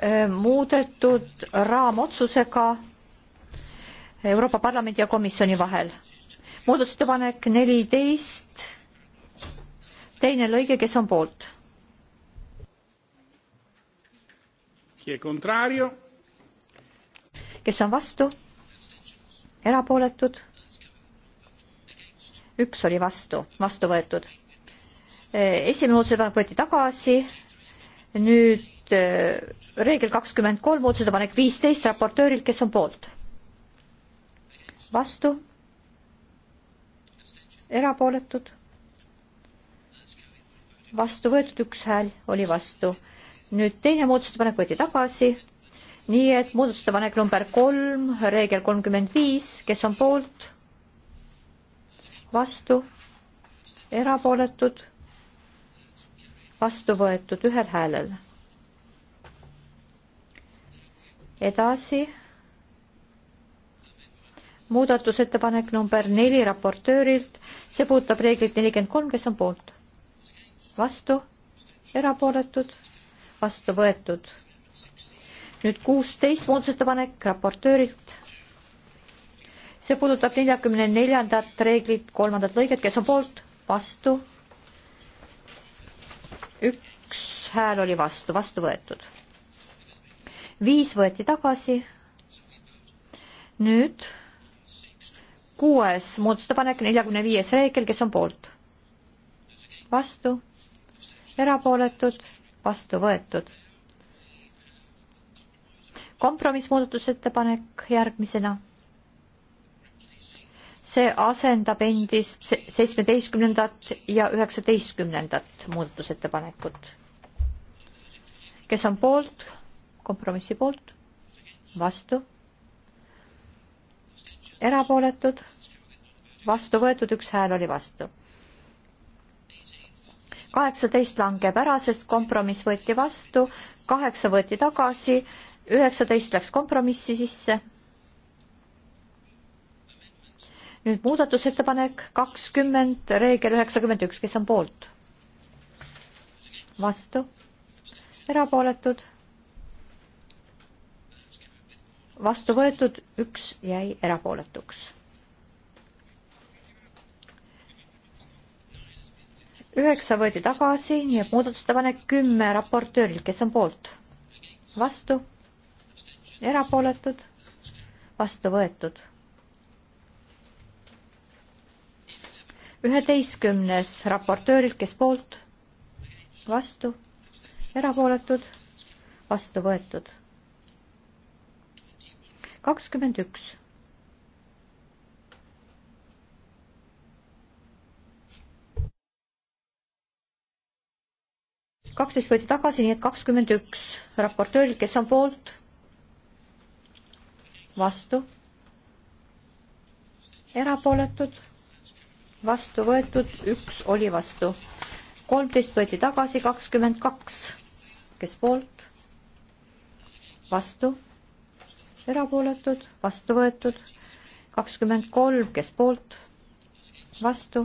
Äh, muudetud raamotsusega Euroopa Parlamendi ja komisjoni vahel. muudatusettepanek neliteist, teine lõige, kes on poolt? kes on vastu? erapooletud? üks oli vastu, vastu võetud. Äh, esimene muudatusettepanek võeti tagasi, nüüd nüüd äh, reegel kakskümmend kolm, muudatusettepanek viisteist raportöörilt, kes on poolt? vastu? erapooletud? vastu võetud üks hääl oli vastu. nüüd teine muudatusettepanek võeti tagasi, nii et muudatusettepanek number kolm, reegel kolmkümmend viis, kes on poolt? vastu? erapooletud? vastu võetud ühel häälel edasi. muudatusettepanek number neli raportöörilt, see puudutab reeglit nelikümmend kolm, kes on poolt? vastu, erapooletud, vastu võetud. nüüd kuusteist muudatusettepanek raportöörilt. see puudutab neljakümne neljandat reeglit, kolmandat lõiget, kes on poolt? vastu. üks hääl oli vastu, vastu võetud viis võeti tagasi. nüüd kuues muudatusettepanek, neljakümne viies reegel, kes on poolt? vastu, erapooletud, vastu võetud. kompromissmuudatusettepanek järgmisena. see asendab endist seitsmeteistkümnendat ja üheksateistkümnendat muudatusettepanekut. kes on poolt, kompromissi poolt, vastu, erapooletud, vastu võetud, üks hääl oli vastu. kaheksateist langeb ära, sest kompromiss võeti vastu, kaheksa võeti tagasi, üheksateist läks kompromissi sisse. nüüd muudatusettepanek kakskümmend, reegel üheksakümmend üks, kes on poolt? vastu, erapooletud vastu võetud, üks jäi erapooletuks. üheksa võeti tagasi, nii et muudatusettepanek kümme raportööril, kes on poolt? vastu? erapooletud? vastu võetud? üheteistkümnes raportöörilt, kes poolt, vastu, erapooletud, vastu võetud kakskümmend üks. kaksteist võeti tagasi, nii et kakskümmend üks raportööril, kes on poolt, vastu, erapooletud, vastu võetud, üks oli vastu. kolmteist võeti tagasi, kakskümmend kaks, kes poolt, vastu erapooletud, vastu võetud, kakskümmend kolm, kes poolt, vastu,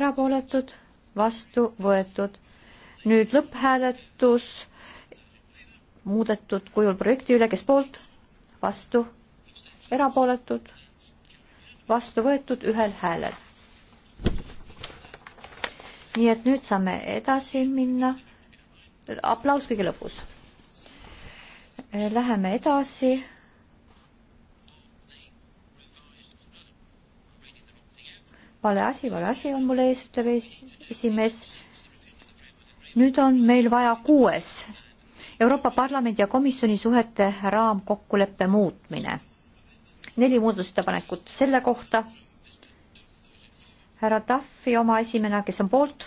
erapooletud, vastu võetud. nüüd lõpphääletus muudetud kujul projekti üle, kes poolt, vastu, erapooletud, vastu võetud ühel häälel. nii et nüüd saame edasi minna. aplaus kõige lõpus Eh, läheme edasi. vale asi, vale asi on mul ees, ütleb esimees. nüüd on meil vaja kuues Euroopa Parlamendi ja komisjoni suhete raamkokkuleppe muutmine. neli muudatusettepanekut selle kohta. härra Tahvi oma esimene, kes on poolt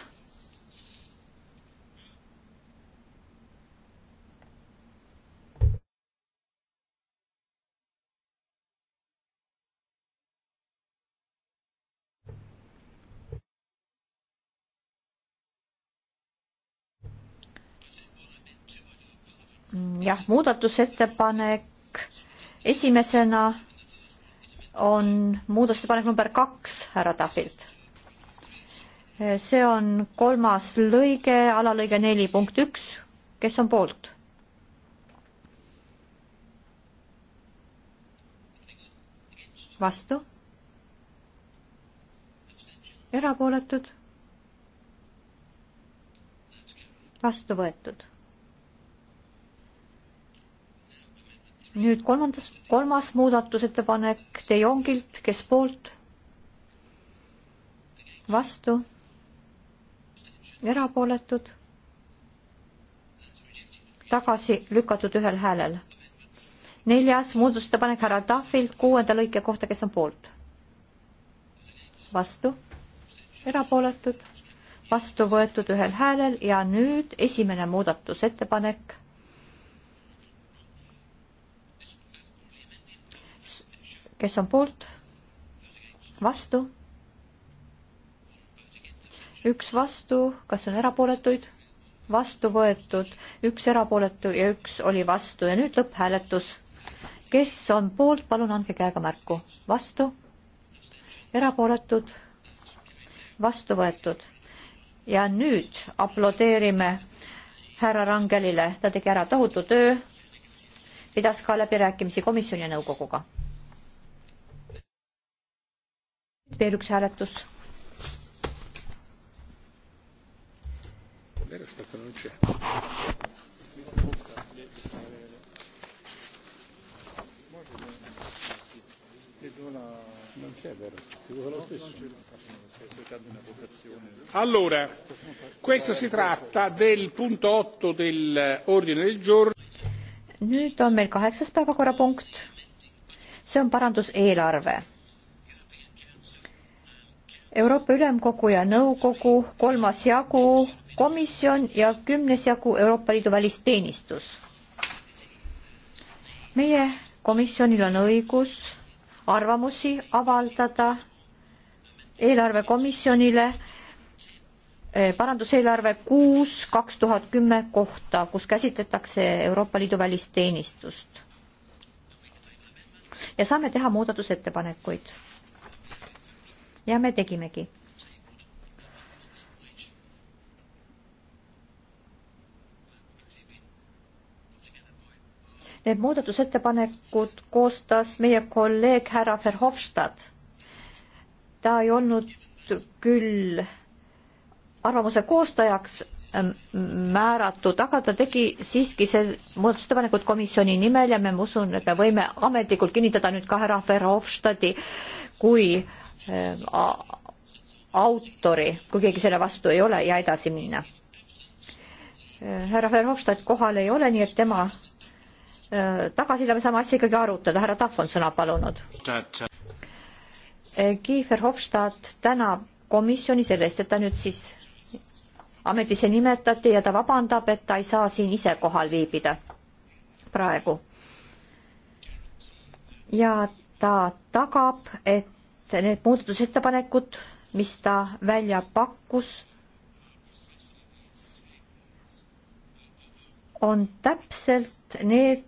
jah, muudatusettepanek esimesena on muudatusettepanek number kaks härra Tahvilt. see on kolmas lõige, alalõige neli punkt üks, kes on poolt? vastu? erapooletud? vastu võetud nüüd kolmandas, kolmas muudatusettepanek De Jongilt, kes poolt? vastu? erapooletud? tagasi lükatud ühel häälel. neljas muudatusettepanek härra Tahvilt kuuenda lõike kohta, kes on poolt? vastu? erapooletud? vastu võetud ühel häälel ja nüüd esimene muudatusettepanek kes on poolt? vastu? üks vastu, kas on erapooletuid? vastu võetud, üks erapooletu ja üks oli vastu ja nüüd lõpphääletus. kes on poolt, palun andke käega märku. vastu? erapooletud? vastu võetud. ja nüüd aplodeerime härra Rangelile, ta tegi ära tohutu töö, pidas ka läbirääkimisi komisjoni ja nõukoguga veel üks hääletus. Allora, questo si tratta del punto 8 dell'ordine eh, del giorno. Nüüd on meil kaheksas päevakorrapunkt. See on paranduseelarve Euroopa Ülemkogu ja Nõukogu, kolmas jagu komisjon ja kümnes jagu Euroopa Liidu välisteenistus. meie komisjonil on õigus arvamusi avaldada eelarvekomisjonile eh, paranduseelarve kuus kaks tuhat kümme kohta, kus käsitletakse Euroopa Liidu välisteenistust. ja saame teha muudatusettepanekuid ja me tegimegi. Need muudatusettepanekud koostas meie kolleeg härra Verhofstadt. ta ei olnud küll arvamuse koostajaks ähm, määratud, aga ta tegi siiski see muudatusettepanekud komisjoni nimel ja me, ma usun, et me võime ametlikult kinnitada nüüd ka härra Verhofstadti kui Äh, autori, kui keegi selle vastu ei ole ja edasi minna. Äh, härra Verhofstadt kohal ei ole, nii et tema äh, tagasi tuleme, saame asja ikkagi arutada, härra Tahv on sõna palunud. Kiefer Hofstad tänab komisjoni selle eest, et ta nüüd siis ametisse nimetati ja ta vabandab, et ta ei saa siin ise kohal viibida praegu. ja ta tagab, et et need muudatusettepanekud, mis ta välja pakkus, on täpselt need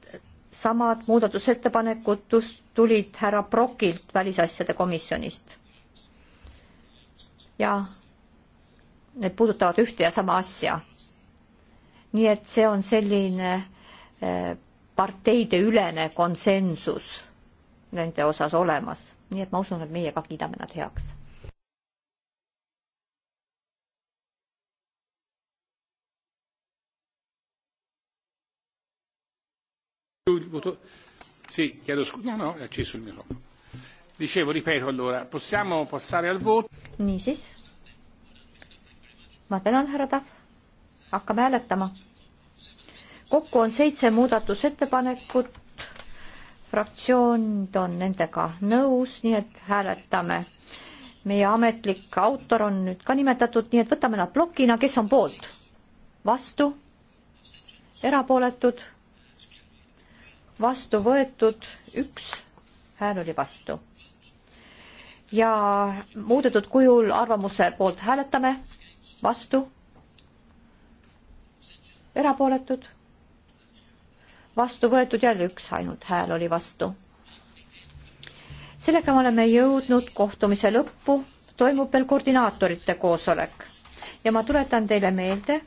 samad muudatusettepanekud, kus tulid härra Brokilt välisasjade komisjonist. ja need puudutavad ühte ja sama asja. nii et see on selline eh, parteideülene konsensus nende osas olemas nii et ma usun, et meie ka kiidame nad heaks. Sì, chiedo scusa, no, no, è acceso il microfono. Dicevo, ripeto allora, possiamo passare al voto? Niisiis. ma tänan, härra Tahv. hakkame hääletama. kokku on seitse muudatusettepanekut fraktsioon on nendega nõus, nii et hääletame. meie ametlik autor on nüüd ka nimetatud, nii et võtame nad plokina, kes on poolt? vastu? erapooletud? vastu võetud üks hääl oli vastu. ja muudetud kujul arvamuse poolt hääletame, vastu, erapooletud vastu võetud, jälle üks ainult hääl oli vastu. sellega me oleme jõudnud kohtumise lõppu, toimub veel koordinaatorite koosolek ja ma tuletan teile meelde,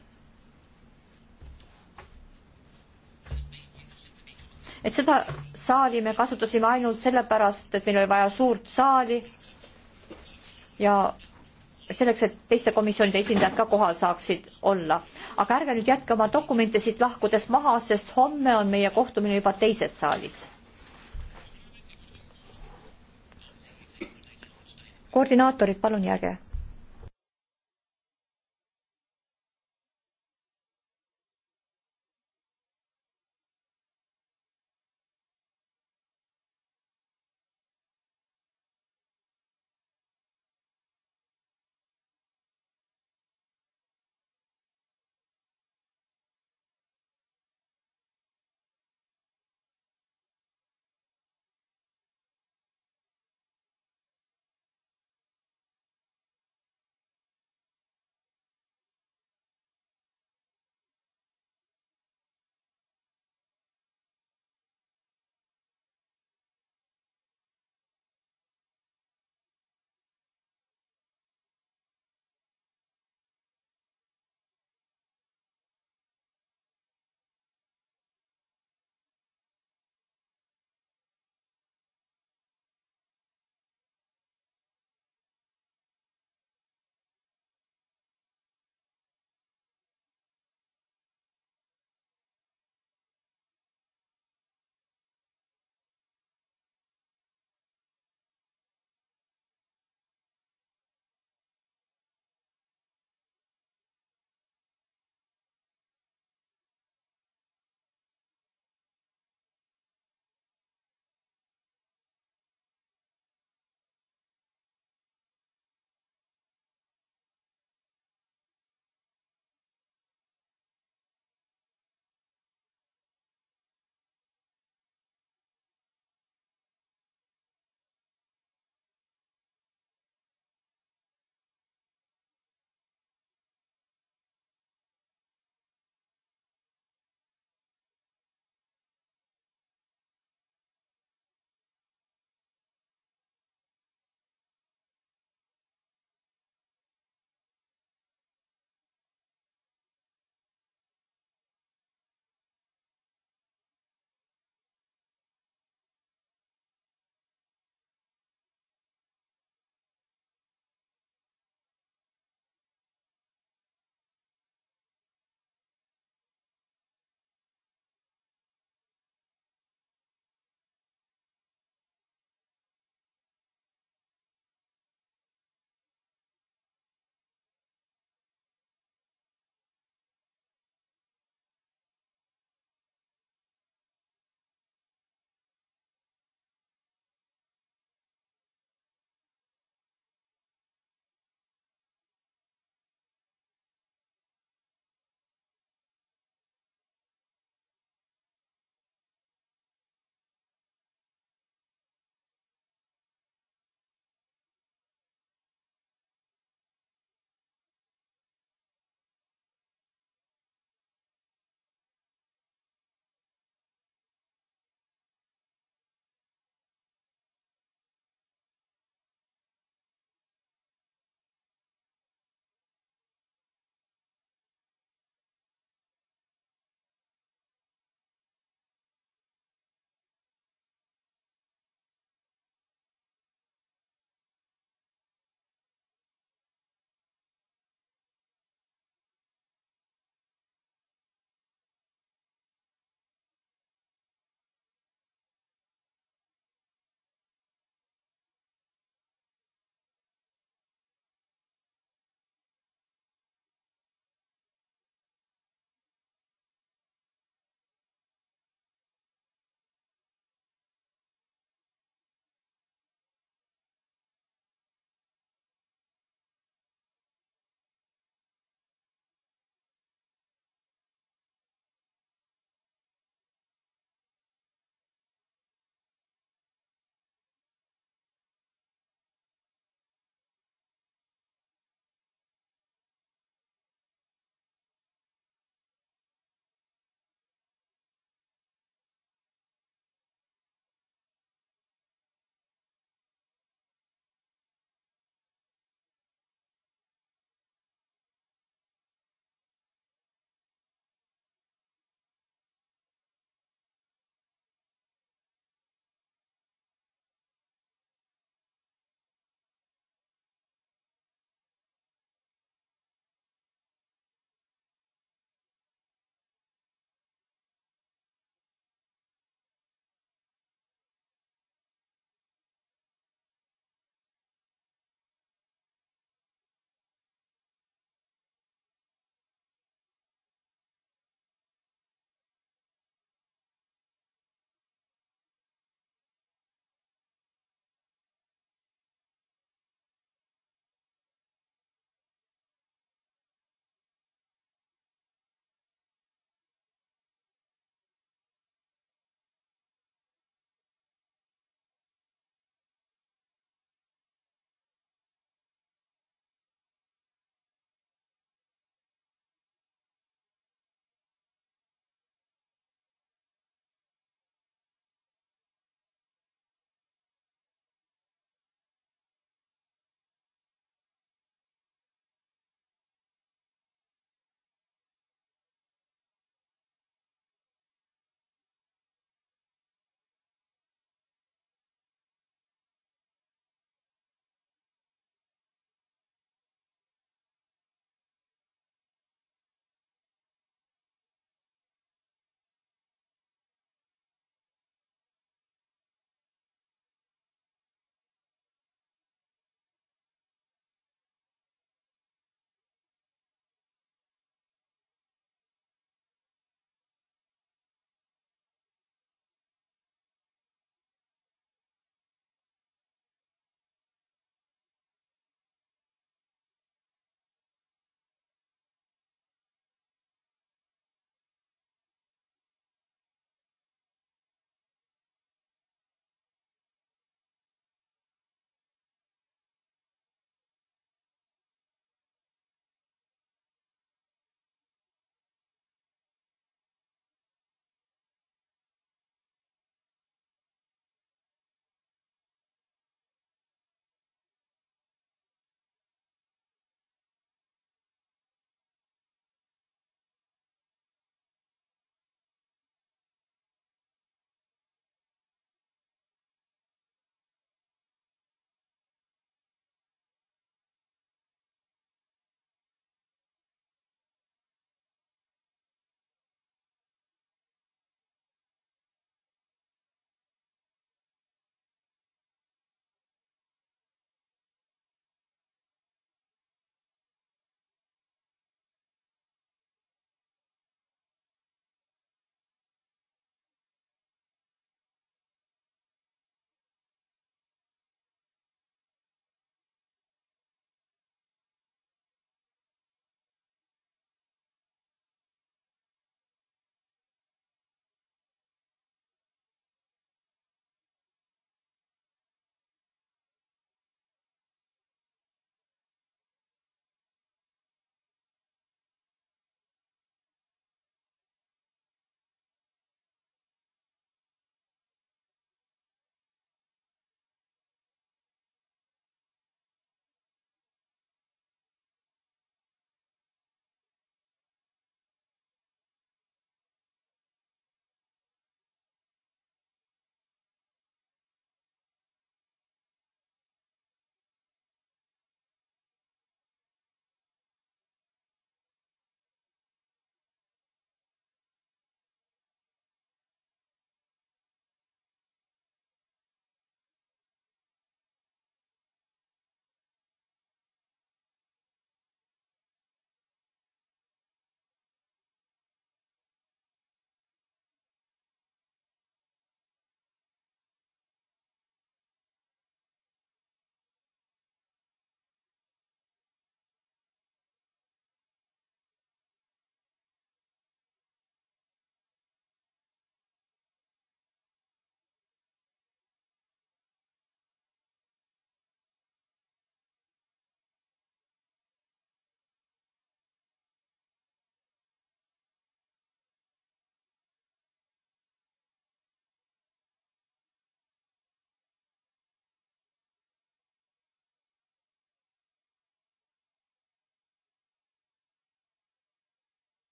et seda saali me kasutasime ainult sellepärast, et meil oli vaja suurt saali ja selleks, et teiste komisjonide esindajad ka kohal saaksid olla. aga ärge nüüd jätke oma dokumente siit lahkudes maha, sest homme on meie kohtumine juba teises saalis. koordinaatorid, palun jääge